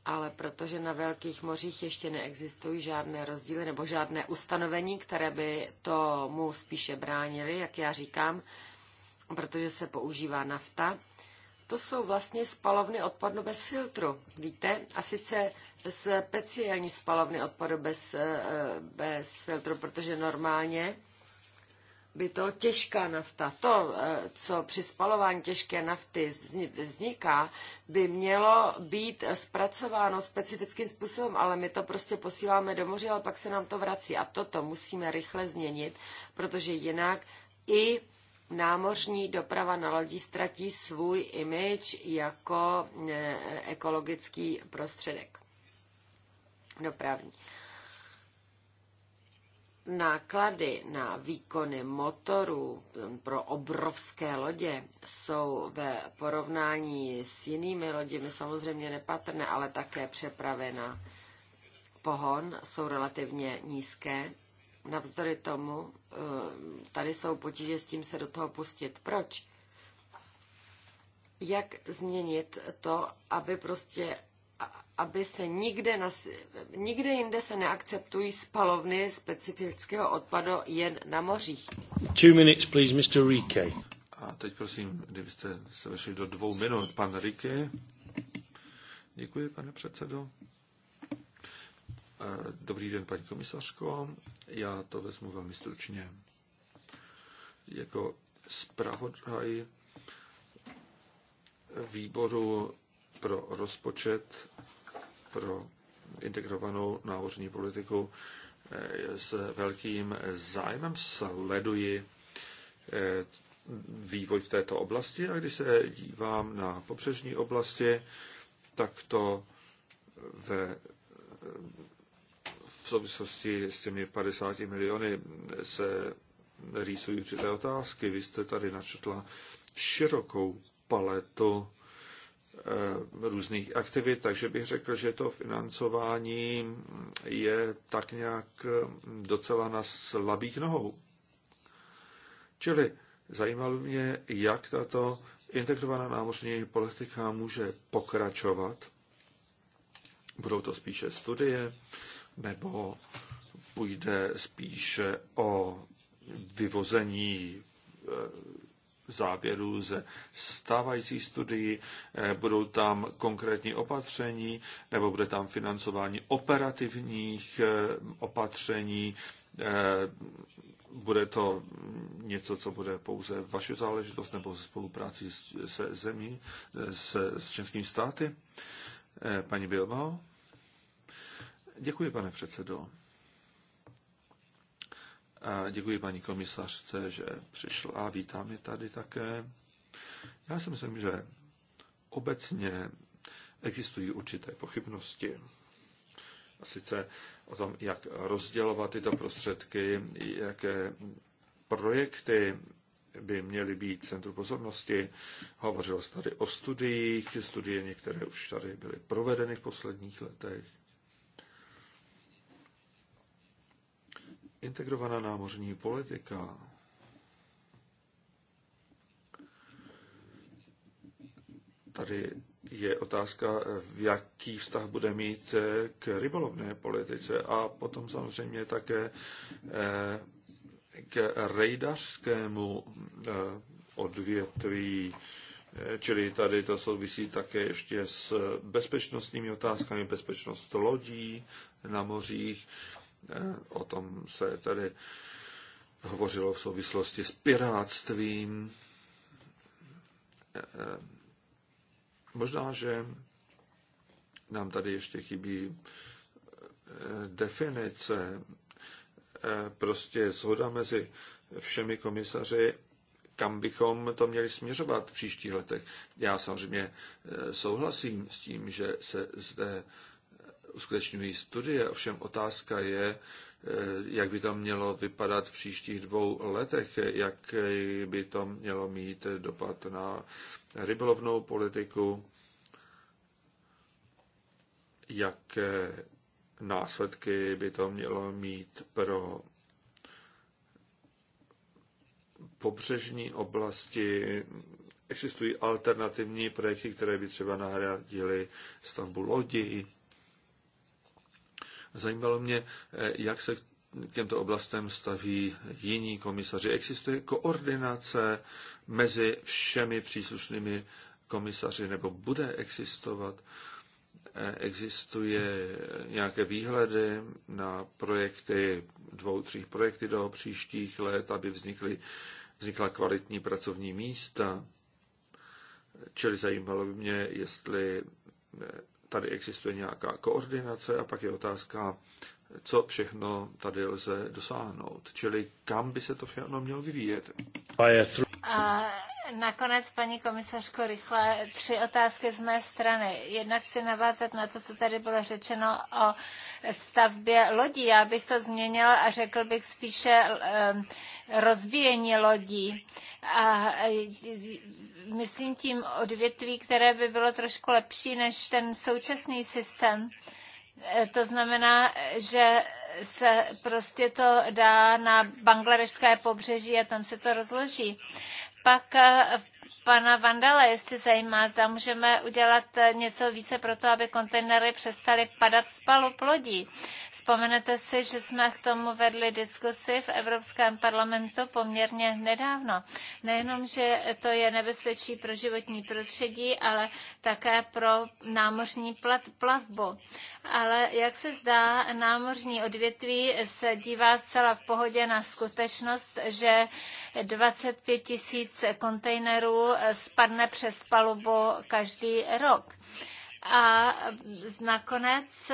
Ale protože na velkých mořích ještě neexistují žádné rozdíly nebo žádné ustanovení, které by tomu spíše bránily, jak já říkám, protože se používá nafta, to jsou vlastně spalovny odpadu bez filtru, víte? A sice speciální spalovny odpadu bez, eh, bez filtru, protože normálně by to těžká nafta, to, eh, co při spalování těžké nafty vzniká, by mělo být zpracováno specifickým způsobem, ale my to prostě posíláme do moře, ale pak se nám to vrací. A toto musíme rychle změnit, protože jinak i námořní doprava na lodi ztratí svůj image jako e, ekologický prostředek dopravní. Náklady na výkony motorů pro obrovské lodě jsou ve porovnání s jinými loděmi samozřejmě nepatrné, ale také přepravy na pohon jsou relativně nízké navzdory tomu, eh, tady jsou potíže s tím se do toho pustit. Proč? Jak změnit to, aby prostě aby se nikde, na, nikde jinde se neakceptují spalovny specifického odpadu jen na mořích. Two minutes, please, Mr. Rike. A teď prosím, kdybyste se vešli do dvou minut, pan Rike. Děkuji, pane předsedo. Eh, dobrý den, paní komisařko. Já to vezmu velmi stručně. Jako zpravodaj výboru pro rozpočet pro integrovanou námořní politiku eh, s velkým zájmem sleduji eh, vývoj v této oblasti a když se dívám na pobřežní oblasti, tak to ve souvislosti s těmi 50 miliony se rýsují určité otázky. Vy jste tady načetla širokou paletu eh, různých aktivit, takže bych řekl, že to financování je tak nějak docela na slabých nohou. Čili zajímalo mě, jak tato integrovaná námořní politika může pokračovat Budou to spíše studie, nebo půjde spíše o vyvození eh, závěrů ze stávající studii, eh, budou tam konkrétní opatření, nebo bude tam financování operativních eh, opatření, bude to něco, co bude pouze vaše záležitost nebo spolupráci se zemí, se, s českým státy. Eh, paní Bilbao. Děkuji, pane předsedo. A děkuji paní komisařce, že přišla. Vítám je tady také. Já si myslím, že obecně existují určité pochybnosti. A sice o tom, jak rozdělovat tyto prostředky, jaké projekty by měly být centru pozornosti. Hovořilo se tady o studiích, studie některé už tady byly provedeny v posledních letech. Integrovaná námořní politika tady je otázka, v jaký vztah bude mít k rybolovné politice a potom samozřejmě také eh, k rejdařskému eh, odvětví, eh, čili tady to souvisí také ještě s bezpečnostními otázkami, bezpečnost lodí na mořích. Eh, o tom se tady hovořilo v souvislosti s pirátstvím. Možná, že nám tady ještě chybí definice prostě shoda mezi všemi komisaři, kam bychom to měli směřovat v příštích letech. Já samozřejmě e, souhlasím s tím, že se zde uskutečňují studie, ovšem otázka je, e, jak by to mělo vypadat v příštích dvou letech, jak by to mělo mít dopad na rybolovnou politiku, jak e, následky by to mělo mít pro pobřežní oblasti. Existují alternativní projekty, které by třeba nahradily stavbu lodí. Zajímalo mě, jak se k těmto oblastem staví jiní komisaři. Existuje koordinace mezi všemi příslušnými komisaři, nebo bude existovat? existuje nějaké výhledy na projekty, dvou, tří projekty do příštích let, aby vznikly, vznikla kvalitní pracovní místa. Čili zajímalo by mě, jestli eh, tady existuje nějaká koordinace a pak je otázka, co všechno tady lze dosáhnout. Čili kam by se to všechno mělo vyvíjet? A Nakonec, paní komisařko, rychle tři otázky z mé strany. Jednak chci navázat na to, co tady bylo řečeno o stavbě lodí. Já bych to změnil a řekl bych spíše ehm, rozbíjení lodí. A e, myslím tím odvětví, které by bylo trošku lepší než ten současný systém. E, to znamená, že se prostě to dá na bangladešské pobřeží a tam se to rozloží. Pak eh, pana Vandala, jestli zajímá, zda můžeme udělat eh, něco více pro to, aby kontejnery přestaly padat z palub lodí. Vzpomenete si, že jsme k tomu vedli diskusi v Evropském parlamentu poměrně nedávno. Nejenom, že to je nebezpečí pro životní prostředí, ale také pro námořní plavbu ale jak se zdá, námořní odvětví se dívá zcela v pohodě na skutečnost, že 25 tisíc kontejnerů spadne přes palubu každý rok. A nakonec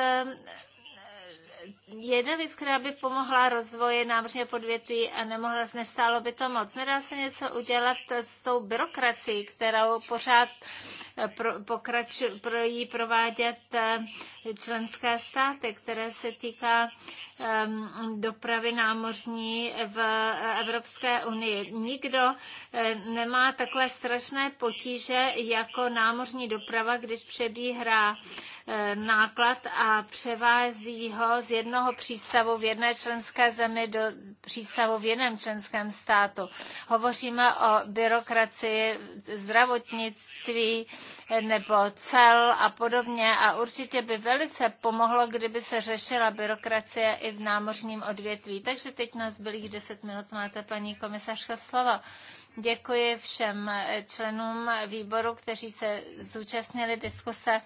jedna věc, která by pomohla rozvoji námořního podvětví a nemohla, nestálo by to moc. Nedá se něco udělat s tou byrokracií, kterou pořád eh, pro, pokrač, pro jí provádět eh, členské státy, které se týká ehm, dopravy námořní v eh, Evropské unii. Nikdo nemá takové strašné potíže jako námořní doprava, když přebíhá Eh, náklad a převází ho z jednoho přístavu v jedné členské zemi do přístavu v jiném členském státu. Hovoříme o byrokracii zdravotnictví nebo cel a podobně a určitě by velice pomohlo, kdyby se řešila byrokracie i v námořním odvětví. Takže teď na zbylých 10 minut máte, paní komisařka, slovo. Děkuji všem eh, členům výboru, kteří se zúčastnili diskuse.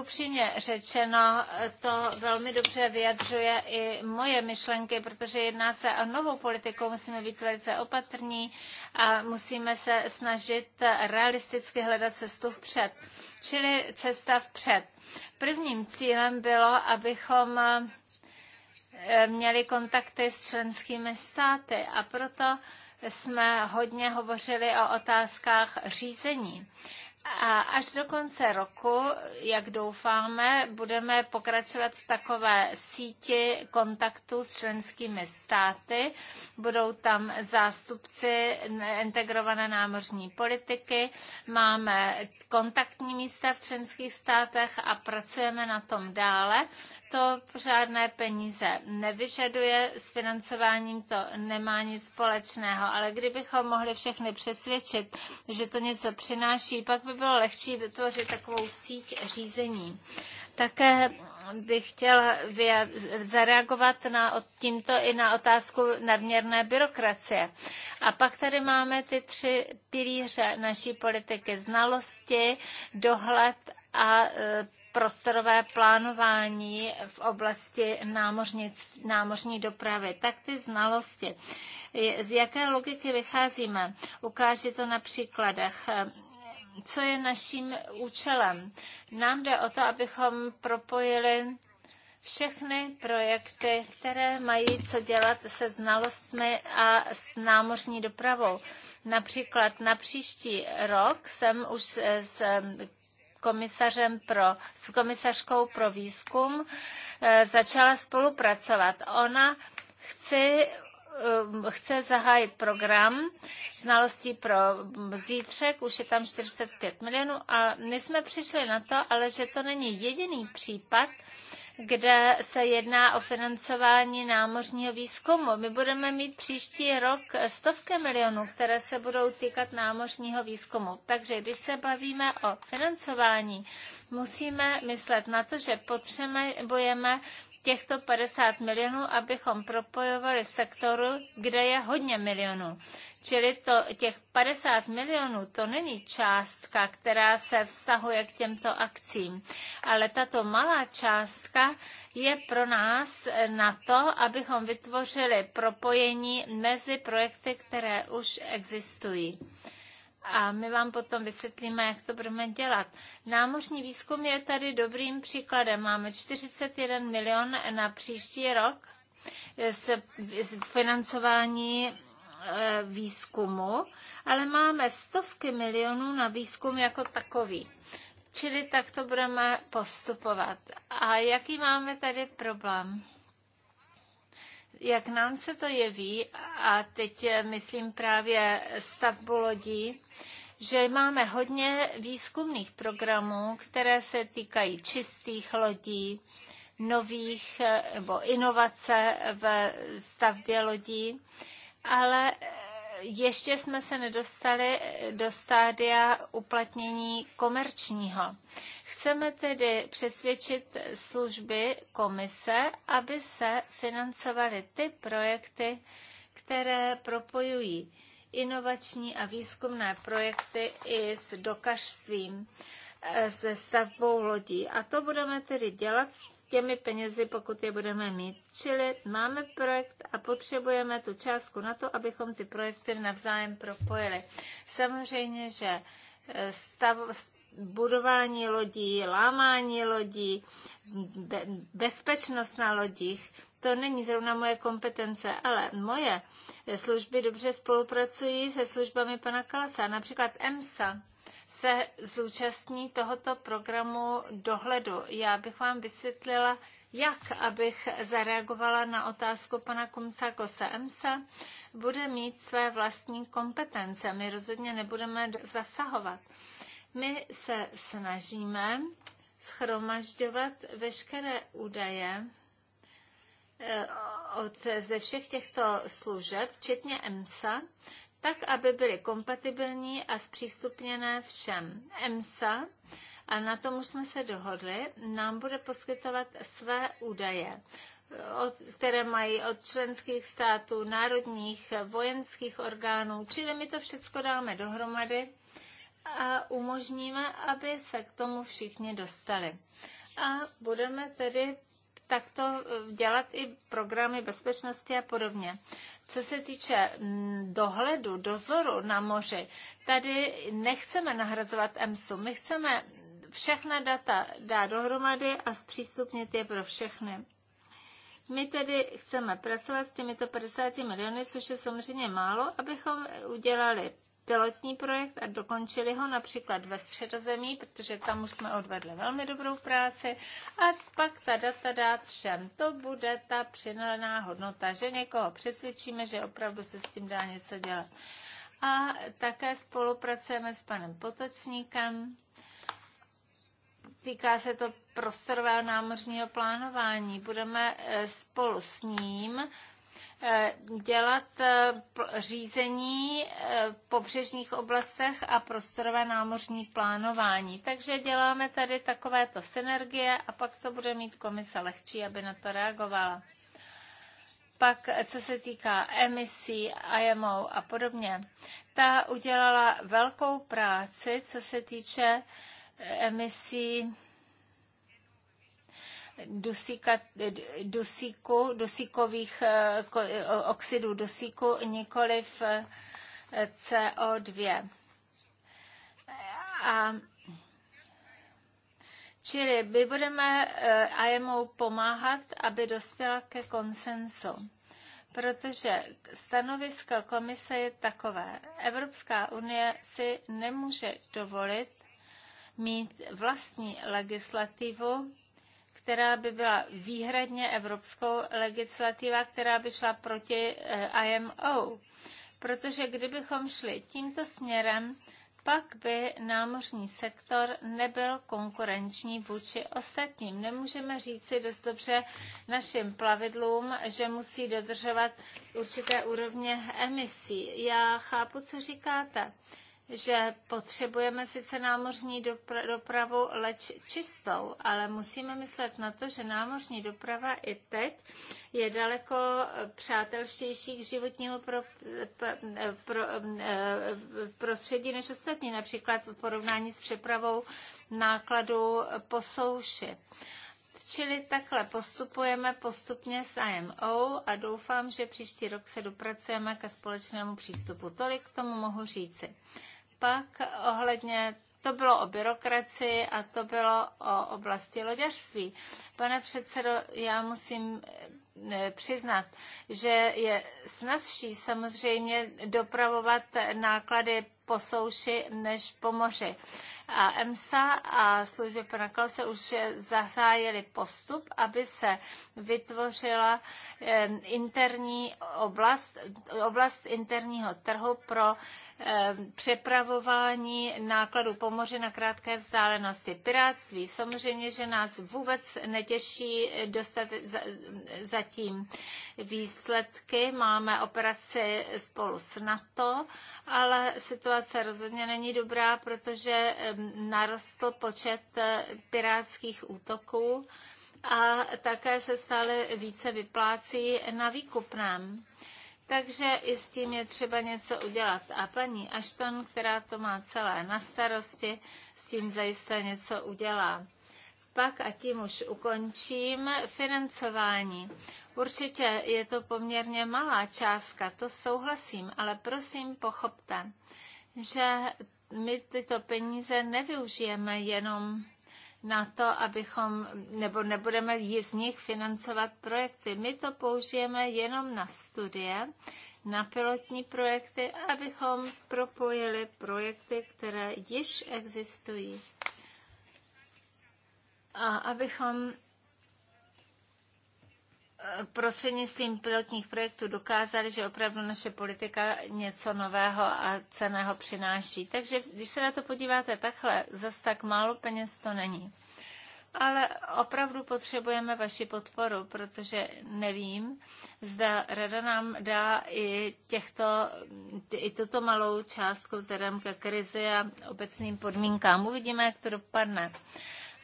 Upřímně řečeno, eh, to velmi dobře vyjadřuje i moje myšlenky, protože jedná se o novou politiku, musíme být velice opatrní a musíme se snažit eh, realisticky hledat cestu vpřed. Čili cesta vpřed. Prvním cílem bylo, abychom měli kontakty s členskými státy a proto jsme hodně hovořili o otázkách řízení. A až do konce roku, jak doufáme, budeme pokračovat v takové síti kontaktů s členskými státy. Budou tam zástupci integrované námořní politiky. Máme kontaktní místa v členských státech a pracujeme na tom dále. To žádné peníze nevyžaduje, s financováním to nemá nic společného, ale kdybychom mohli všechny přesvědčit, že to něco přináší, pak by bylo lehčí vytvořit takovou síť řízení. Také bych chtěla zareagovat na tímto i na otázku nadměrné byrokracie. A pak tady máme ty tři pilíře naší politiky. Znalosti, dohled a e, prostorové plánování v oblasti námořnic, námořní dopravy, tak ty znalosti. Z jaké logiky vycházíme? Ukáže to na příkladech co je naším účelem. Nám jde o to, abychom propojili všechny projekty, které mají co dělat se znalostmi a s námořní dopravou. Například na příští rok jsem už s komisařem pro, s komisařkou pro výzkum e, začala spolupracovat. Ona chci Um, chce zahájit program znalostí pro zítřek, už je tam 45 milionů a my jsme přišli na to, ale že to není jediný případ, kde se jedná o financování námořního výzkumu. My budeme mít příští rok stovky milionů, které se budou týkat námořního výzkumu. Takže když se bavíme o financování, musíme myslet na to, že potřebujeme těchto 50 milionů, abychom propojovali sektoru, kde je hodně milionů. Čili to, těch 50 milionů to není částka, která se vztahuje k těmto akcím, ale tato malá částka je pro nás na to, abychom vytvořili propojení mezi projekty, které už existují a my vám potom vysvětlíme, jak to budeme dělat. Námořní výzkum je tady dobrým příkladem. Máme 41 milion na příští rok z financování e, výzkumu, ale máme stovky milionů na výzkum jako takový. Čili tak to budeme postupovat. A jaký máme tady problém? jak nám se to jeví, a teď eh, myslím právě stavbu lodí, že máme hodně výzkumných programů, které se týkají čistých lodí, nových eh, nebo inovace v stavbě lodí, ale eh, ještě jsme se nedostali do stádia uplatnění komerčního. Chceme tedy přesvědčit služby komise, aby se financovaly ty projekty, které propojují inovační a výzkumné projekty i s dokažstvím, eh, se stavbou lodí. A to budeme tedy dělat s těmi penězi, pokud je budeme mít. Čili máme projekt a potřebujeme tu částku na to, abychom ty projekty navzájem propojili. Samozřejmě, že eh, stav, budování lodí, lámání lodí, be, bezpečnost na lodích, to není zrovna moje kompetence, ale moje služby dobře spolupracují se službami pana Kalasa. Například EMSA se zúčastní tohoto programu dohledu. Já bych vám vysvětlila, jak, abych zareagovala na otázku pana Kumca EMSA bude mít své vlastní kompetence. My rozhodně nebudeme zasahovat. My se snažíme schromažďovat veškeré údaje eh, od, ze všech těchto služeb, včetně EMSA, tak, aby byly kompatibilní a zpřístupněné všem. EMSA, a na tom už jsme se dohodli, nám bude poskytovat své údaje eh, od, které mají od členských států, národních, vojenských orgánů, čili my to všechno dáme dohromady a umožníme, aby se k tomu všichni dostali. A budeme tedy takto dělat i programy bezpečnosti a podobně. Co se týče mm, dohledu, dozoru na moři, tady nechceme nahrazovat EMSu. My chceme všechna data dát dohromady a zpřístupnit je pro všechny. My tedy chceme pracovat s těmito 50 miliony, což je samozřejmě málo, abychom udělali pilotní projekt a dokončili ho například ve středozemí, protože tam už jsme odvedli velmi dobrou práci a pak ta data dát všem. To bude ta přinalená hodnota, že někoho přesvědčíme, že opravdu se s tím dá něco dělat. A také spolupracujeme s panem Potočníkem. Týká se to prostorového námořního plánování. Budeme eh, spolu s ním Eh, dělat eh, řízení eh, v pobřežních oblastech a prostorové námořní plánování. Takže děláme tady takovéto synergie a pak to bude mít komise lehčí, aby na to reagovala. Pak, co se týká emisí, IMO a podobně, ta udělala velkou práci, co se týče emisí dusíka, dusíku, dusíkových eh, eh, oxidů dusíku, v eh, CO2. A Čili my budeme IMO pomáhat, aby dospěla ke konsensu, protože stanovisko komise je takové. Evropská unie si nemůže dovolit mít vlastní legislativu, která by byla výhradně evropskou legislativa, která by šla proti eh, IMO. Protože kdybychom šli tímto směrem, pak by námořní sektor nebyl konkurenční vůči ostatním. Nemůžeme říci dost dobře našim plavidlům, že musí dodržovat určité úrovně emisí. Já chápu, co říkáte že potřebujeme sice námořní dopravu, leč čistou, ale musíme myslet na to, že námořní doprava i teď je daleko eh, přátelštější k životnímu pro, eh, pro, pro, eh, prostředí než ostatní, například v porovnání s přepravou nákladů po souši. Čili takhle postupujeme postupně s IMO a doufám, že příští rok se dopracujeme ke společnému přístupu. Tolik k tomu mohu říci pak ohledně to bylo o byrokracii a to bylo o oblasti loďařství. Pane předsedo, já musím eh, přiznat, že je snazší samozřejmě dopravovat náklady po souši než po moři a EMSA a služby pana se už zahájily postup, aby se vytvořila interní oblast, oblast interního trhu pro přepravování nákladů po moři na krátké vzdálenosti. Pirátství samozřejmě, že nás vůbec netěší dostat zatím výsledky. Máme operaci spolu s NATO, ale situace rozhodně není dobrá, protože narostl počet eh, pirátských útoků a také se stále více vyplácí na výkupném. Takže i s tím je třeba něco udělat. A paní Ashton, která to má celé na starosti, s tím zajisté něco udělá. Pak, a tím už ukončím, financování. Určitě je to poměrně malá částka, to souhlasím, ale prosím pochopte, že my tyto peníze nevyužijeme jenom na to, abychom, nebo nebudeme z nich financovat projekty. My to použijeme jenom na studie, na pilotní projekty, abychom propojili projekty, které již existují. A abychom prostřednictvím pilotních projektů dokázali, že opravdu naše politika něco nového a ceného přináší. Takže když se na to podíváte takhle, zas tak málo peněz to není. Ale opravdu potřebujeme vaši podporu, protože nevím, zda rada nám dá i, těchto, i tuto malou částku vzhledem ke krizi a obecným podmínkám. Uvidíme, jak to dopadne.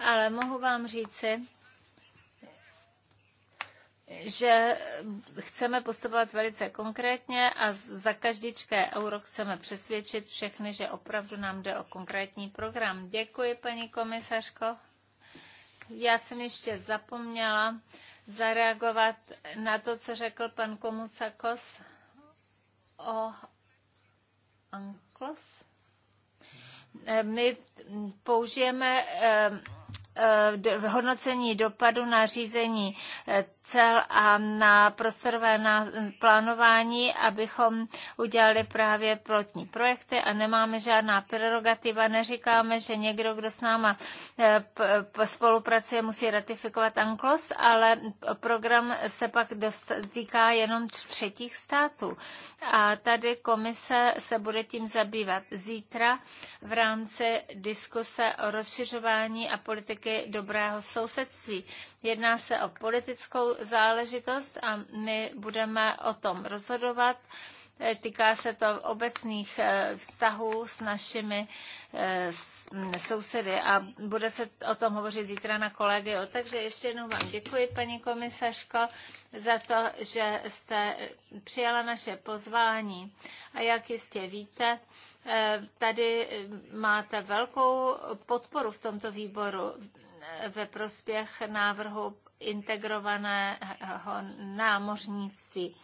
Ale mohu vám říci, že chceme postupovat velice konkrétně a za každičké euro chceme přesvědčit všechny, že opravdu nám jde o konkrétní program. Děkuji, paní komisařko. Já jsem ještě zapomněla zareagovat na to, co řekl pan Komucakos o Anklos. Eh, my použijeme eh, eh, hodnocení dopadu na řízení cel a na prostorové plánování, abychom udělali právě plotní projekty a nemáme žádná prerogativa, neříkáme, že někdo, kdo s náma eh, spolupracuje, musí ratifikovat ANKLOS, ale program se pak dost, týká jenom třetích států. A tady komise se bude tím zabývat zítra v rámci diskuse o rozšiřování a politiky dobrého sousedství. Jedná se o politickou záležitost a my budeme o tom rozhodovat. Eh, týká se to obecných eh, vztahů s našimi eh, sousedy a bude se o tom hovořit zítra na kolegiu. Takže ještě jednou vám děkuji, paní komisařko, za to, že jste přijala naše pozvání. A jak jistě víte, tady máte velkou podporu v tomto výboru ve prospěch návrhu integrovaného námořnictví.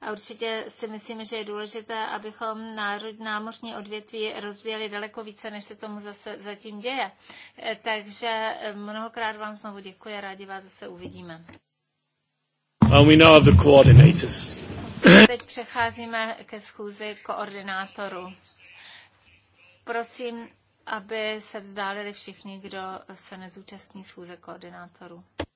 A určitě si myslím, že je důležité, abychom národ, námořní odvětví rozvíjeli daleko více, než se tomu zase zatím děje. E, takže e, mnohokrát vám znovu děkuji a rádi vás zase uvidíme. And we now have the coordinators. Teď přecházíme ke schůzi koordinátorů. Prosím, aby se vzdálili všichni, kdo se nezúčastní schůze koordinátorů.